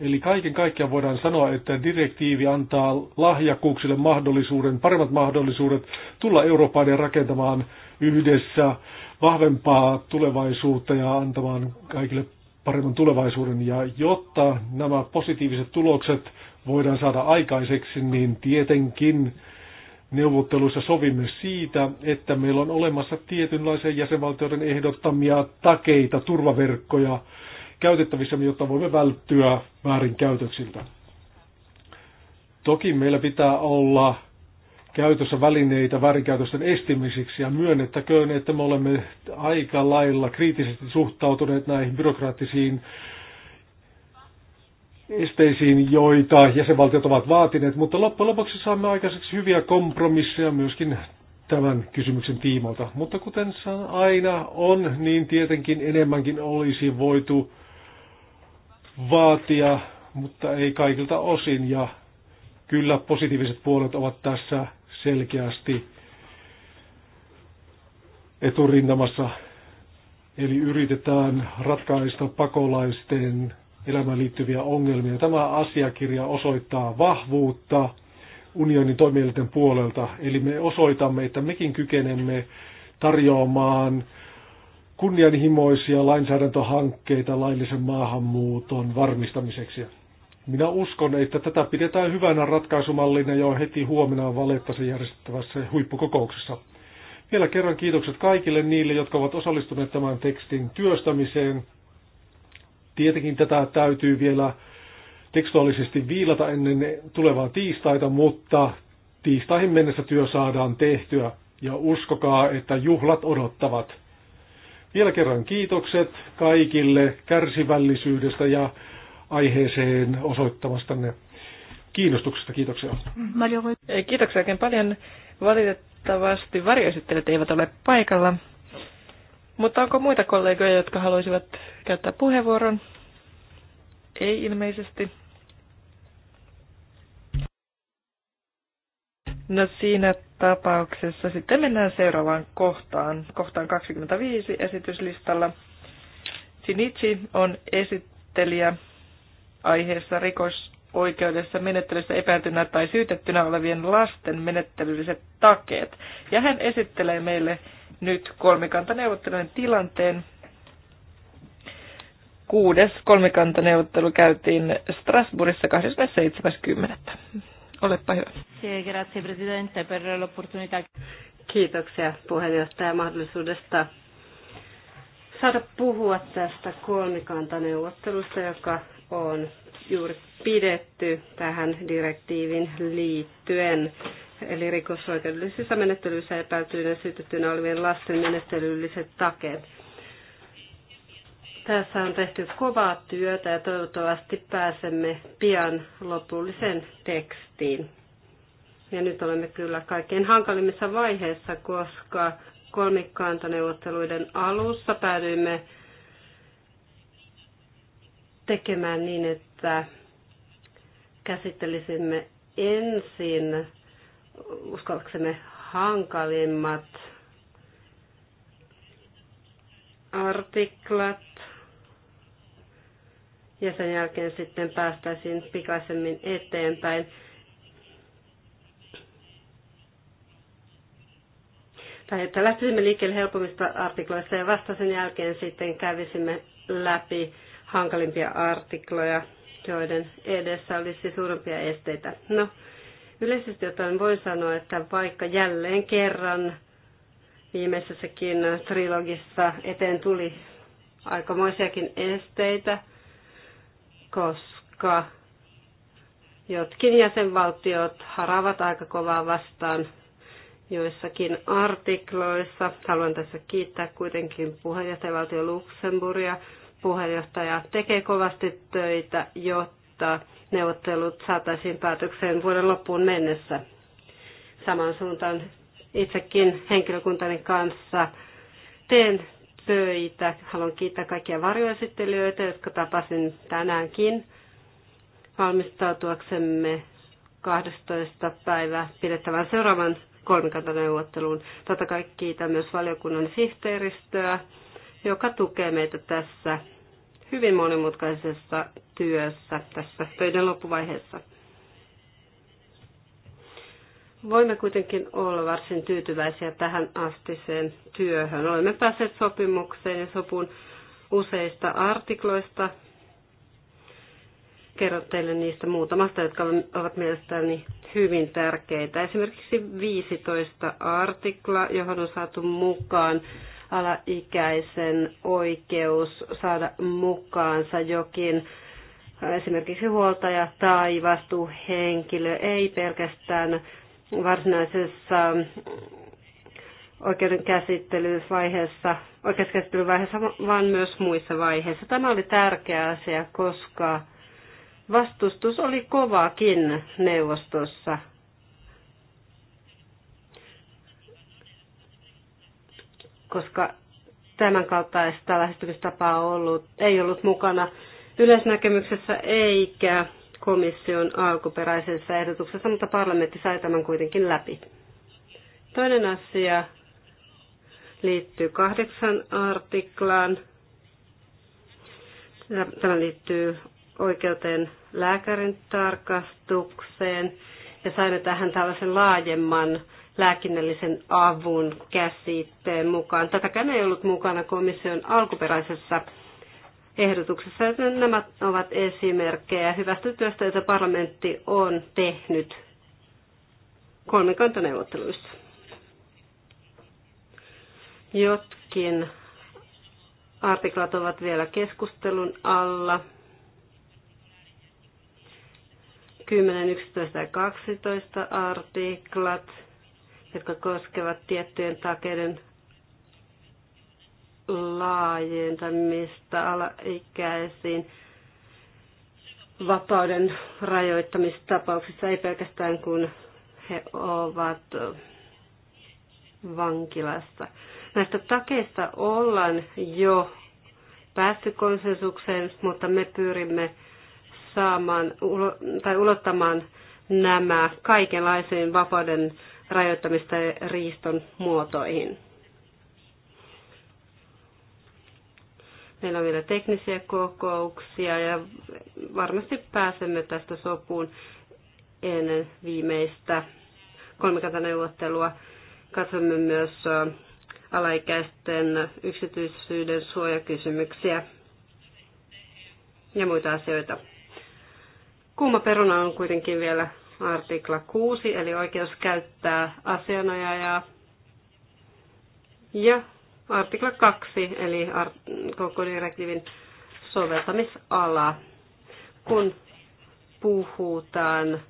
Eli kaiken kaikkiaan voidaan sanoa, että direktiivi antaa lahjakkuuksille mahdollisuuden, paremmat mahdollisuudet tulla Eurooppaan ja rakentamaan yhdessä vahvempaa tulevaisuutta ja antamaan kaikille paremman tulevaisuuden. Ja jotta nämä positiiviset tulokset voidaan saada aikaiseksi, niin tietenkin neuvotteluissa sovimme siitä, että meillä on olemassa tietynlaisia jäsenvaltioiden ehdottamia takeita, turvaverkkoja, käytettävissä, jotta voimme välttyä väärinkäytöksiltä. Toki meillä pitää olla käytössä välineitä väärinkäytösten estimiseksi ja myönnettäköön, että me olemme aika lailla kriittisesti suhtautuneet näihin byrokraattisiin esteisiin, joita jäsenvaltiot ovat vaatineet, mutta loppujen lopuksi saamme aikaiseksi hyviä kompromisseja myöskin tämän kysymyksen tiimoilta. Mutta kuten aina on, niin tietenkin enemmänkin olisi voitu vaatia, mutta ei kaikilta osin. Ja kyllä positiiviset puolet ovat tässä selkeästi eturintamassa. Eli yritetään ratkaista pakolaisten elämään liittyviä ongelmia. Tämä asiakirja osoittaa vahvuutta unionin toimielinten puolelta. Eli me osoitamme, että mekin kykenemme tarjoamaan kunnianhimoisia lainsäädäntöhankkeita laillisen maahanmuuton varmistamiseksi. Minä uskon, että tätä pidetään hyvänä ratkaisumallina jo heti huomenna valettassa järjestettävässä huippukokouksessa. Vielä kerran kiitokset kaikille niille, jotka ovat osallistuneet tämän tekstin työstämiseen. Tietenkin tätä täytyy vielä tekstuaalisesti viilata ennen tulevaa tiistaita, mutta tiistaihin mennessä työ saadaan tehtyä. Ja uskokaa, että juhlat odottavat. Vielä kerran kiitokset kaikille kärsivällisyydestä ja aiheeseen osoittamastanne kiinnostuksesta. Kiitoksia. Kiitoksia oikein paljon. Valitettavasti varjoesittelijät eivät ole paikalla. Mutta onko muita kollegoja, jotka haluaisivat käyttää puheenvuoron? Ei ilmeisesti. No siinä tapauksessa. Sitten mennään seuraavaan kohtaan, kohtaan 25 esityslistalla. Sinichi on esittelijä aiheessa rikosoikeudessa menettelyssä epäiltynä tai syytettynä olevien lasten menettelylliset takeet. Ja hän esittelee meille nyt kolmikantaneuvottelujen tilanteen. Kuudes kolmikantaneuvottelu käytiin Strasbourgissa 27.10. Olepa hyvä. Kiitoksia puheenjohtaja mahdollisuudesta saada puhua tästä kolmikantaneuvottelusta, joka on juuri pidetty tähän direktiivin liittyen. Eli rikosoikeudellisissa menettelyissä epäiltyinen syytettyinä olevien lasten menettelylliset takeet. Tässä on tehty kovaa työtä ja toivottavasti pääsemme pian lopulliseen tekstiin. Ja nyt olemme kyllä kaikkein hankalimmissa vaiheissa, koska kolmikantaneuvotteluiden alussa päädyimme tekemään niin, että käsittelisimme ensin uskallaksemme hankalimmat artiklat ja sen jälkeen sitten päästäisiin pikaisemmin eteenpäin. Tai että lähtisimme liikkeelle helpommista artikloista ja vasta sen jälkeen sitten kävisimme läpi hankalimpia artikloja, joiden edessä olisi suurempia esteitä. No, yleisesti ottaen voin sanoa, että vaikka jälleen kerran viimeisessäkin trilogissa eteen tuli aikamoisiakin esteitä, koska jotkin jäsenvaltiot haravat aika kovaa vastaan joissakin artikloissa. Haluan tässä kiittää kuitenkin puheenjohtajavaltio Luxemburgia. Puheenjohtaja tekee kovasti töitä, jotta neuvottelut saataisiin päätökseen vuoden loppuun mennessä. Samaan suuntaan itsekin henkilökuntani kanssa teen töitä. Haluan kiittää kaikkia varjoesittelijöitä, jotka tapasin tänäänkin valmistautuaksemme 12. päivä pidettävän seuraavan kolmikantaneuvotteluun. Totta kai kiitän myös valiokunnan sihteeristöä, joka tukee meitä tässä hyvin monimutkaisessa työssä tässä töiden loppuvaiheessa. Voimme kuitenkin olla varsin tyytyväisiä tähän astiseen työhön. Olemme päässeet sopimukseen ja sopun useista artikloista. Kerron teille niistä muutamasta, jotka ovat mielestäni hyvin tärkeitä. Esimerkiksi 15 artikla, johon on saatu mukaan alaikäisen oikeus saada mukaansa jokin esimerkiksi huoltaja tai vastuuhenkilö, ei pelkästään varsinaisessa mm, oikeudenkäsittelyvaiheessa, oikeuskäsittelyvaiheessa, vaan myös muissa vaiheissa. Tämä oli tärkeä asia, koska vastustus oli kovaakin neuvostossa. Koska tämän kaltaista lähestymistapaa ollut, ei ollut mukana yleisnäkemyksessä eikä komission alkuperäisessä ehdotuksessa, mutta parlamentti sai tämän kuitenkin läpi. Toinen asia liittyy kahdeksan artiklaan. Tämä liittyy oikeuteen lääkärin tarkastukseen ja saimme tähän tällaisen laajemman lääkinnällisen avun käsitteen mukaan. Tätäkään ei ollut mukana komission alkuperäisessä ehdotuksessa. Nämä ovat esimerkkejä hyvästä työstä, jota parlamentti on tehnyt kolmikantaneuvotteluissa. Jotkin artiklat ovat vielä keskustelun alla. 10, 11 ja 12 artiklat, jotka koskevat tiettyjen takeiden laajentamista alaikäisiin vapauden rajoittamistapauksissa, ei pelkästään kun he ovat vankilassa. Näistä takeista ollaan jo päästy konsensukseen, mutta me pyrimme saamaan tai ulottamaan nämä kaikenlaisiin vapauden rajoittamista ja riiston muotoihin. Meillä on vielä teknisiä kokouksia ja varmasti pääsemme tästä sopuun ennen viimeistä kolmikantaneuvottelua. Katsomme myös alaikäisten yksityisyyden suojakysymyksiä ja muita asioita. Kuuma peruna on kuitenkin vielä artikla 6, eli oikeus käyttää asianajajaa ja Artikla 2, eli koko direktiivin soveltamisala, kun puhutaan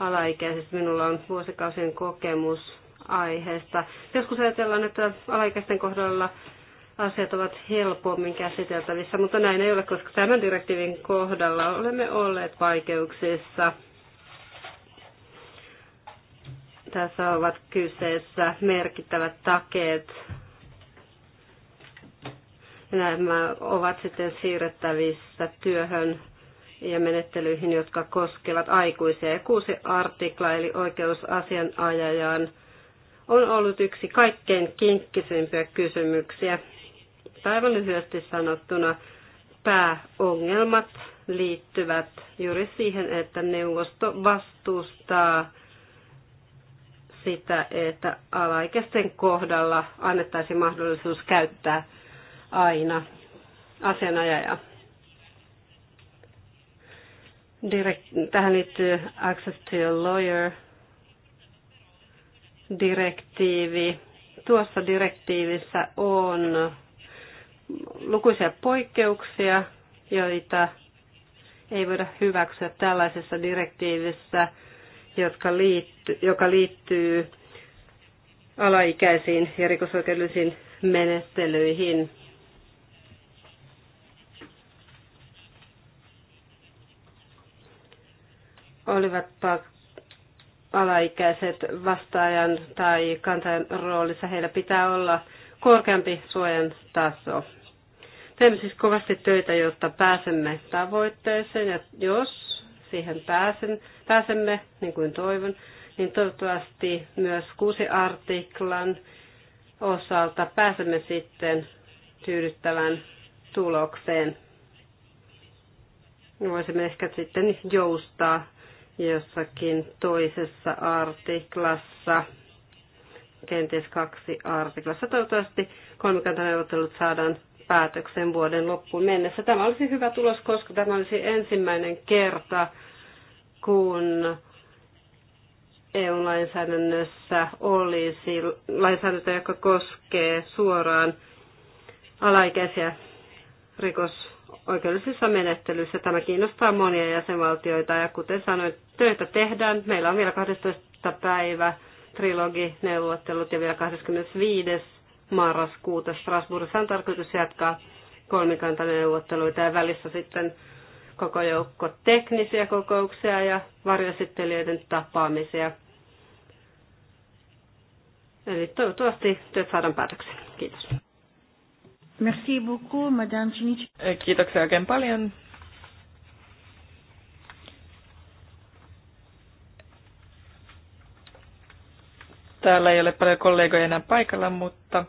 alaikäisistä. Minulla on vuosikausien kokemus aiheesta. Joskus ajatellaan, että alaikäisten kohdalla asiat ovat helpommin käsiteltävissä, mutta näin ei ole, koska tämän direktiivin kohdalla olemme olleet vaikeuksissa. Tässä ovat kyseessä merkittävät takeet nämä ovat sitten siirrettävissä työhön ja menettelyihin, jotka koskevat aikuisia. Ja kuusi artikla, eli oikeusasianajajan, on ollut yksi kaikkein kinkkisimpiä kysymyksiä. Aivan lyhyesti sanottuna pääongelmat liittyvät juuri siihen, että neuvosto vastustaa sitä, että alaikäisten kohdalla annettaisiin mahdollisuus käyttää aina asianajaja. Direkt- tähän liittyy Access to a Lawyer direktiivi. Tuossa direktiivissä on lukuisia poikkeuksia, joita ei voida hyväksyä tällaisessa direktiivissä, jotka liitty, joka liittyy alaikäisiin ja rikosoikeudellisiin menettelyihin. olivatpa alaikäiset vastaajan tai kantajan roolissa, heillä pitää olla korkeampi suojan taso. Teemme siis kovasti töitä, jotta pääsemme tavoitteeseen ja jos siihen pääsen, pääsemme, niin kuin toivon, niin toivottavasti myös kuusi artiklan osalta pääsemme sitten tyydyttävän tulokseen. Voisimme ehkä sitten joustaa jossakin toisessa artiklassa, kenties kaksi artiklassa. Toivottavasti kolmikantaneuvottelut saadaan päätöksen vuoden loppuun mennessä. Tämä olisi hyvä tulos, koska tämä olisi ensimmäinen kerta, kun EU-lainsäädännössä olisi lainsäädäntö, joka koskee suoraan alaikäisiä rikos oikeudellisessa menettelyssä. Tämä kiinnostaa monia jäsenvaltioita ja kuten sanoin, töitä tehdään. Meillä on vielä 12. päivä trilogineuvottelut ja vielä 25. marraskuuta Strasbourgissa on tarkoitus jatkaa kolmikantaneuvotteluita ja välissä sitten koko joukko teknisiä kokouksia ja varjosittelijöiden tapaamisia. Eli toivottavasti työt saadaan päätökseen. Kiitos. Merci beaucoup, Madame Chinich. Kiitoksia oikein paljon. Täällä ei ole paljon kollegoja enää paikalla, mutta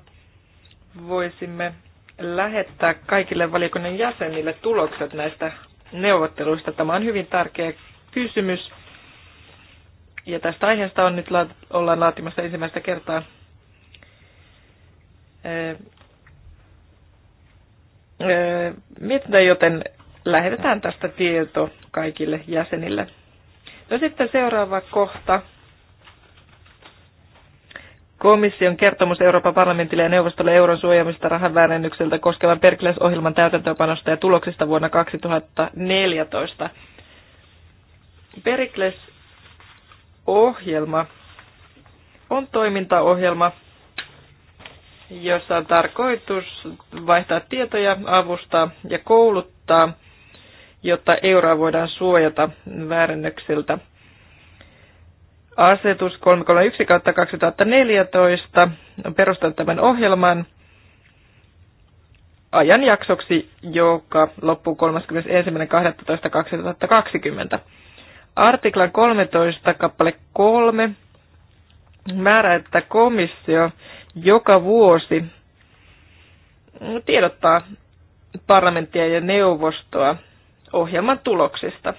voisimme lähettää kaikille valiokunnan jäsenille tulokset näistä neuvotteluista. Tämä on hyvin tärkeä kysymys. Ja tästä aiheesta on nyt ollaan laatimassa ensimmäistä kertaa mietintö, joten lähetetään tästä tieto kaikille jäsenille. No sitten seuraava kohta. Komission kertomus Euroopan parlamentille ja neuvostolle euron suojaamista rahanväärennykseltä koskevan Perkles-ohjelman täytäntöönpanosta ja tuloksista vuonna 2014. Perikles-ohjelma on toimintaohjelma, jossa on tarkoitus vaihtaa tietoja, avustaa ja kouluttaa, jotta euroa voidaan suojata väärännöksiltä. Asetus 331-2014 on perustanut tämän ohjelman ajanjaksoksi, joka loppuu 31.12.2020. Artiklan 13 kappale 3 määrä, että komissio joka vuosi tiedottaa parlamenttia ja neuvostoa ohjelman tuloksista.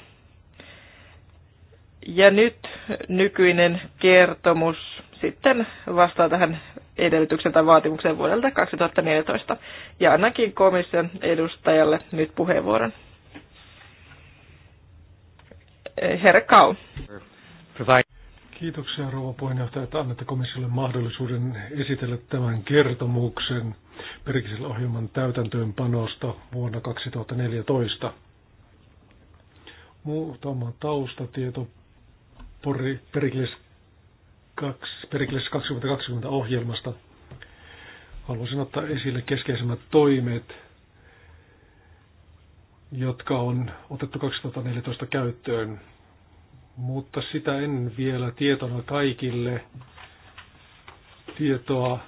Ja nyt nykyinen kertomus sitten vastaa tähän edellytyksen tai vaatimukseen vuodelta 2014. Ja annakin komission edustajalle nyt puheenvuoron. Herra Kau. Kiitoksia rouva puheenjohtaja, että annatte komissiolle mahdollisuuden esitellä tämän kertomuksen perikisellä ohjelman täytäntöönpanosta vuonna 2014. Muutama taustatieto Perikles, 2, Perikles 2020 ohjelmasta. Haluaisin ottaa esille keskeisimmät toimet, jotka on otettu 2014 käyttöön mutta sitä en vielä tietona kaikille tietoa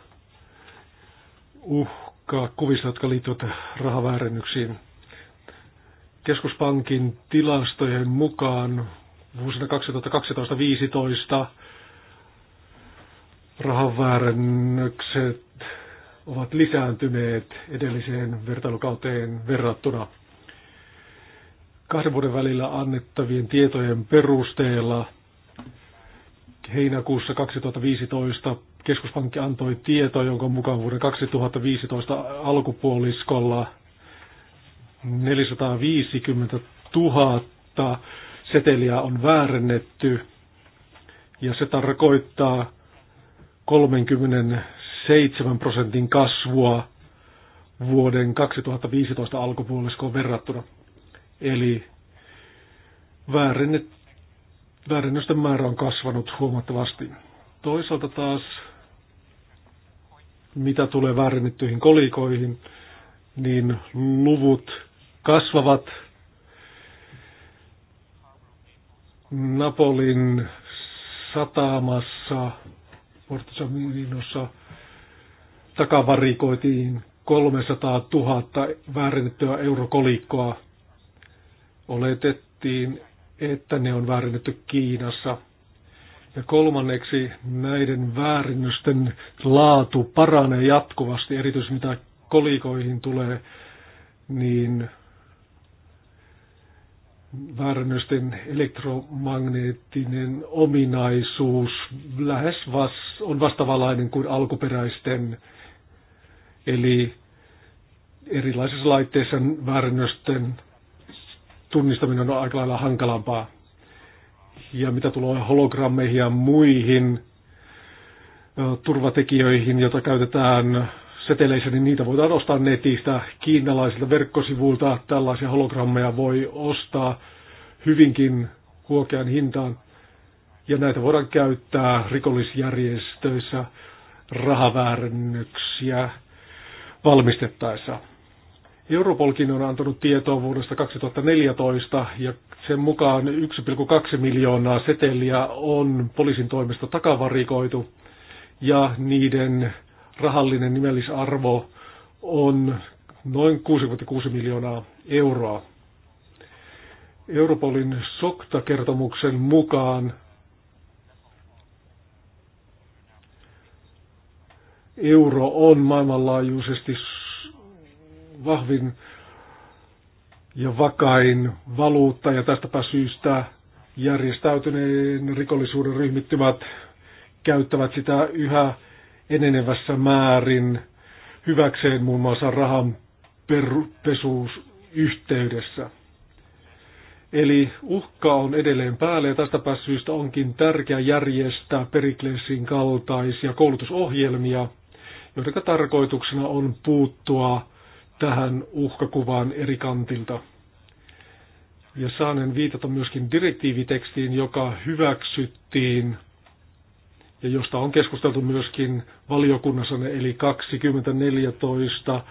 uhkaa kuvista, jotka liittyvät rahaväärennyksiin. Keskuspankin tilastojen mukaan vuosina 2012-2015 rahaväärännökset ovat lisääntyneet edelliseen vertailukauteen verrattuna – kahden vuoden välillä annettavien tietojen perusteella heinäkuussa 2015 keskuspankki antoi tietoa, jonka mukaan vuoden 2015 alkupuoliskolla 450 000 seteliä on väärennetty ja se tarkoittaa 37 prosentin kasvua vuoden 2015 alkupuoliskoon verrattuna. Eli väärennösten määrä on kasvanut huomattavasti. Toisaalta taas, mitä tulee väärennettyihin kolikoihin, niin luvut kasvavat. Napolin satamassa, Porto Saminossa, takavarikoitiin 300 000 väärennettyä eurokolikkoa – Oletettiin, että ne on väärinnetty Kiinassa. Ja kolmanneksi näiden väärinnösten laatu paranee jatkuvasti, erityisesti mitä kolikoihin tulee, niin väärännösten elektromagneettinen ominaisuus lähes vas, on vastavalainen kuin alkuperäisten. Eli erilaisissa laitteissa väärännösten tunnistaminen on aika lailla hankalampaa. Ja mitä tulee hologrammeihin ja muihin turvatekijöihin, joita käytetään seteleissä, niin niitä voidaan ostaa netistä, kiinalaisilta verkkosivuilta. Tällaisia hologrammeja voi ostaa hyvinkin huokean hintaan. Ja näitä voidaan käyttää rikollisjärjestöissä rahaväärännyksiä valmistettaessa. Europolkin on antanut tietoa vuodesta 2014 ja sen mukaan 1,2 miljoonaa seteliä on poliisin toimesta takavarikoitu ja niiden rahallinen nimellisarvo on noin 66 miljoonaa euroa. Europolin SOKTA-kertomuksen mukaan euro on maailmanlaajuisesti vahvin ja vakain valuutta ja tästäpä syystä järjestäytyneen rikollisuuden ryhmittymät käyttävät sitä yhä enenevässä määrin hyväkseen muun muassa rahan yhteydessä. Eli uhka on edelleen päällä ja tästä syystä onkin tärkeää järjestää Periklesin kaltaisia koulutusohjelmia, joiden tarkoituksena on puuttua tähän uhkakuvaan eri kantilta. Ja saanen viitata myöskin direktiivitekstiin, joka hyväksyttiin ja josta on keskusteltu myöskin valiokunnassa, eli 2014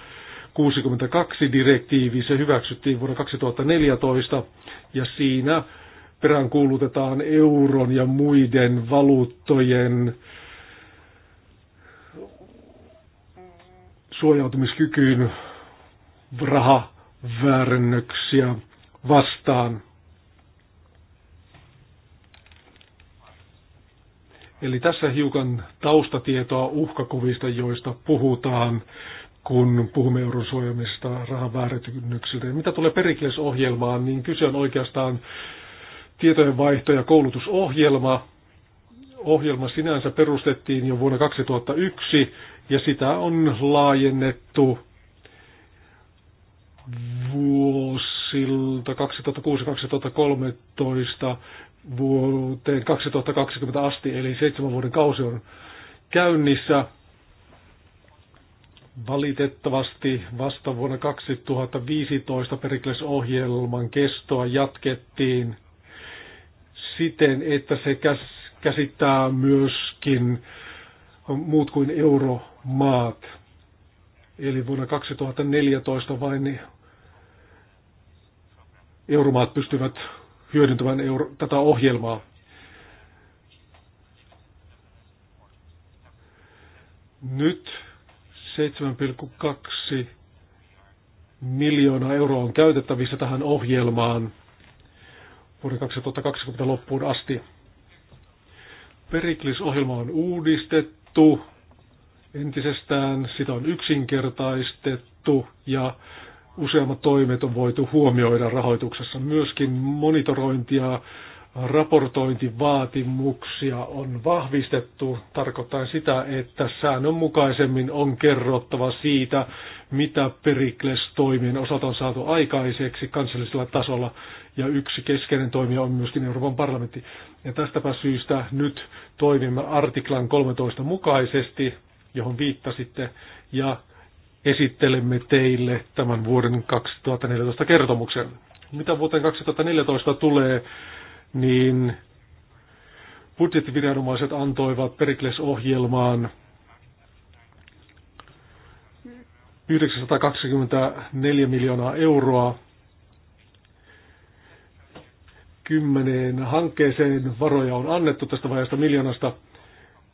62 direktiivi, se hyväksyttiin vuonna 2014, ja siinä peräänkuulutetaan euron ja muiden valuuttojen suojautumiskykyyn rahaväärennöksiä vastaan. Eli tässä hiukan taustatietoa uhkakuvista, joista puhutaan, kun puhumme euron suojamisesta rahan Mitä tulee perikielisohjelmaan, niin kyse on oikeastaan tietojenvaihto- ja koulutusohjelma. Ohjelma sinänsä perustettiin jo vuonna 2001 ja sitä on laajennettu vuosilta 2006-2013 vuoteen 2020 asti, eli seitsemän vuoden kausi on käynnissä. Valitettavasti vasta vuonna 2015 Perikles-ohjelman kestoa jatkettiin siten, että se käsittää myöskin muut kuin euromaat. Eli vuonna 2014 vain euromaat pystyvät hyödyntämään euro, tätä ohjelmaa. Nyt 7,2 miljoonaa euroa on käytettävissä tähän ohjelmaan vuoden 2020 loppuun asti. Periklis-ohjelma on uudistettu entisestään, sitä on yksinkertaistettu ja useammat toimet on voitu huomioida rahoituksessa. Myöskin monitorointia, raportointivaatimuksia on vahvistettu, tarkoittaa sitä, että säännönmukaisemmin on kerrottava siitä, mitä Perikles-toimien osalta on saatu aikaiseksi kansallisella tasolla, ja yksi keskeinen toimija on myöskin Euroopan parlamentti. Ja tästäpä syystä nyt toimimme artiklan 13 mukaisesti, johon viittasitte, ja esittelemme teille tämän vuoden 2014 kertomuksen. Mitä vuoteen 2014 tulee, niin budjettiviranomaiset antoivat Perikles-ohjelmaan 924 miljoonaa euroa kymmeneen hankkeeseen varoja on annettu tästä vaiheesta miljoonasta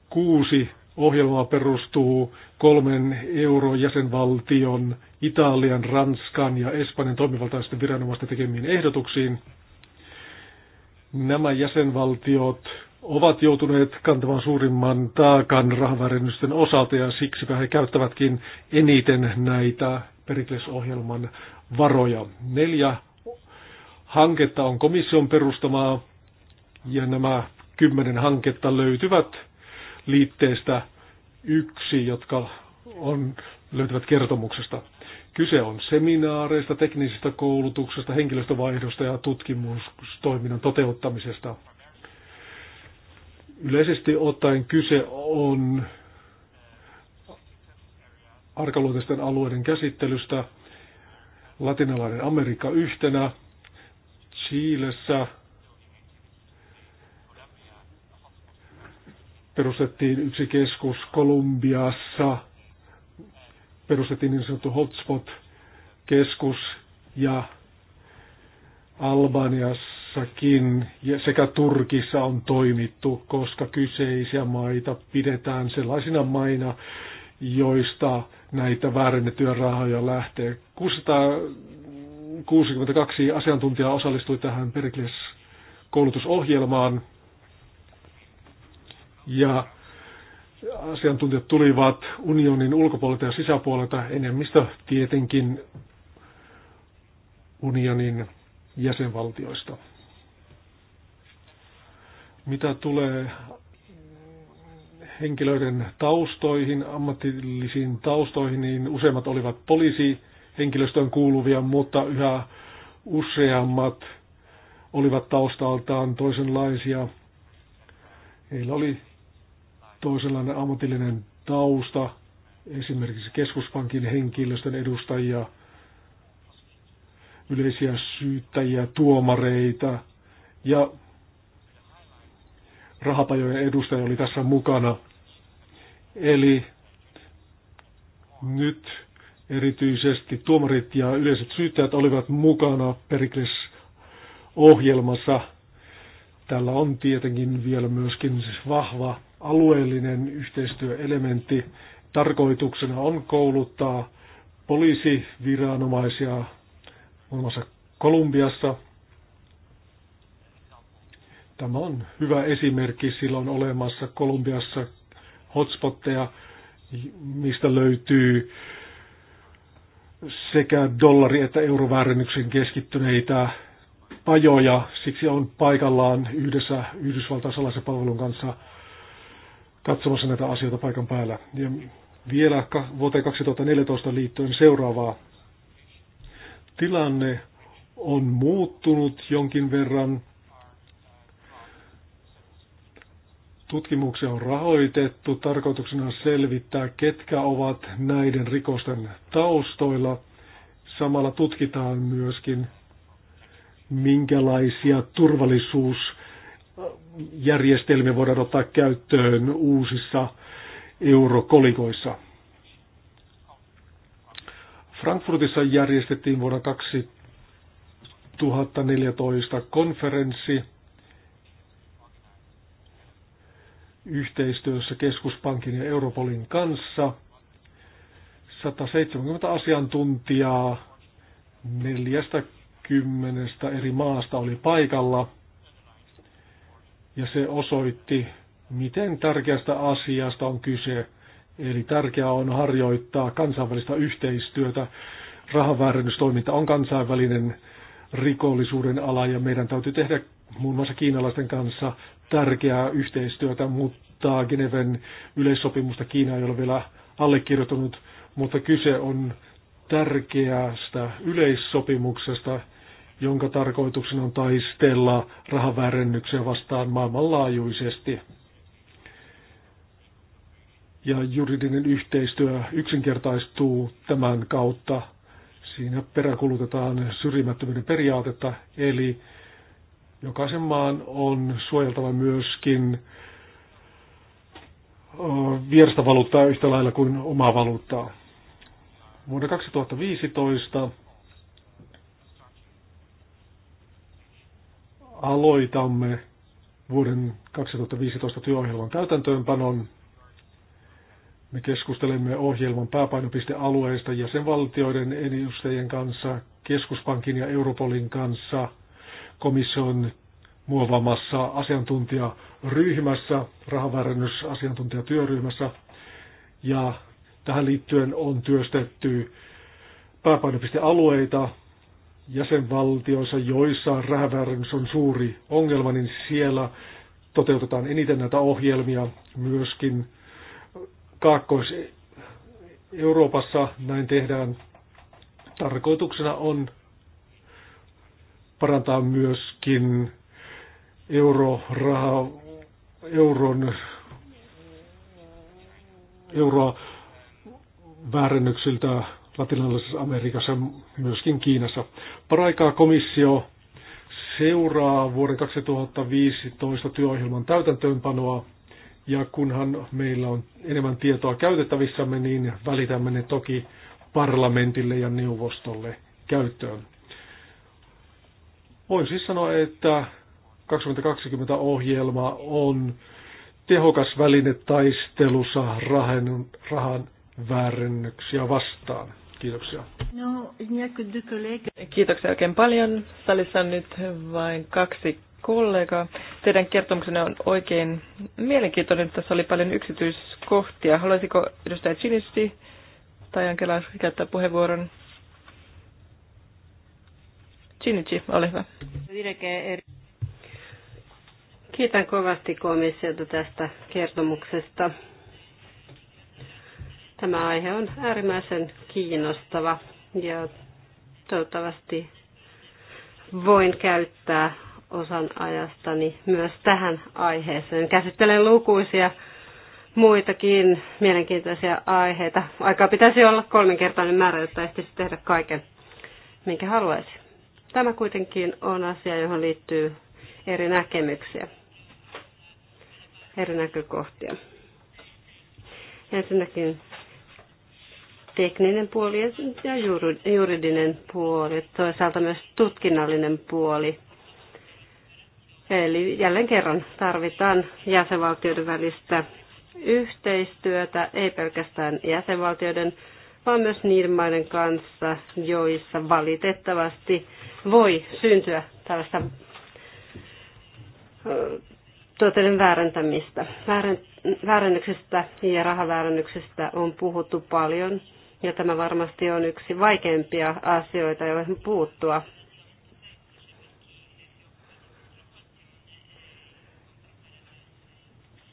kuusi Ohjelma perustuu kolmen eurojäsenvaltion, Italian, Ranskan ja Espanjan toimivaltaisten viranomaisten tekemiin ehdotuksiin. Nämä jäsenvaltiot ovat joutuneet kantamaan suurimman taakan rahaväärennysten osalta ja siksi he käyttävätkin eniten näitä Perikles-ohjelman varoja. Neljä hanketta on komission perustamaa ja nämä kymmenen hanketta löytyvät liitteestä yksi, jotka on, löytyvät kertomuksesta. Kyse on seminaareista, teknisestä koulutuksesta, henkilöstövaihdosta ja tutkimustoiminnan toteuttamisesta. Yleisesti ottaen kyse on arkaluonteisten alueiden käsittelystä, latinalainen Amerikka yhtenä, Chiilessä perustettiin yksi keskus Kolumbiassa, perustettiin niin sanottu hotspot-keskus ja Albaniassakin ja sekä Turkissa on toimittu, koska kyseisiä maita pidetään sellaisina maina, joista näitä väärennettyjä rahoja lähtee. 662 asiantuntijaa osallistui tähän Perikles koulutusohjelmaan ja asiantuntijat tulivat unionin ulkopuolelta ja sisäpuolelta, enemmistö tietenkin unionin jäsenvaltioista. Mitä tulee henkilöiden taustoihin, ammatillisiin taustoihin, niin useimmat olivat poliisihenkilöstöön kuuluvia, mutta yhä useammat olivat taustaltaan toisenlaisia. Heillä oli toisenlainen ammatillinen tausta, esimerkiksi keskuspankin henkilöstön edustajia, yleisiä syyttäjiä, tuomareita ja rahapajojen edustaja oli tässä mukana. Eli nyt erityisesti tuomarit ja yleiset syyttäjät olivat mukana Perikles-ohjelmassa. Tällä on tietenkin vielä myöskin vahva alueellinen yhteistyöelementti. Tarkoituksena on kouluttaa poliisiviranomaisia muun muassa Kolumbiassa. Tämä on hyvä esimerkki. Sillä on olemassa Kolumbiassa hotspotteja, mistä löytyy sekä dollari- että euroväärennyksen keskittyneitä pajoja. Siksi on paikallaan yhdessä Yhdysvaltain salaisen palvelun kanssa katsomassa näitä asioita paikan päällä. Ja vielä vuoteen 2014 liittyen seuraavaa. Tilanne on muuttunut jonkin verran. Tutkimuksia on rahoitettu tarkoituksena selvittää, ketkä ovat näiden rikosten taustoilla. Samalla tutkitaan myöskin, minkälaisia turvallisuus- järjestelmiä voidaan ottaa käyttöön uusissa eurokolikoissa. Frankfurtissa järjestettiin vuonna 2014 konferenssi yhteistyössä keskuspankin ja Europolin kanssa. 170 asiantuntijaa 40 eri maasta oli paikalla ja se osoitti, miten tärkeästä asiasta on kyse. Eli tärkeää on harjoittaa kansainvälistä yhteistyötä. Rahanväärennystoiminta on kansainvälinen rikollisuuden ala ja meidän täytyy tehdä muun muassa kiinalaisten kanssa tärkeää yhteistyötä, mutta Geneven yleissopimusta Kiina ei ole vielä allekirjoittanut, mutta kyse on tärkeästä yleissopimuksesta, jonka tarkoituksena on taistella rahaväärennyksiä vastaan maailmanlaajuisesti. Ja juridinen yhteistyö yksinkertaistuu tämän kautta. Siinä peräkulutetaan syrjimättömyyden periaatetta, eli jokaisen maan on suojeltava myöskin vierasta valuuttaa yhtä lailla kuin omaa valuuttaa. Vuonna 2015 aloitamme vuoden 2015 työohjelman täytäntöönpanon. Me keskustelemme ohjelman pääpainopistealueista jäsenvaltioiden edustajien kanssa, keskuspankin ja Europolin kanssa, komission muovamassa asiantuntijaryhmässä, rahanväärennysasiantuntijatyöryhmässä. Ja tähän liittyen on työstetty pääpainopistealueita, jäsenvaltioissa, joissa rahaväärennys on suuri ongelma, niin siellä toteutetaan eniten näitä ohjelmia myöskin Kaakkois-Euroopassa näin tehdään. Tarkoituksena on parantaa myöskin euroraha, euron, euroa väärännyksiltä latinalaisessa Amerikassa ja myöskin Kiinassa. Paraikaa komissio seuraa vuoden 2015 työohjelman täytäntöönpanoa ja kunhan meillä on enemmän tietoa käytettävissämme, niin välitämme ne toki parlamentille ja neuvostolle käyttöön. Voin siis sanoa, että 2020-ohjelma on tehokas väline taistelussa rahan, rahan väärennyksiä vastaan. Kiitoksia. No, Kiitoksia oikein paljon. Salissa on nyt vain kaksi kollegaa. Teidän kertomuksenne on oikein mielenkiintoinen. Tässä oli paljon yksityiskohtia. Haluaisiko edustaja Chinisti tai Ankela käyttää puheenvuoron? Chinichi, ole hyvä. Kiitän kovasti komissiota tästä kertomuksesta. Tämä aihe on äärimmäisen kiinnostava ja toivottavasti voin käyttää osan ajastani myös tähän aiheeseen. Käsittelen lukuisia muitakin mielenkiintoisia aiheita. Aikaa pitäisi olla kolminkertainen määrä, jotta ehtisi tehdä kaiken, minkä haluaisi. Tämä kuitenkin on asia, johon liittyy eri näkemyksiä, eri näkökohtia. Ensinnäkin tekninen puoli ja juridinen puoli, toisaalta myös tutkinnallinen puoli. Eli jälleen kerran tarvitaan jäsenvaltioiden välistä yhteistyötä, ei pelkästään jäsenvaltioiden, vaan myös niiden maiden kanssa, joissa valitettavasti voi syntyä tällaista tuotteiden väärentämistä. Väärennöksistä ja rahaväärennöksistä on puhuttu paljon ja tämä varmasti on yksi vaikeimpia asioita, joihin puuttua.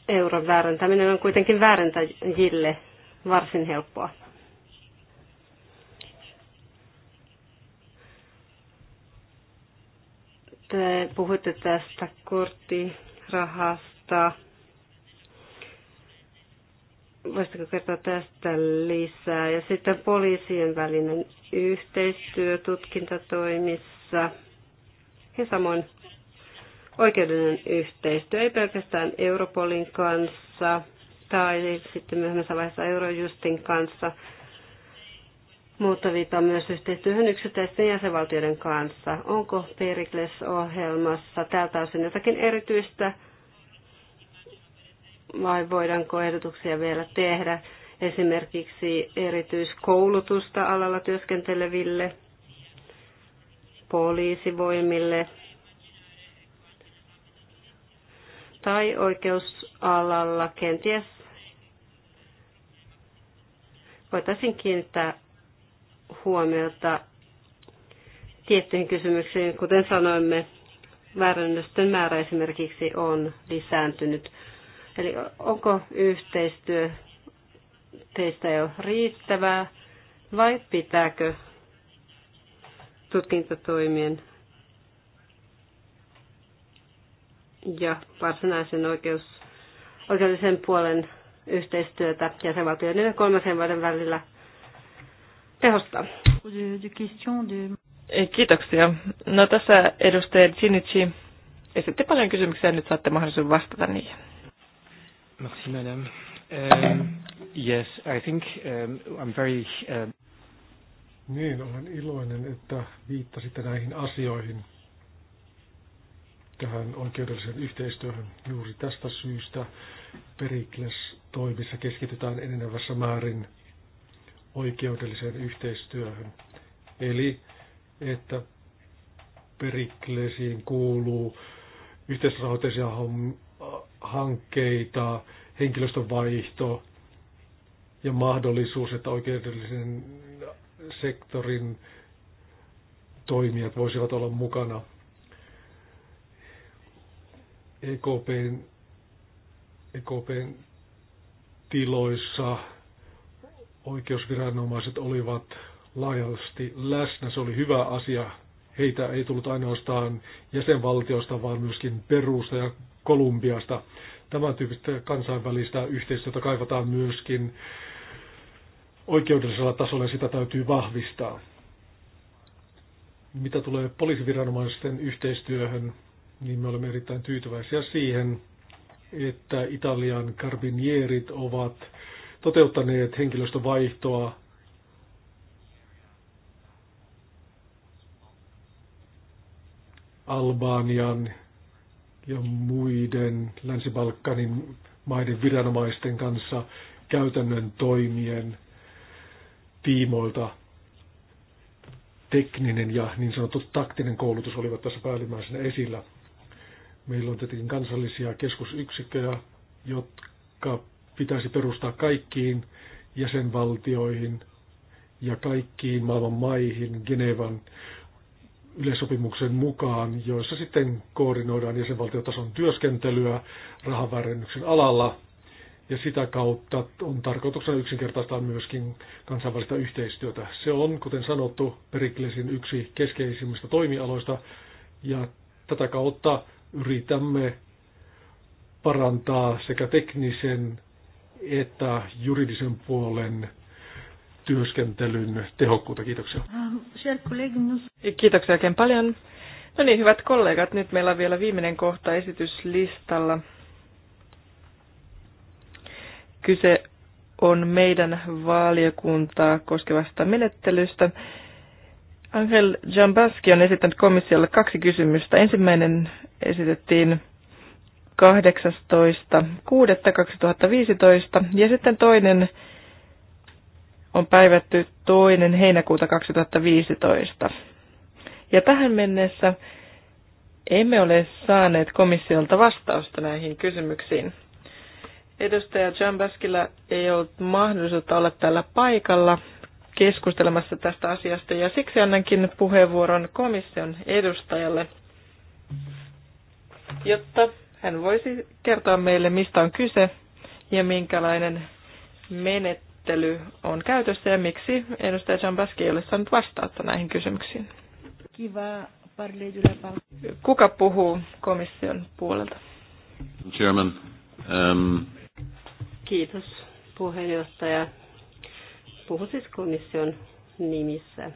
Euron väärentäminen on kuitenkin väärentäjille varsin helppoa. Te puhuitte tästä korttirahasta. Voisitko kertoa tästä lisää? Ja sitten poliisien välinen yhteistyö tutkintatoimissa ja samoin oikeudellinen yhteistyö, ei pelkästään Europolin kanssa tai sitten myöhemmässä vaiheessa Eurojustin kanssa, mutta viittaa myös yhteistyöhön yksittäisten jäsenvaltioiden kanssa. Onko Perikles-ohjelmassa tältä osin jotakin erityistä vai voidaanko ehdotuksia vielä tehdä esimerkiksi erityiskoulutusta alalla työskenteleville, poliisivoimille tai oikeusalalla kenties voitaisiin kiinnittää huomiota tiettyihin kysymyksiin. Kuten sanoimme, väärännösten määrä esimerkiksi on lisääntynyt Eli onko yhteistyö teistä jo riittävää vai pitääkö tutkintatoimien ja varsinaisen oikeus, oikeudellisen puolen yhteistyötä jäsenvaltioiden ja kolmasen vuoden välillä tehostaa. Kiitoksia. No tässä edustaja Chinichi esitti paljon kysymyksiä ja nyt saatte mahdollisuuden vastata niihin. Merci, madame. Um, yes, I think um, I'm very... Uh... Niin, olen iloinen, että viittasitte näihin asioihin, tähän oikeudelliseen yhteistyöhön. Juuri tästä syystä Perikles-toimissa keskitytään enenevässä määrin oikeudelliseen yhteistyöhön. Eli, että Periklesiin kuuluu yhteisrahoitteisia hankkeita, henkilöstön vaihto ja mahdollisuus, että oikeudellisen sektorin toimijat voisivat olla mukana. EKPn, EKPn tiloissa oikeusviranomaiset olivat laajasti läsnä. Se oli hyvä asia. Heitä ei tullut ainoastaan jäsenvaltiosta, vaan myöskin perusta ja Kolumbiasta. Tämän tyyppistä kansainvälistä yhteistyötä kaivataan myöskin oikeudellisella tasolla ja sitä täytyy vahvistaa. Mitä tulee poliisiviranomaisten yhteistyöhön, niin me olemme erittäin tyytyväisiä siihen, että Italian karbinierit ovat toteuttaneet henkilöstövaihtoa Albanian ja muiden Länsi-Balkanin maiden viranomaisten kanssa käytännön toimien tiimoilta tekninen ja niin sanottu taktinen koulutus olivat tässä päällimmäisenä esillä. Meillä on tietenkin kansallisia keskusyksikköjä, jotka pitäisi perustaa kaikkiin jäsenvaltioihin ja kaikkiin maailman maihin Genevan yleissopimuksen mukaan, joissa sitten koordinoidaan jäsenvaltiotason työskentelyä rahanväärennyksen alalla. Ja sitä kautta on tarkoituksena yksinkertaistaa myöskin kansainvälistä yhteistyötä. Se on, kuten sanottu, Periklesin yksi keskeisimmistä toimialoista. Ja tätä kautta yritämme parantaa sekä teknisen että juridisen puolen työskentelyn tehokkuutta. Kiitoksia. Ähm, Kiitoksia oikein paljon. No niin, hyvät kollegat, nyt meillä on vielä viimeinen kohta esityslistalla. Kyse on meidän valiokuntaa koskevasta menettelystä. Angel Jambaski on esittänyt komissiolle kaksi kysymystä. Ensimmäinen esitettiin 18.6.2015 ja sitten toinen on päivätty toinen heinäkuuta 2015. Ja tähän mennessä emme ole saaneet komissiolta vastausta näihin kysymyksiin. Edustaja John Baskilla ei ollut mahdollisuutta olla täällä paikalla keskustelemassa tästä asiasta ja siksi annankin puheenvuoron komission edustajalle, jotta hän voisi kertoa meille, mistä on kyse ja minkälainen menettely menettely on käytössä ja miksi edustaja Baski ei ole saanut vastausta näihin kysymyksiin. Kiva. Kuka puhuu komission puolelta? Chairman, um... Kiitos puheenjohtaja. Puhu siis komission nimissä.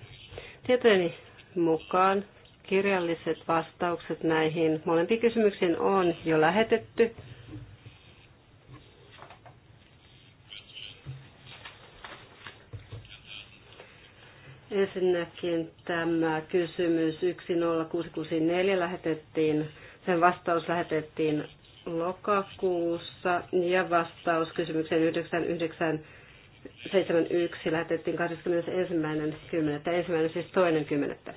Tietojeni mukaan kirjalliset vastaukset näihin molempiin kysymyksiin on jo lähetetty Ensinnäkin tämä kysymys 10664 lähetettiin, sen vastaus lähetettiin lokakuussa ja vastaus kysymykseen 9971 lähetettiin 21.10. Ensimmäinen siis toinen kymmenettä.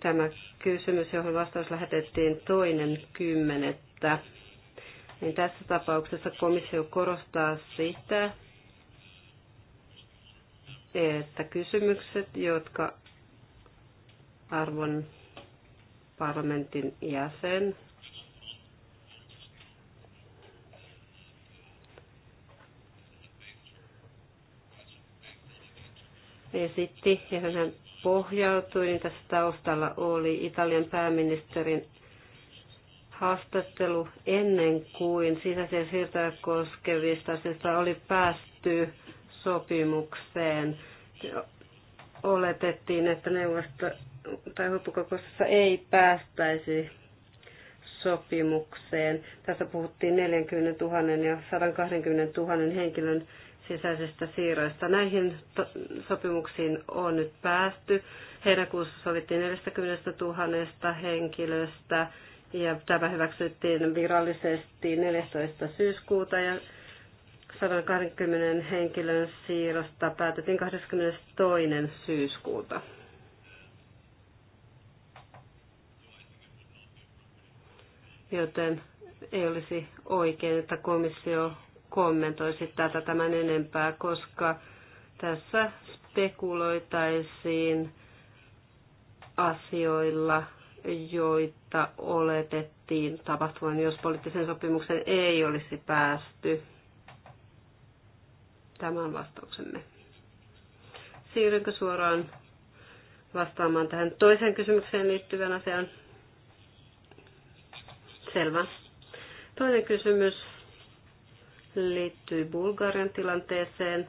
Tämä kysymys, johon vastaus lähetettiin toinen kymmenettä niin tässä tapauksessa komissio korostaa sitä, että kysymykset, jotka arvon parlamentin jäsen esitti ja hän pohjautui, niin tässä taustalla oli Italian pääministerin haastattelu ennen kuin sisäisiä siirtoja koskevista asioista oli päästy sopimukseen. Oletettiin, että neuvosto tai huippukokouksessa ei päästäisi sopimukseen. Tässä puhuttiin 40 000 ja 120 000 henkilön sisäisistä siirroista. Näihin sopimuksiin on nyt päästy. Heinäkuussa sovittiin 40 000 henkilöstä ja tämä hyväksyttiin virallisesti 14. syyskuuta ja 120 henkilön siirrosta päätettiin 22. syyskuuta. Joten ei olisi oikein, että komissio kommentoisi tätä tämän enempää, koska tässä spekuloitaisiin asioilla – joita oletettiin tapahtuvan, jos poliittisen sopimuksen ei olisi päästy. tämän vastauksemme. Siirrynkö suoraan vastaamaan tähän toiseen kysymykseen liittyvän asian? Selvä. Toinen kysymys liittyy Bulgarian tilanteeseen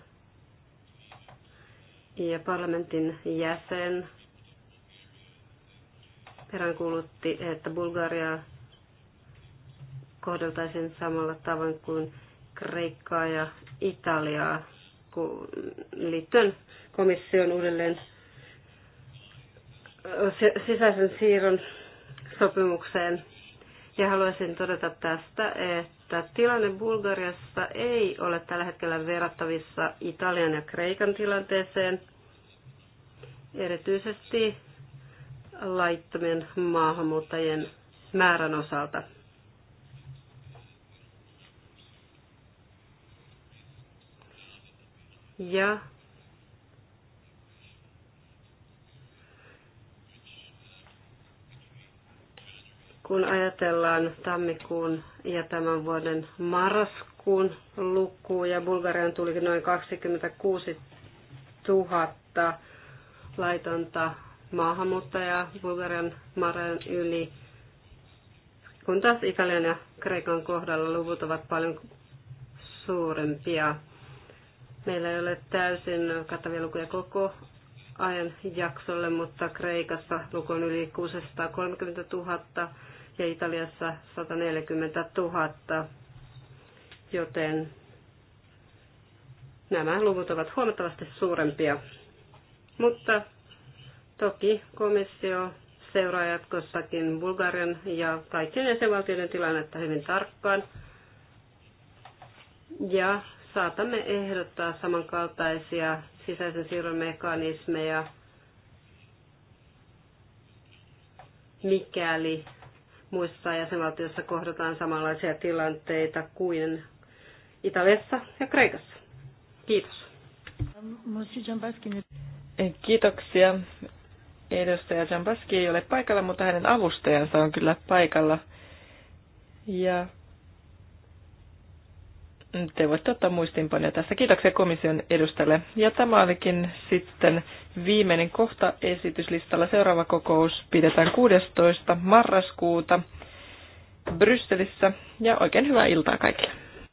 ja parlamentin jäsen peräänkuulutti, että Bulgaria kohdeltaisiin samalla tavoin kuin Kreikkaa ja Italiaa liittyen komission uudelleen sisäisen siirron sopimukseen. Ja haluaisin todeta tästä, että tilanne Bulgariassa ei ole tällä hetkellä verrattavissa Italian ja Kreikan tilanteeseen. Erityisesti laittomien maahanmuuttajien määrän osalta. Ja kun ajatellaan tammikuun ja tämän vuoden marraskuun ja Bulgarian tulikin noin 26 000 laitonta maahanmuuttaja Bulgarian maren yli, kun taas Italian ja Kreikan kohdalla luvut ovat paljon suurempia. Meillä ei ole täysin kattavia lukuja koko ajan jaksolle, mutta Kreikassa luku on yli 630 000 ja Italiassa 140 000, joten nämä luvut ovat huomattavasti suurempia. Mutta Toki komissio seuraa jatkossakin Bulgarian ja kaikkien jäsenvaltioiden tilannetta hyvin tarkkaan. Ja saatamme ehdottaa samankaltaisia sisäisen siirron mekanismeja, mikäli muissa jäsenvaltioissa kohdataan samanlaisia tilanteita kuin Italiassa ja Kreikassa. Kiitos. Kiitoksia. Edustaja Jambaski ei ole paikalla, mutta hänen avustajansa on kyllä paikalla. Ja te voitte ottaa muistinpanoja tässä. Kiitoksia komission edustajalle. Ja tämä olikin sitten viimeinen kohta esityslistalla. Seuraava kokous pidetään 16. marraskuuta Brysselissä. Ja oikein hyvää iltaa kaikille.